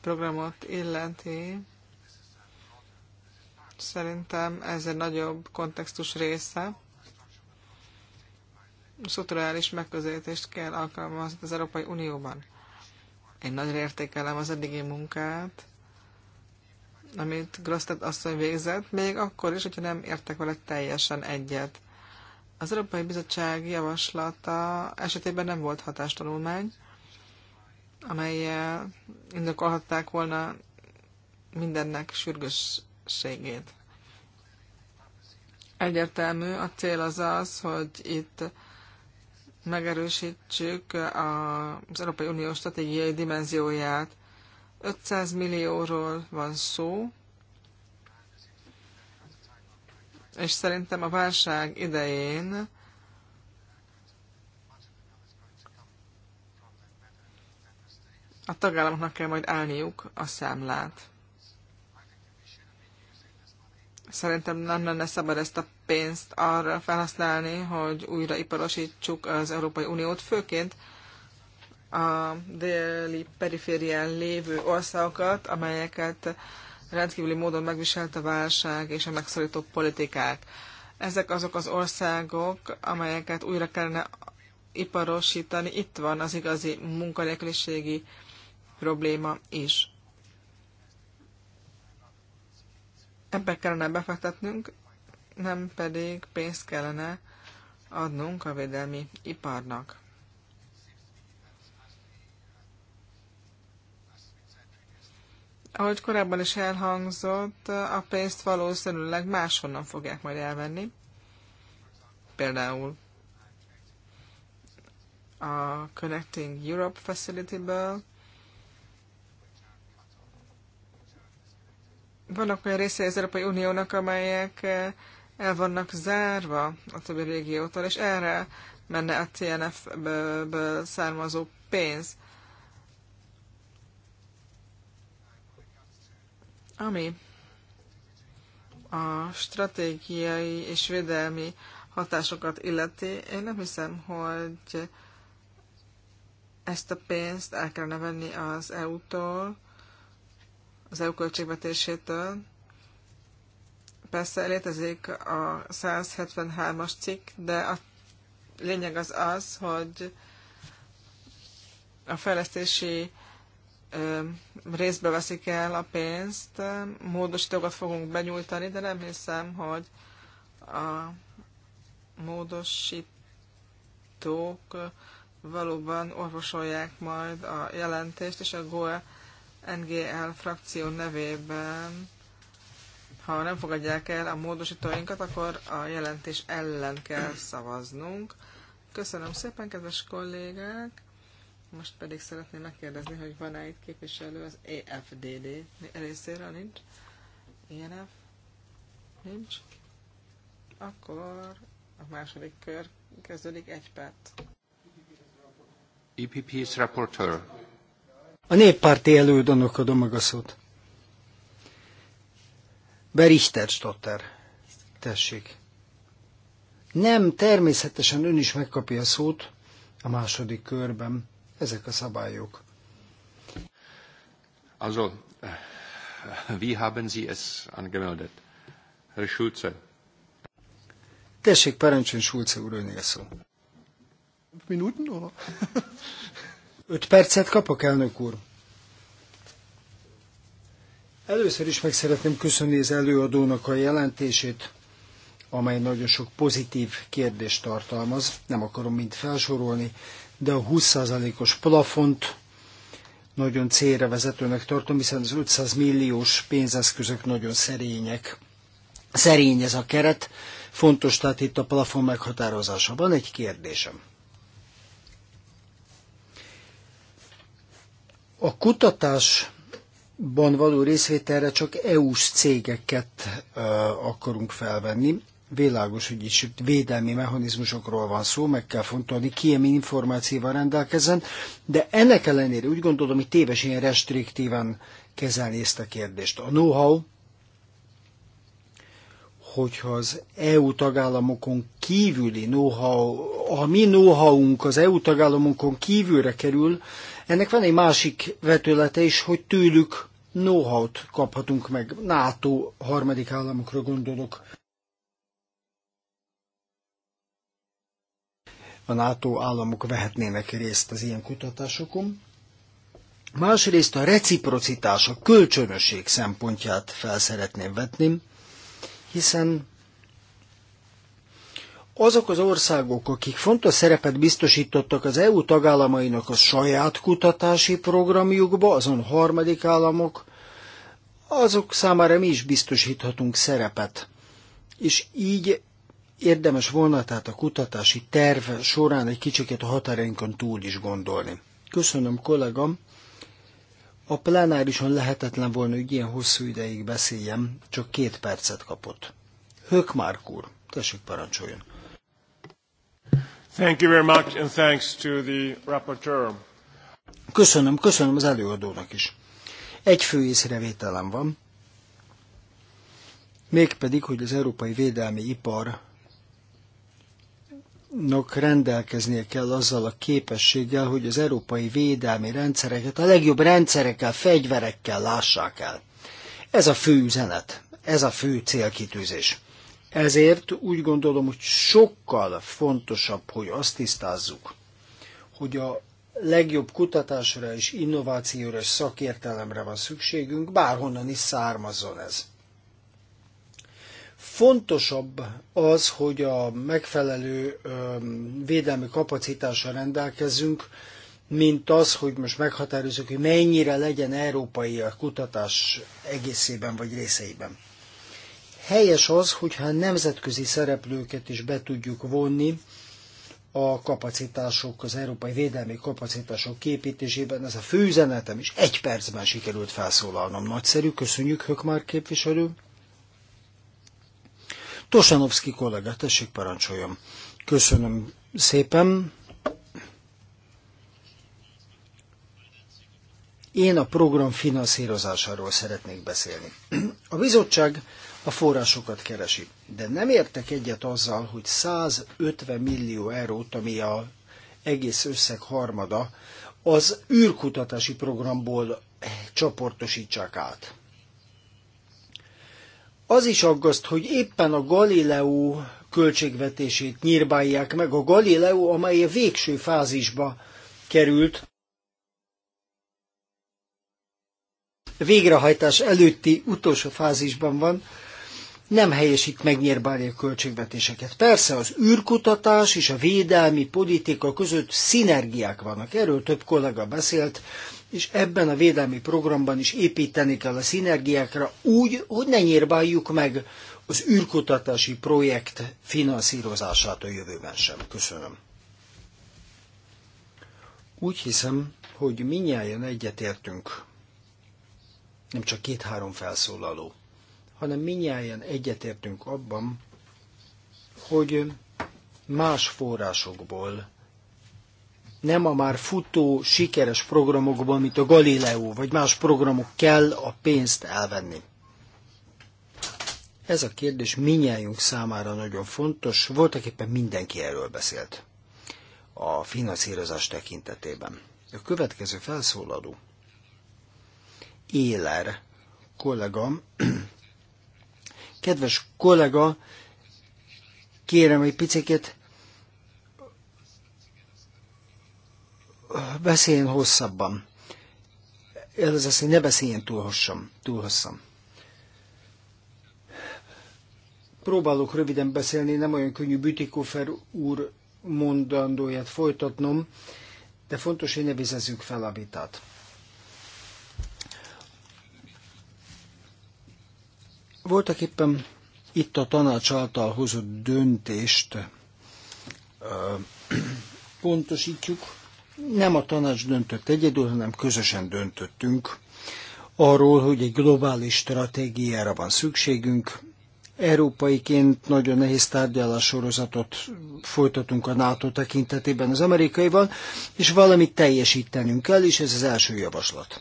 Programot illeti, Szerintem ez egy nagyobb kontextus része. Strukturális megközelítést kell alkalmazni az Európai Unióban. Én nagyra értékelem az eddigi munkát, amit Grosztet asszony végzett, még akkor is, hogyha nem értek vele teljesen egyet. Az Európai Bizottság javaslata esetében nem volt hatástanulmány, amelyel indokolhatták volna mindennek sürgős segéd. Egyértelmű, a cél az az, hogy itt megerősítsük az Európai Unió stratégiai dimenzióját. 500 millióról van szó, és szerintem a válság idején a tagállamoknak kell majd állniuk a számlát. Szerintem nem lenne szabad ezt a pénzt arra felhasználni, hogy újra iparosítsuk az Európai Uniót, főként a déli periférián lévő országokat, amelyeket rendkívüli módon megviselt a válság és a megszorító politikák. Ezek azok az országok, amelyeket újra kellene iparosítani. Itt van az igazi munkanélküliségi probléma is. Ebbe kellene befektetnünk, nem pedig pénzt kellene adnunk a védelmi iparnak. Ahogy korábban is elhangzott, a pénzt valószínűleg máshonnan fogják majd elvenni. Például a Connecting Europe Facility-ből, vannak olyan részei az Európai Uniónak, amelyek eh, el vannak zárva a többi régiótól, és erre menne a TNF-ből származó pénz. Ami a stratégiai és védelmi hatásokat illeti, én nem hiszem, hogy ezt a pénzt el kellene venni az EU-tól, az EU költségvetésétől. Persze létezik a 173-as cikk, de a lényeg az az, hogy a fejlesztési részbe veszik el a pénzt, módosítókat fogunk benyújtani, de nem hiszem, hogy a módosítók valóban orvosolják majd a jelentést, és a GOE NGL frakció nevében, ha nem fogadják el a módosítóinkat, akkor a jelentés ellen kell szavaznunk. Köszönöm szépen, kedves kollégák! Most pedig szeretném megkérdezni, hogy van-e itt képviselő az EFDD részéről, nincs? INF? E nincs? Akkor a második kör kezdődik egy perc. EPP's reporter. A néppárti elődönök adom meg a szót. Berichterstotter, Tessék. Nem, természetesen ön is megkapja a szót a második körben. Ezek a szabályok. Also, wie haben Sie es angemeldet? Herr Schulze. Tessék, parancsön Schulze úr, önél szó. Minuten, oder? Öt percet kapok, elnök úr? Először is meg szeretném köszönni az előadónak a jelentését, amely nagyon sok pozitív kérdést tartalmaz, nem akarom mind felsorolni, de a 20%-os plafont nagyon célra vezetőnek tartom, hiszen az 500 milliós pénzeszközök nagyon szerények. Szerény ez a keret, fontos tehát itt a plafon meghatározása. Van egy kérdésem. A kutatásban való részvételre csak EU-s cégeket akarunk felvenni. Világos, hogy is védelmi mechanizmusokról van szó, meg kell fontolni, ki ilyen információval rendelkezzen, de ennek ellenére úgy gondolom, hogy téves ilyen restriktíven kezelni ezt a kérdést. A know-how hogyha az EU tagállamokon kívüli know-how, a mi know az EU tagállamokon kívülre kerül, ennek van egy másik vetülete is, hogy tőlük know-how-t kaphatunk meg. NATO harmadik államokra gondolok. A NATO államok vehetnének részt az ilyen kutatásokon. Másrészt a reciprocitás, a kölcsönösség szempontját fel szeretném vetni, hiszen azok az országok, akik fontos szerepet biztosítottak az EU tagállamainak a saját kutatási programjukba, azon harmadik államok, azok számára mi is biztosíthatunk szerepet. És így érdemes volna tehát a kutatási terv során egy kicsiket a határainkon túl is gondolni. Köszönöm, kollégam! A plenárison lehetetlen volna, hogy ilyen hosszú ideig beszéljem, csak két percet kapott. Hökmárk úr, tessék parancsoljon! Thank you very much, and thanks to the rapporteur. Köszönöm, köszönöm az előadónak is. Egy fő észrevételem van, mégpedig, hogy az európai védelmi iparnak rendelkeznie kell azzal a képességgel, hogy az európai védelmi rendszereket a legjobb rendszerekkel, fegyverekkel lássák el. Ez a fő üzenet, ez a fő célkitűzés. Ezért úgy gondolom, hogy sokkal fontosabb, hogy azt tisztázzuk, hogy a legjobb kutatásra és innovációra és szakértelemre van szükségünk, bárhonnan is származon ez. Fontosabb az, hogy a megfelelő védelmi kapacitással rendelkezünk, mint az, hogy most meghatározzuk, hogy mennyire legyen európai a kutatás egészében vagy részeiben. Helyes az, hogyha nemzetközi szereplőket is be tudjuk vonni a kapacitások, az európai védelmi kapacitások képítésében. Ez a fő üzenetem is egy percben sikerült felszólalnom. Nagyszerű, köszönjük Hökmár képviselő. Tosanovszki kollega, tessék parancsoljam. Köszönöm szépen. Én a program finanszírozásáról szeretnék beszélni. A bizottság a forrásokat keresi. De nem értek egyet azzal, hogy 150 millió eurót, ami a egész összeg harmada, az űrkutatási programból csoportosítsák át. Az is aggaszt, hogy éppen a Galileo költségvetését nyírbálják meg, a Galileo, amely a végső fázisba került, végrehajtás előtti utolsó fázisban van, nem helyesít megnyírbálni a költségvetéseket. Persze az űrkutatás és a védelmi politika között szinergiák vannak, erről több kollega beszélt, és ebben a védelmi programban is építeni kell a szinergiákra úgy, hogy ne nyírbáljuk meg az űrkutatási projekt finanszírozását a jövőben sem. Köszönöm. Úgy hiszem, hogy minnyáján egyetértünk, nem csak két-három felszólaló hanem minnyáján egyetértünk abban, hogy más forrásokból, nem a már futó, sikeres programokból, mint a Galileo, vagy más programok kell a pénzt elvenni. Ez a kérdés minnyájunk számára nagyon fontos, voltak éppen mindenki erről beszélt a finanszírozás tekintetében. A következő felszólaló, Éler kollégám, Kedves kollega, kérem egy picit beszéljen hosszabban. Ez az, hogy ne beszéljen túl hosszan. Túl hosszan. Próbálok röviden beszélni, nem olyan könnyű Bütikofer úr mondandóját folytatnom, de fontos, hogy ne vizezzük fel a vitát. Voltak éppen itt a tanács által hozott döntést pontosítjuk. Nem a tanács döntött egyedül, hanem közösen döntöttünk arról, hogy egy globális stratégiára van szükségünk. Európaiként nagyon nehéz tárgyalássorozatot folytatunk a NATO tekintetében az amerikaival, és valamit teljesítenünk kell, és ez az első javaslat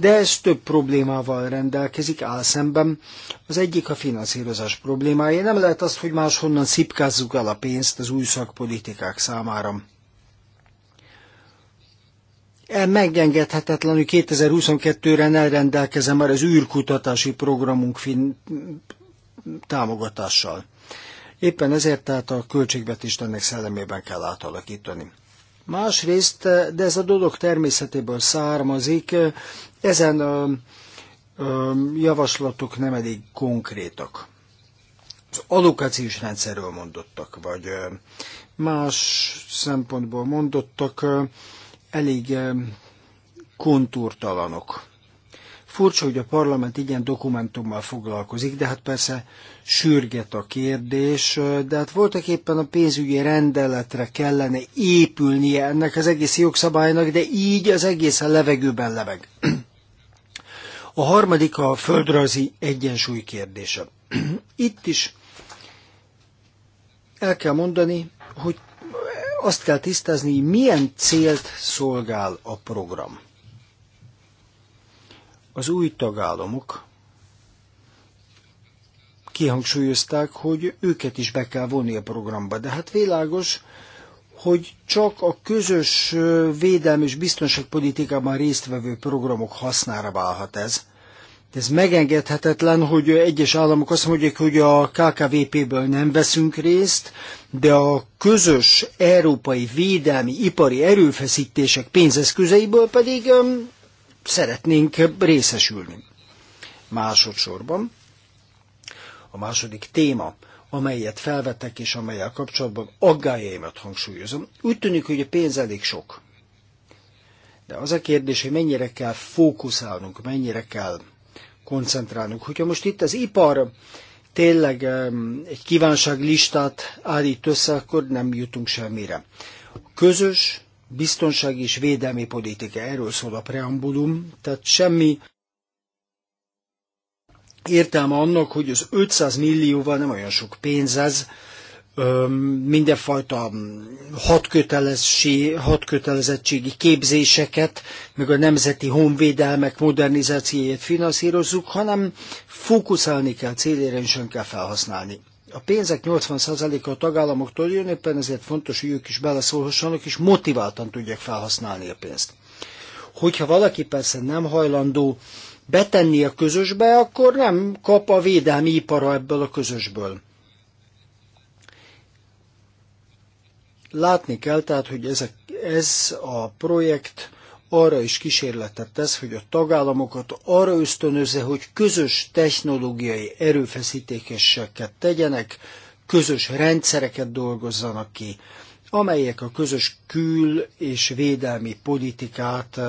de ez több problémával rendelkezik, áll szemben. Az egyik a finanszírozás problémája. Nem lehet azt, hogy máshonnan szipkázzuk el a pénzt az új szakpolitikák számára. E megengedhetetlenül 2022-re ne rendelkezem már az űrkutatási programunk fin- támogatással. Éppen ezért tehát a költségvetést ennek szellemében kell átalakítani. Másrészt, de ez a dolog természetéből származik, ezen ö, um, ö, um, javaslatok nem elég konkrétak. Az allokációs rendszerről mondottak, vagy ö, um, más szempontból mondottak, ö, elég ö, kontúrtalanok. Furcsa, hogy a parlament ilyen dokumentummal foglalkozik, de hát persze sürget a kérdés, uh, de hát voltak éppen a pénzügyi rendeletre kellene épülnie ennek az egész jogszabálynak, de így az egész a levegőben leveg. A harmadik a földrajzi egyensúly kérdése. Itt is el kell mondani, hogy azt kell tisztázni, milyen célt szolgál a program. Az új tagállamok kihangsúlyozták, hogy őket is be kell vonni a programba, de hát világos, hogy csak a közös védelmi és biztonságpolitikában résztvevő programok hasznára válhat ez. De ez megengedhetetlen, hogy egyes államok azt mondják, hogy a KKVP-ből nem veszünk részt, de a közös európai védelmi ipari erőfeszítések pénzeszközeiből pedig szeretnénk részesülni. Másodszorban a második téma, amelyet felvettek és amelyel kapcsolatban aggájaimat hangsúlyozom. Úgy tűnik, hogy a pénz elég sok. De az a kérdés, hogy mennyire kell fókuszálnunk, mennyire kell koncentrálnunk. Hogyha most itt az ipar tényleg egy kívánságlistát állít össze, akkor nem jutunk semmire. A közös biztonsági és védelmi politika, erről szól a preambulum, tehát semmi értelme annak, hogy az 500 millióval nem olyan sok pénz ez, mindenfajta hatkötelezettségi képzéseket, meg a nemzeti honvédelmek modernizációját finanszírozzuk, hanem fókuszálni kell célére, és ön kell felhasználni. A pénzek 80%-a a tagállamoktól jön, éppen ezért fontos, hogy ők is beleszólhassanak, és motiváltan tudják felhasználni a pénzt. Hogyha valaki persze nem hajlandó betenni a közösbe, akkor nem kap a védelmi ipara ebből a közösből. Látni kell tehát, hogy a, ez a projekt arra is kísérletet tesz, hogy a tagállamokat arra ösztönözze, hogy közös technológiai erőfeszítékeseket tegyenek, közös rendszereket dolgozzanak ki, amelyek a közös kül- és védelmi politikát,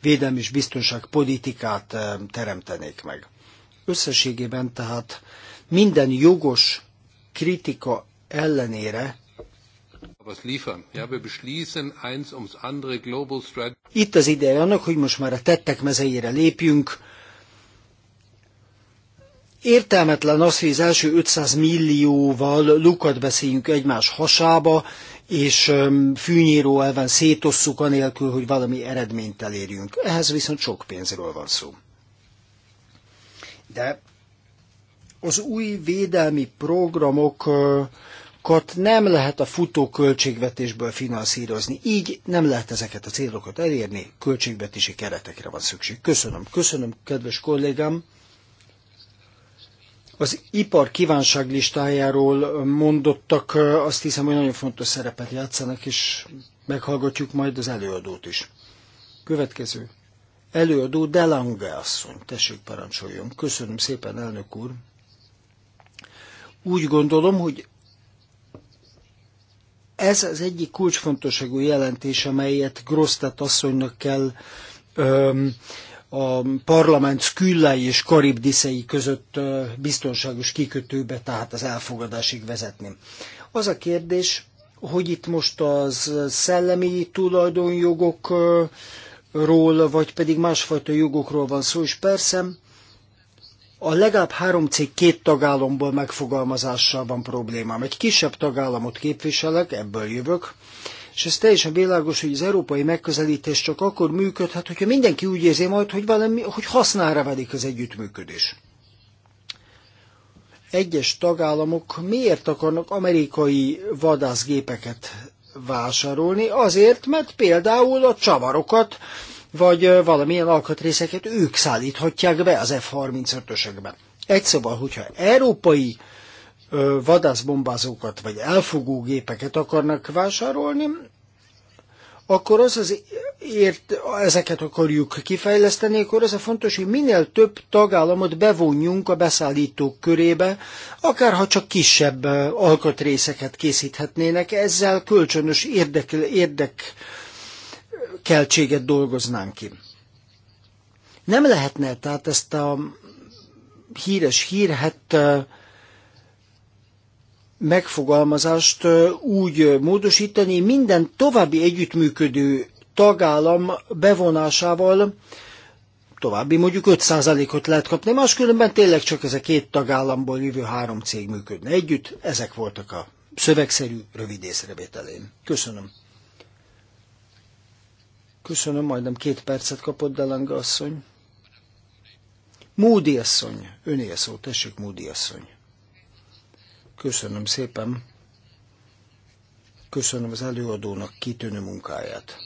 védelmi és biztonság politikát teremtenék meg. Összességében tehát minden jogos kritika ellenére itt az ideje annak, hogy most már a tettek mezeire lépjünk. Értelmetlen az, hogy az első 500 millióval lukat beszéljünk egymás hasába, és fűnyíró elven szétosszuk anélkül, hogy valami eredményt elérjünk. Ehhez viszont sok pénzről van szó. De az új védelmi programokat nem lehet a futó költségvetésből finanszírozni. Így nem lehet ezeket a célokat elérni, költségvetési keretekre van szükség. Köszönöm, köszönöm, kedves kollégám. Az ipar kívánságlistájáról mondottak, azt hiszem, hogy nagyon fontos szerepet játszanak, és meghallgatjuk majd az előadót is. Következő. Előadó Delange asszony. Tessék, parancsoljon. Köszönöm szépen, elnök úr. Úgy gondolom, hogy ez az egyik kulcsfontosságú jelentés, amelyet Grosztát asszonynak kell öm, a parlament Sküllei és Karibdiszei között biztonságos kikötőbe, tehát az elfogadásig vezetni. Az a kérdés, hogy itt most az szellemi tulajdonjogokról, vagy pedig másfajta jogokról van szó, és persze a legalább három cég két tagállamból megfogalmazással van problémám. Egy kisebb tagállamot képviselek, ebből jövök, és ez teljesen világos, hogy az európai megközelítés csak akkor működhet, hogyha mindenki úgy érzi majd, hogy, valami, hogy hasznára válik az együttműködés. Egyes tagállamok miért akarnak amerikai vadászgépeket vásárolni? Azért, mert például a csavarokat, vagy valamilyen alkatrészeket ők szállíthatják be az F-35-ösekbe. Egy szóval, hogyha európai vadászbombázókat vagy elfogó gépeket akarnak vásárolni, akkor az az ért, ezeket akarjuk kifejleszteni, akkor az a fontos, hogy minél több tagállamot bevonjunk a beszállítók körébe, akár ha csak kisebb alkatrészeket készíthetnének, ezzel kölcsönös érdek, érdekkeltséget dolgoznánk ki. Nem lehetne tehát ezt a híres hírhet megfogalmazást úgy módosítani, minden további együttműködő tagállam bevonásával további mondjuk 5%-ot lehet kapni, máskülönben tényleg csak ez a két tagállamból jövő három cég működne együtt. Ezek voltak a szövegszerű rövid észrevételém. Köszönöm. Köszönöm, majdnem két percet kapott Delanga asszony. Módi asszony, öné a szó, tessék Módi asszony. Köszönöm szépen. Köszönöm az előadónak kitűnő munkáját.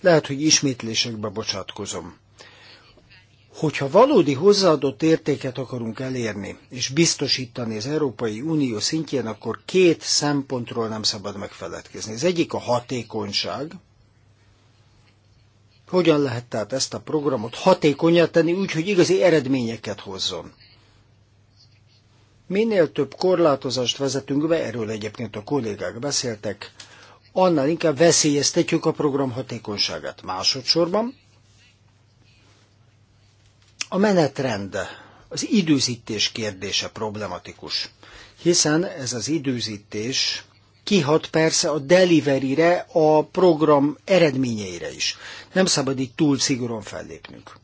Lehet, hogy ismétlésekbe bocsátkozom. Hogyha valódi hozzáadott értéket akarunk elérni és biztosítani az Európai Unió szintjén, akkor két szempontról nem szabad megfeledkezni. Az egyik a hatékonyság. Hogyan lehet tehát ezt a programot hatékonyat tenni úgy, hogy igazi eredményeket hozzon? Minél több korlátozást vezetünk be, erről egyébként a kollégák beszéltek, annál inkább veszélyeztetjük a program hatékonyságát. Másodszorban a menetrend, az időzítés kérdése problematikus, hiszen ez az időzítés kihat persze a deliveryre, a program eredményeire is. Nem szabad így túl szigorúan fellépnünk.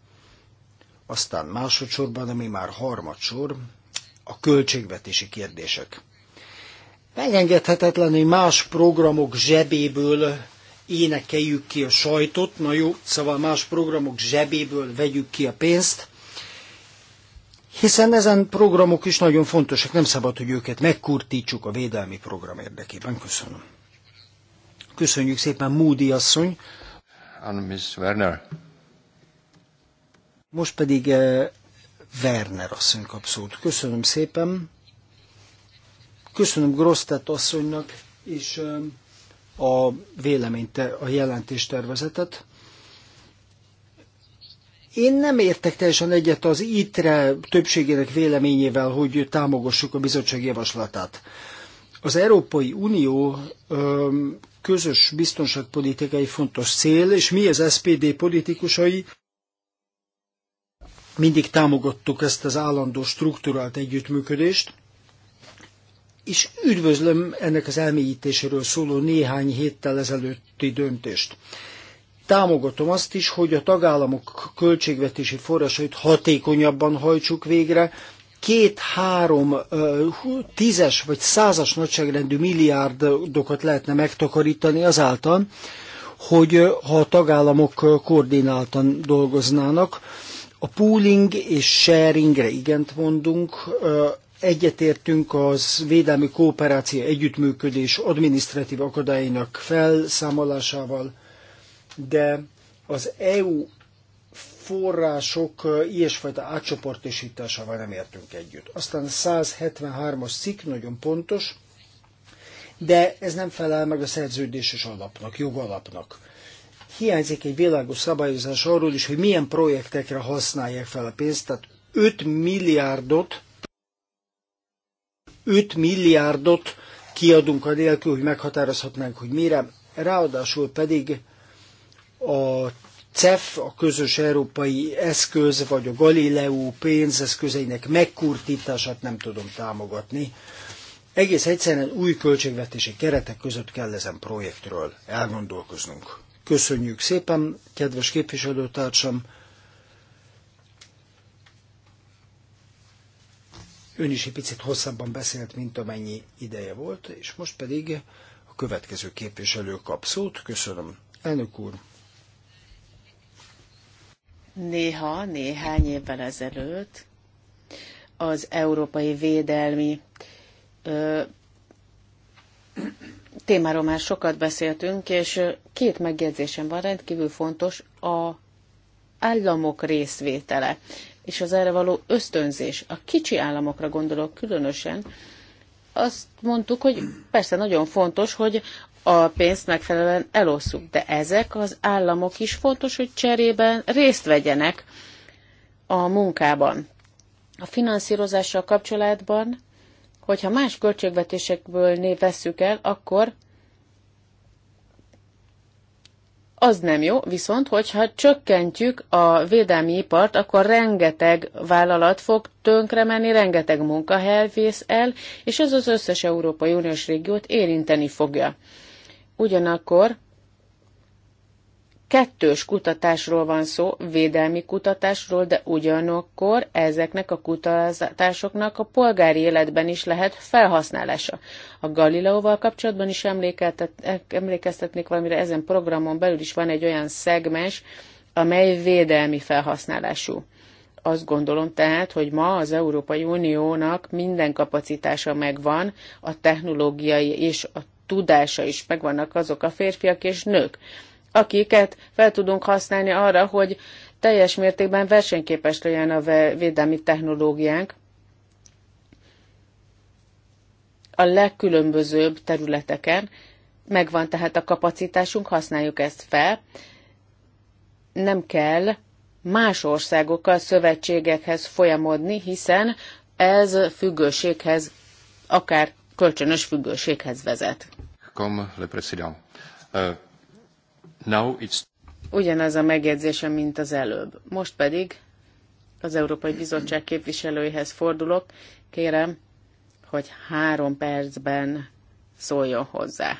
Aztán másodszorban, ami már harmadsor, a költségvetési kérdések. Megengedhetetlen, hogy más programok zsebéből énekeljük ki a sajtot, na jó, szóval más programok zsebéből vegyük ki a pénzt, hiszen ezen programok is nagyon fontosak, nem szabad, hogy őket megkurtítsuk a védelmi program érdekében. Köszönöm. Köszönjük szépen, Moody asszony. And Miss Werner. Most pedig eh, Werner asszony kap szót. Köszönöm szépen. Köszönöm Grosztet asszonynak és a véleményt, a jelentéstervezetet. Én nem értek teljesen egyet az ITRE többségének véleményével, hogy támogassuk a bizottság javaslatát. Az Európai Unió közös biztonságpolitikai fontos cél, és mi az SPD politikusai mindig támogattuk ezt az állandó struktúrált együttműködést, és üdvözlöm ennek az elmélyítéséről szóló néhány héttel ezelőtti döntést. Támogatom azt is, hogy a tagállamok költségvetési forrásait hatékonyabban hajtsuk végre, két-három tízes vagy százas nagyságrendű milliárdokat lehetne megtakarítani azáltal, hogy ha a tagállamok koordináltan dolgoznának, a pooling és sharingre igent mondunk, egyetértünk az védelmi kooperáció együttműködés adminisztratív akadályainak felszámolásával, de az EU források ilyesfajta átcsoportosításával nem értünk együtt. Aztán a 173-as cikk nagyon pontos, de ez nem felel meg a szerződéses alapnak, jogalapnak hiányzik egy világos szabályozás arról is, hogy milyen projektekre használják fel a pénzt. Tehát 5 milliárdot 5 milliárdot kiadunk a nélkül, hogy meghatározhatnánk, hogy mire. Ráadásul pedig a CEF, a közös európai eszköz, vagy a Galileo pénzeszközeinek megkurtítását nem tudom támogatni. Egész egyszerűen új költségvetési keretek között kell ezen projektről elgondolkoznunk. Köszönjük szépen, kedves képviselőtársam! Ön is egy picit hosszabban beszélt, mint amennyi ideje volt, és most pedig a következő képviselő kap szót. Köszönöm. Elnök úr! Néha, néhány évvel ezelőtt az Európai Védelmi ö, témáról már sokat beszéltünk, és két megjegyzésem van rendkívül fontos, a államok részvétele, és az erre való ösztönzés. A kicsi államokra gondolok különösen, azt mondtuk, hogy persze nagyon fontos, hogy a pénzt megfelelően elosszuk, de ezek az államok is fontos, hogy cserében részt vegyenek a munkában. A finanszírozással kapcsolatban hogyha más költségvetésekből vesszük el, akkor az nem jó, viszont hogyha csökkentjük a védelmi ipart, akkor rengeteg vállalat fog tönkre menni, rengeteg munkahely vész el, és ez az összes Európai Uniós régiót érinteni fogja. Ugyanakkor kettős kutatásról van szó, védelmi kutatásról, de ugyanakkor ezeknek a kutatásoknak a polgári életben is lehet felhasználása. A Galileóval kapcsolatban is emlékeztetnék valamire, ezen programon belül is van egy olyan szegmens, amely védelmi felhasználású. Azt gondolom tehát, hogy ma az Európai Uniónak minden kapacitása megvan, a technológiai és a tudása is megvannak azok a férfiak és nők, akiket fel tudunk használni arra, hogy teljes mértékben versenyképes legyen a védelmi technológiánk a legkülönbözőbb területeken. Megvan tehát a kapacitásunk, használjuk ezt fel. Nem kell más országokkal, szövetségekhez folyamodni, hiszen ez függőséghez, akár kölcsönös függőséghez vezet. Comme le président. Euh, Now it's... Ugyanaz a megjegyzése, mint az előbb. Most pedig az Európai Bizottság képviselőihez fordulok. Kérem, hogy három percben szóljon hozzá.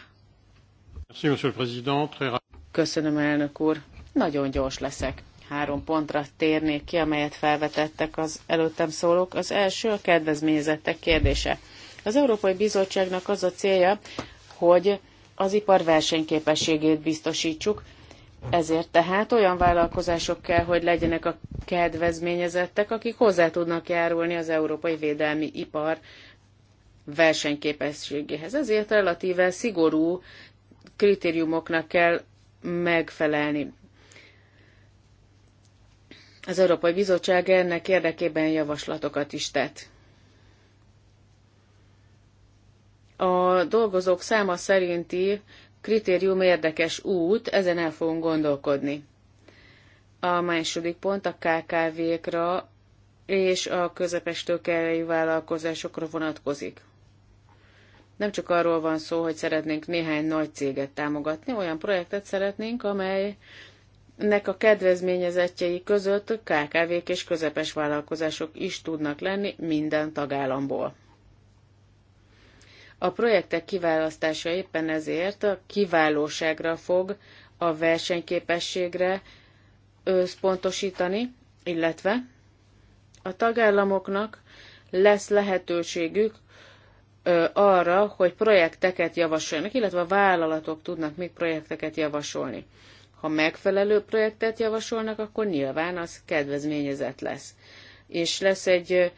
Köszönöm, elnök úr. Nagyon gyors leszek. Három pontra térnék ki, amelyet felvetettek az előttem szólók. Az első a kedvezményezettek kérdése. Az Európai Bizottságnak az a célja, hogy az ipar versenyképességét biztosítsuk, ezért tehát olyan vállalkozások kell, hogy legyenek a kedvezményezettek, akik hozzá tudnak járulni az európai védelmi ipar versenyképességéhez. Ezért relatíve szigorú kritériumoknak kell megfelelni. Az Európai Bizottság ennek érdekében javaslatokat is tett. a dolgozók száma szerinti kritérium érdekes út, ezen el fogunk gondolkodni. A második pont a KKV-kra és a közepes tőkerejű vállalkozásokra vonatkozik. Nem csak arról van szó, hogy szeretnénk néhány nagy céget támogatni, olyan projektet szeretnénk, amelynek a kedvezményezettjei között KKV-k és közepes vállalkozások is tudnak lenni minden tagállamból. A projektek kiválasztása éppen ezért a kiválóságra fog a versenyképességre összpontosítani, illetve a tagállamoknak lesz lehetőségük arra, hogy projekteket javasoljanak, illetve a vállalatok tudnak még projekteket javasolni. Ha megfelelő projektet javasolnak, akkor nyilván az kedvezményezett lesz. És lesz egy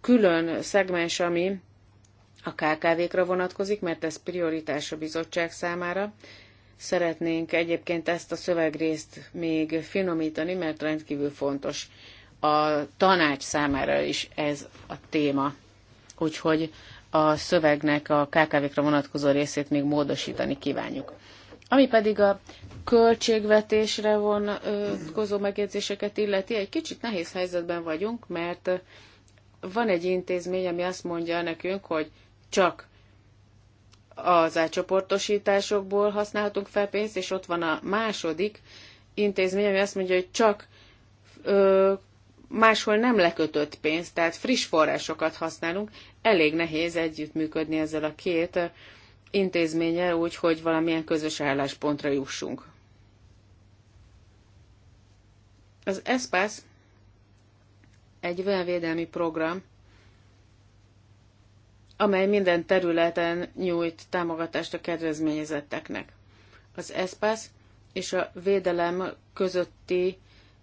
külön szegmens, ami a KKV-kra vonatkozik, mert ez prioritás a bizottság számára. Szeretnénk egyébként ezt a szövegrészt még finomítani, mert rendkívül fontos a tanács számára is ez a téma. Úgyhogy a szövegnek a KKV-kra vonatkozó részét még módosítani kívánjuk. Ami pedig a költségvetésre vonatkozó megjegyzéseket illeti, egy kicsit nehéz helyzetben vagyunk, mert van egy intézmény, ami azt mondja nekünk, hogy csak az átcsoportosításokból használhatunk fel pénzt, és ott van a második intézmény, ami azt mondja, hogy csak ö, máshol nem lekötött pénzt, tehát friss forrásokat használunk. Elég nehéz együttműködni ezzel a két intézménnyel úgy, hogy valamilyen közös álláspontra jussunk. Az ESPASZ egy olyan védelmi program, amely minden területen nyújt támogatást a kedvezményezetteknek. Az ESPASZ és a védelem közötti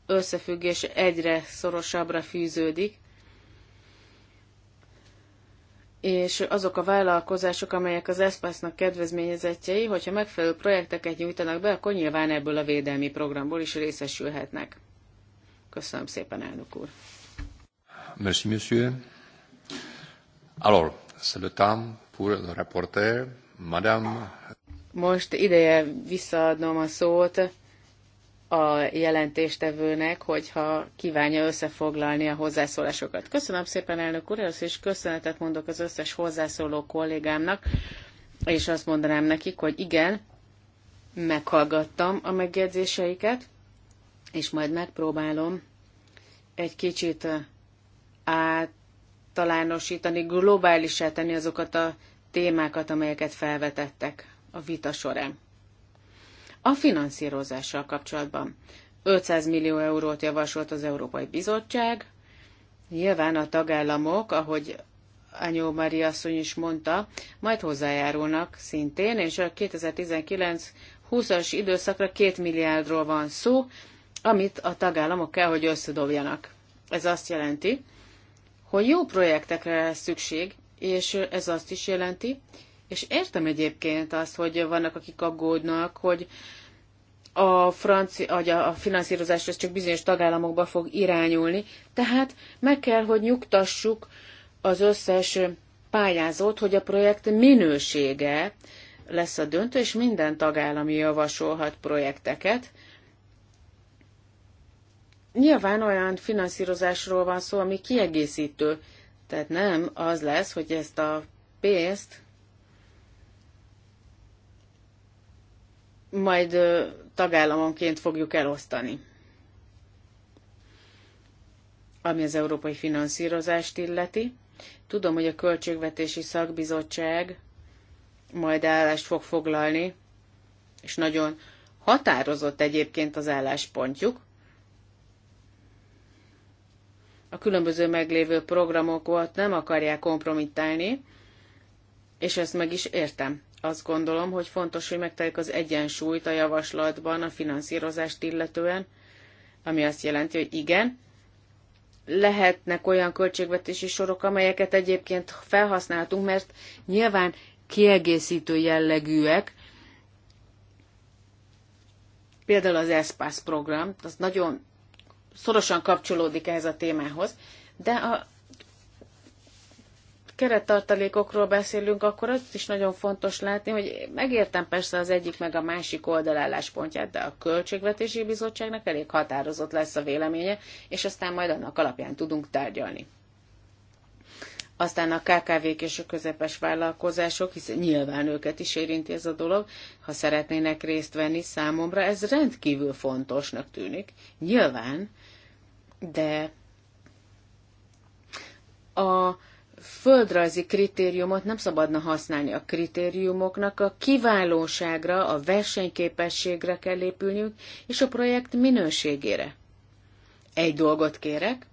összefüggés egyre szorosabbra fűződik, és azok a vállalkozások, amelyek az ESPASZ-nak kedvezményezettjei, hogyha megfelelő projekteket nyújtanak be, akkor nyilván ebből a védelmi programból is részesülhetnek. Köszönöm szépen, elnök úr. Merci, monsieur. Alors, most ideje visszaadnom a szót a jelentéstevőnek, hogyha kívánja összefoglalni a hozzászólásokat. Köszönöm szépen, elnök úr, és is köszönetet mondok az összes hozzászóló kollégámnak, és azt mondanám nekik, hogy igen, meghallgattam a megjegyzéseiket, és majd megpróbálom egy kicsit át általánosítani, globálisá tenni azokat a témákat, amelyeket felvetettek a vita során. A finanszírozással kapcsolatban 500 millió eurót javasolt az Európai Bizottság. Nyilván a tagállamok, ahogy Anyó Mari asszony is mondta, majd hozzájárulnak szintén, és a 2019-20-as időszakra 2 milliárdról van szó, amit a tagállamok kell, hogy összedobjanak. Ez azt jelenti, hogy jó projektekre lesz szükség, és ez azt is jelenti, és értem egyébként azt, hogy vannak, akik aggódnak, hogy a, franci, a finanszírozás az csak bizonyos tagállamokba fog irányulni, tehát meg kell, hogy nyugtassuk az összes pályázót, hogy a projekt minősége lesz a döntő, és minden tagállami javasolhat projekteket, Nyilván olyan finanszírozásról van szó, ami kiegészítő. Tehát nem az lesz, hogy ezt a pénzt majd tagállamonként fogjuk elosztani. Ami az európai finanszírozást illeti, tudom, hogy a Költségvetési Szakbizottság majd állást fog foglalni, és nagyon határozott egyébként az álláspontjuk, a különböző meglévő programokat nem akarják kompromittálni, és ezt meg is értem. Azt gondolom, hogy fontos, hogy megtaláljuk az egyensúlyt a javaslatban a finanszírozást illetően, ami azt jelenti, hogy igen, lehetnek olyan költségvetési sorok, amelyeket egyébként felhasználhatunk, mert nyilván kiegészítő jellegűek, például az ESPASZ program, az nagyon szorosan kapcsolódik ehhez a témához, de a kerettartalékokról beszélünk, akkor azt is nagyon fontos látni, hogy megértem persze az egyik meg a másik oldalálláspontját, de a Költségvetési Bizottságnak elég határozott lesz a véleménye, és aztán majd annak alapján tudunk tárgyalni aztán a KKV-k és a közepes vállalkozások, hiszen nyilván őket is érinti ez a dolog, ha szeretnének részt venni számomra, ez rendkívül fontosnak tűnik, nyilván, de a földrajzi kritériumot nem szabadna használni. A kritériumoknak a kiválóságra, a versenyképességre kell épülniük, és a projekt minőségére. Egy dolgot kérek,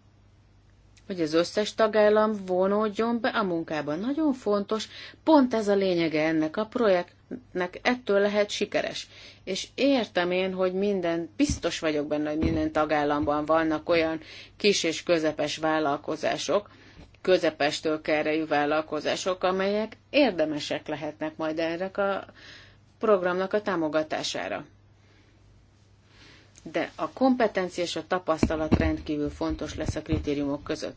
hogy az összes tagállam vonódjon be a munkában. Nagyon fontos, pont ez a lényege ennek a projektnek, ettől lehet sikeres. És értem én, hogy minden, biztos vagyok benne, hogy minden tagállamban vannak olyan kis és közepes vállalkozások, közepestől kerejű vállalkozások, amelyek érdemesek lehetnek majd ennek a programnak a támogatására de a kompetencia és a tapasztalat rendkívül fontos lesz a kritériumok között.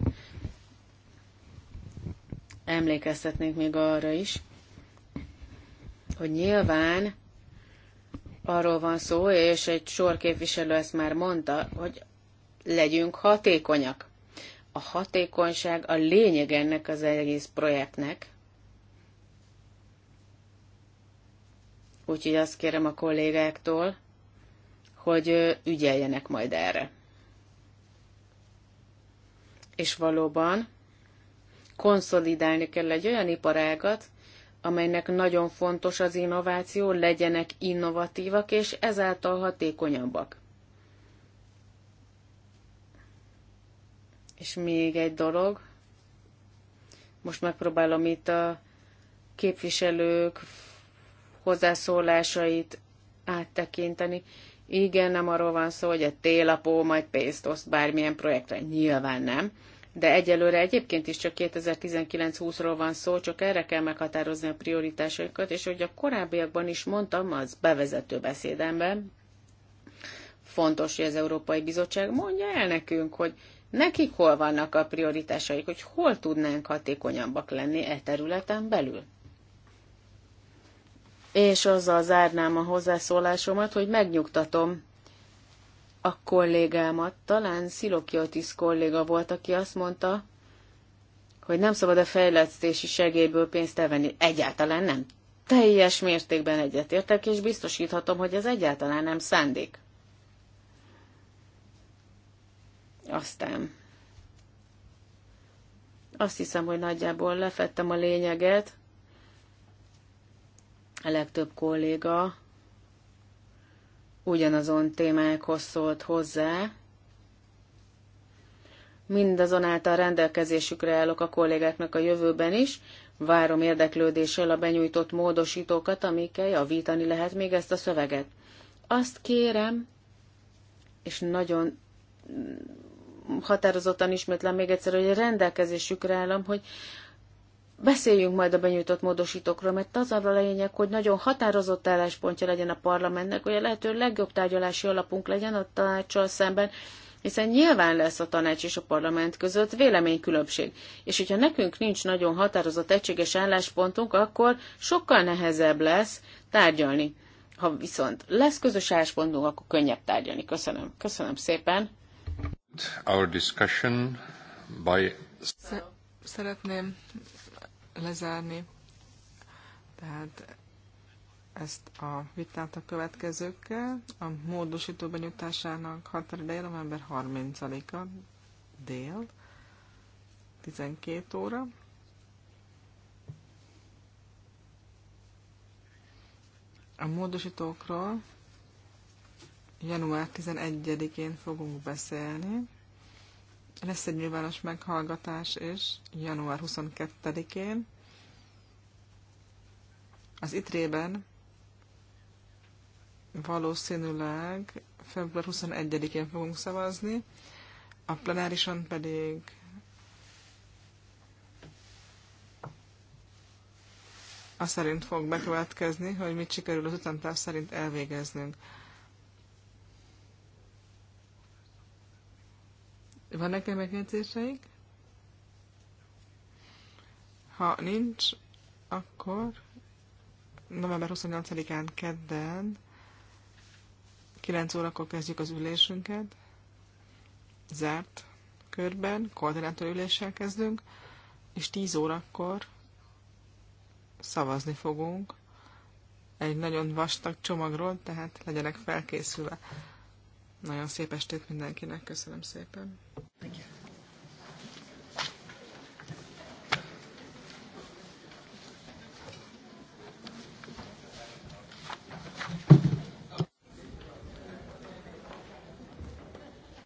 Emlékeztetnék még arra is, hogy nyilván arról van szó, és egy sor képviselő ezt már mondta, hogy legyünk hatékonyak. A hatékonyság a lényeg ennek az egész projektnek. Úgyhogy azt kérem a kollégáktól, hogy ügyeljenek majd erre. És valóban konszolidálni kell egy olyan iparágat, amelynek nagyon fontos az innováció, legyenek innovatívak és ezáltal hatékonyabbak. És még egy dolog, most megpróbálom itt a képviselők hozzászólásait áttekinteni. Igen, nem arról van szó, hogy a télapó majd pénzt oszt bármilyen projektre. Nyilván nem. De egyelőre egyébként is csak 2019-20-ról van szó, csak erre kell meghatározni a prioritásokat, és hogy a korábbiakban is mondtam, az bevezető beszédemben, fontos, hogy az Európai Bizottság mondja el nekünk, hogy nekik hol vannak a prioritásaik, hogy hol tudnánk hatékonyabbak lenni e területen belül és azzal zárnám a hozzászólásomat, hogy megnyugtatom a kollégámat, talán Szilokiotis kolléga volt, aki azt mondta, hogy nem szabad a fejlesztési segélyből pénzt elvenni. Egyáltalán nem. Teljes mértékben egyetértek, és biztosíthatom, hogy ez egyáltalán nem szándék. Aztán azt hiszem, hogy nagyjából lefettem a lényeget. A legtöbb kolléga ugyanazon témákhoz szólt hozzá, mindazonáltal rendelkezésükre állok a kollégáknak a jövőben is, várom érdeklődéssel a benyújtott módosítókat, amikkel javítani lehet még ezt a szöveget. Azt kérem, és nagyon határozottan ismétlem még egyszer, hogy rendelkezésükre állom, hogy Beszéljünk majd a benyújtott módosítókról, mert az arra a lényeg, hogy nagyon határozott álláspontja legyen a parlamentnek, hogy a lehető legjobb tárgyalási alapunk legyen a tanácssal szemben, hiszen nyilván lesz a tanács és a parlament között véleménykülönbség. És hogyha nekünk nincs nagyon határozott egységes álláspontunk, akkor sokkal nehezebb lesz tárgyalni. Ha viszont lesz közös álláspontunk, akkor könnyebb tárgyalni. Köszönöm. Köszönöm szépen. Our discussion by... Szeretném lezárni. Tehát ezt a vitát a következőkkel. A módosító benyújtásának határideje november 30-a dél, 12 óra. A módosítókról január 11-én fogunk beszélni lesz egy nyilvános meghallgatás is január 22-én. Az ITRE-ben valószínűleg február 21-én fogunk szavazni, a plenárison pedig azt szerint fog bekövetkezni, hogy mit sikerül az utamtáv szerint elvégeznünk. Vannak-e megjegyzéseik? Ha nincs, akkor november 28-án kedden 9 órakor kezdjük az ülésünket. Zárt körben, üléssel kezdünk, és 10 órakor szavazni fogunk egy nagyon vastag csomagról, tehát legyenek felkészülve. Nagyon szép estét mindenkinek, köszönöm szépen. Thank you.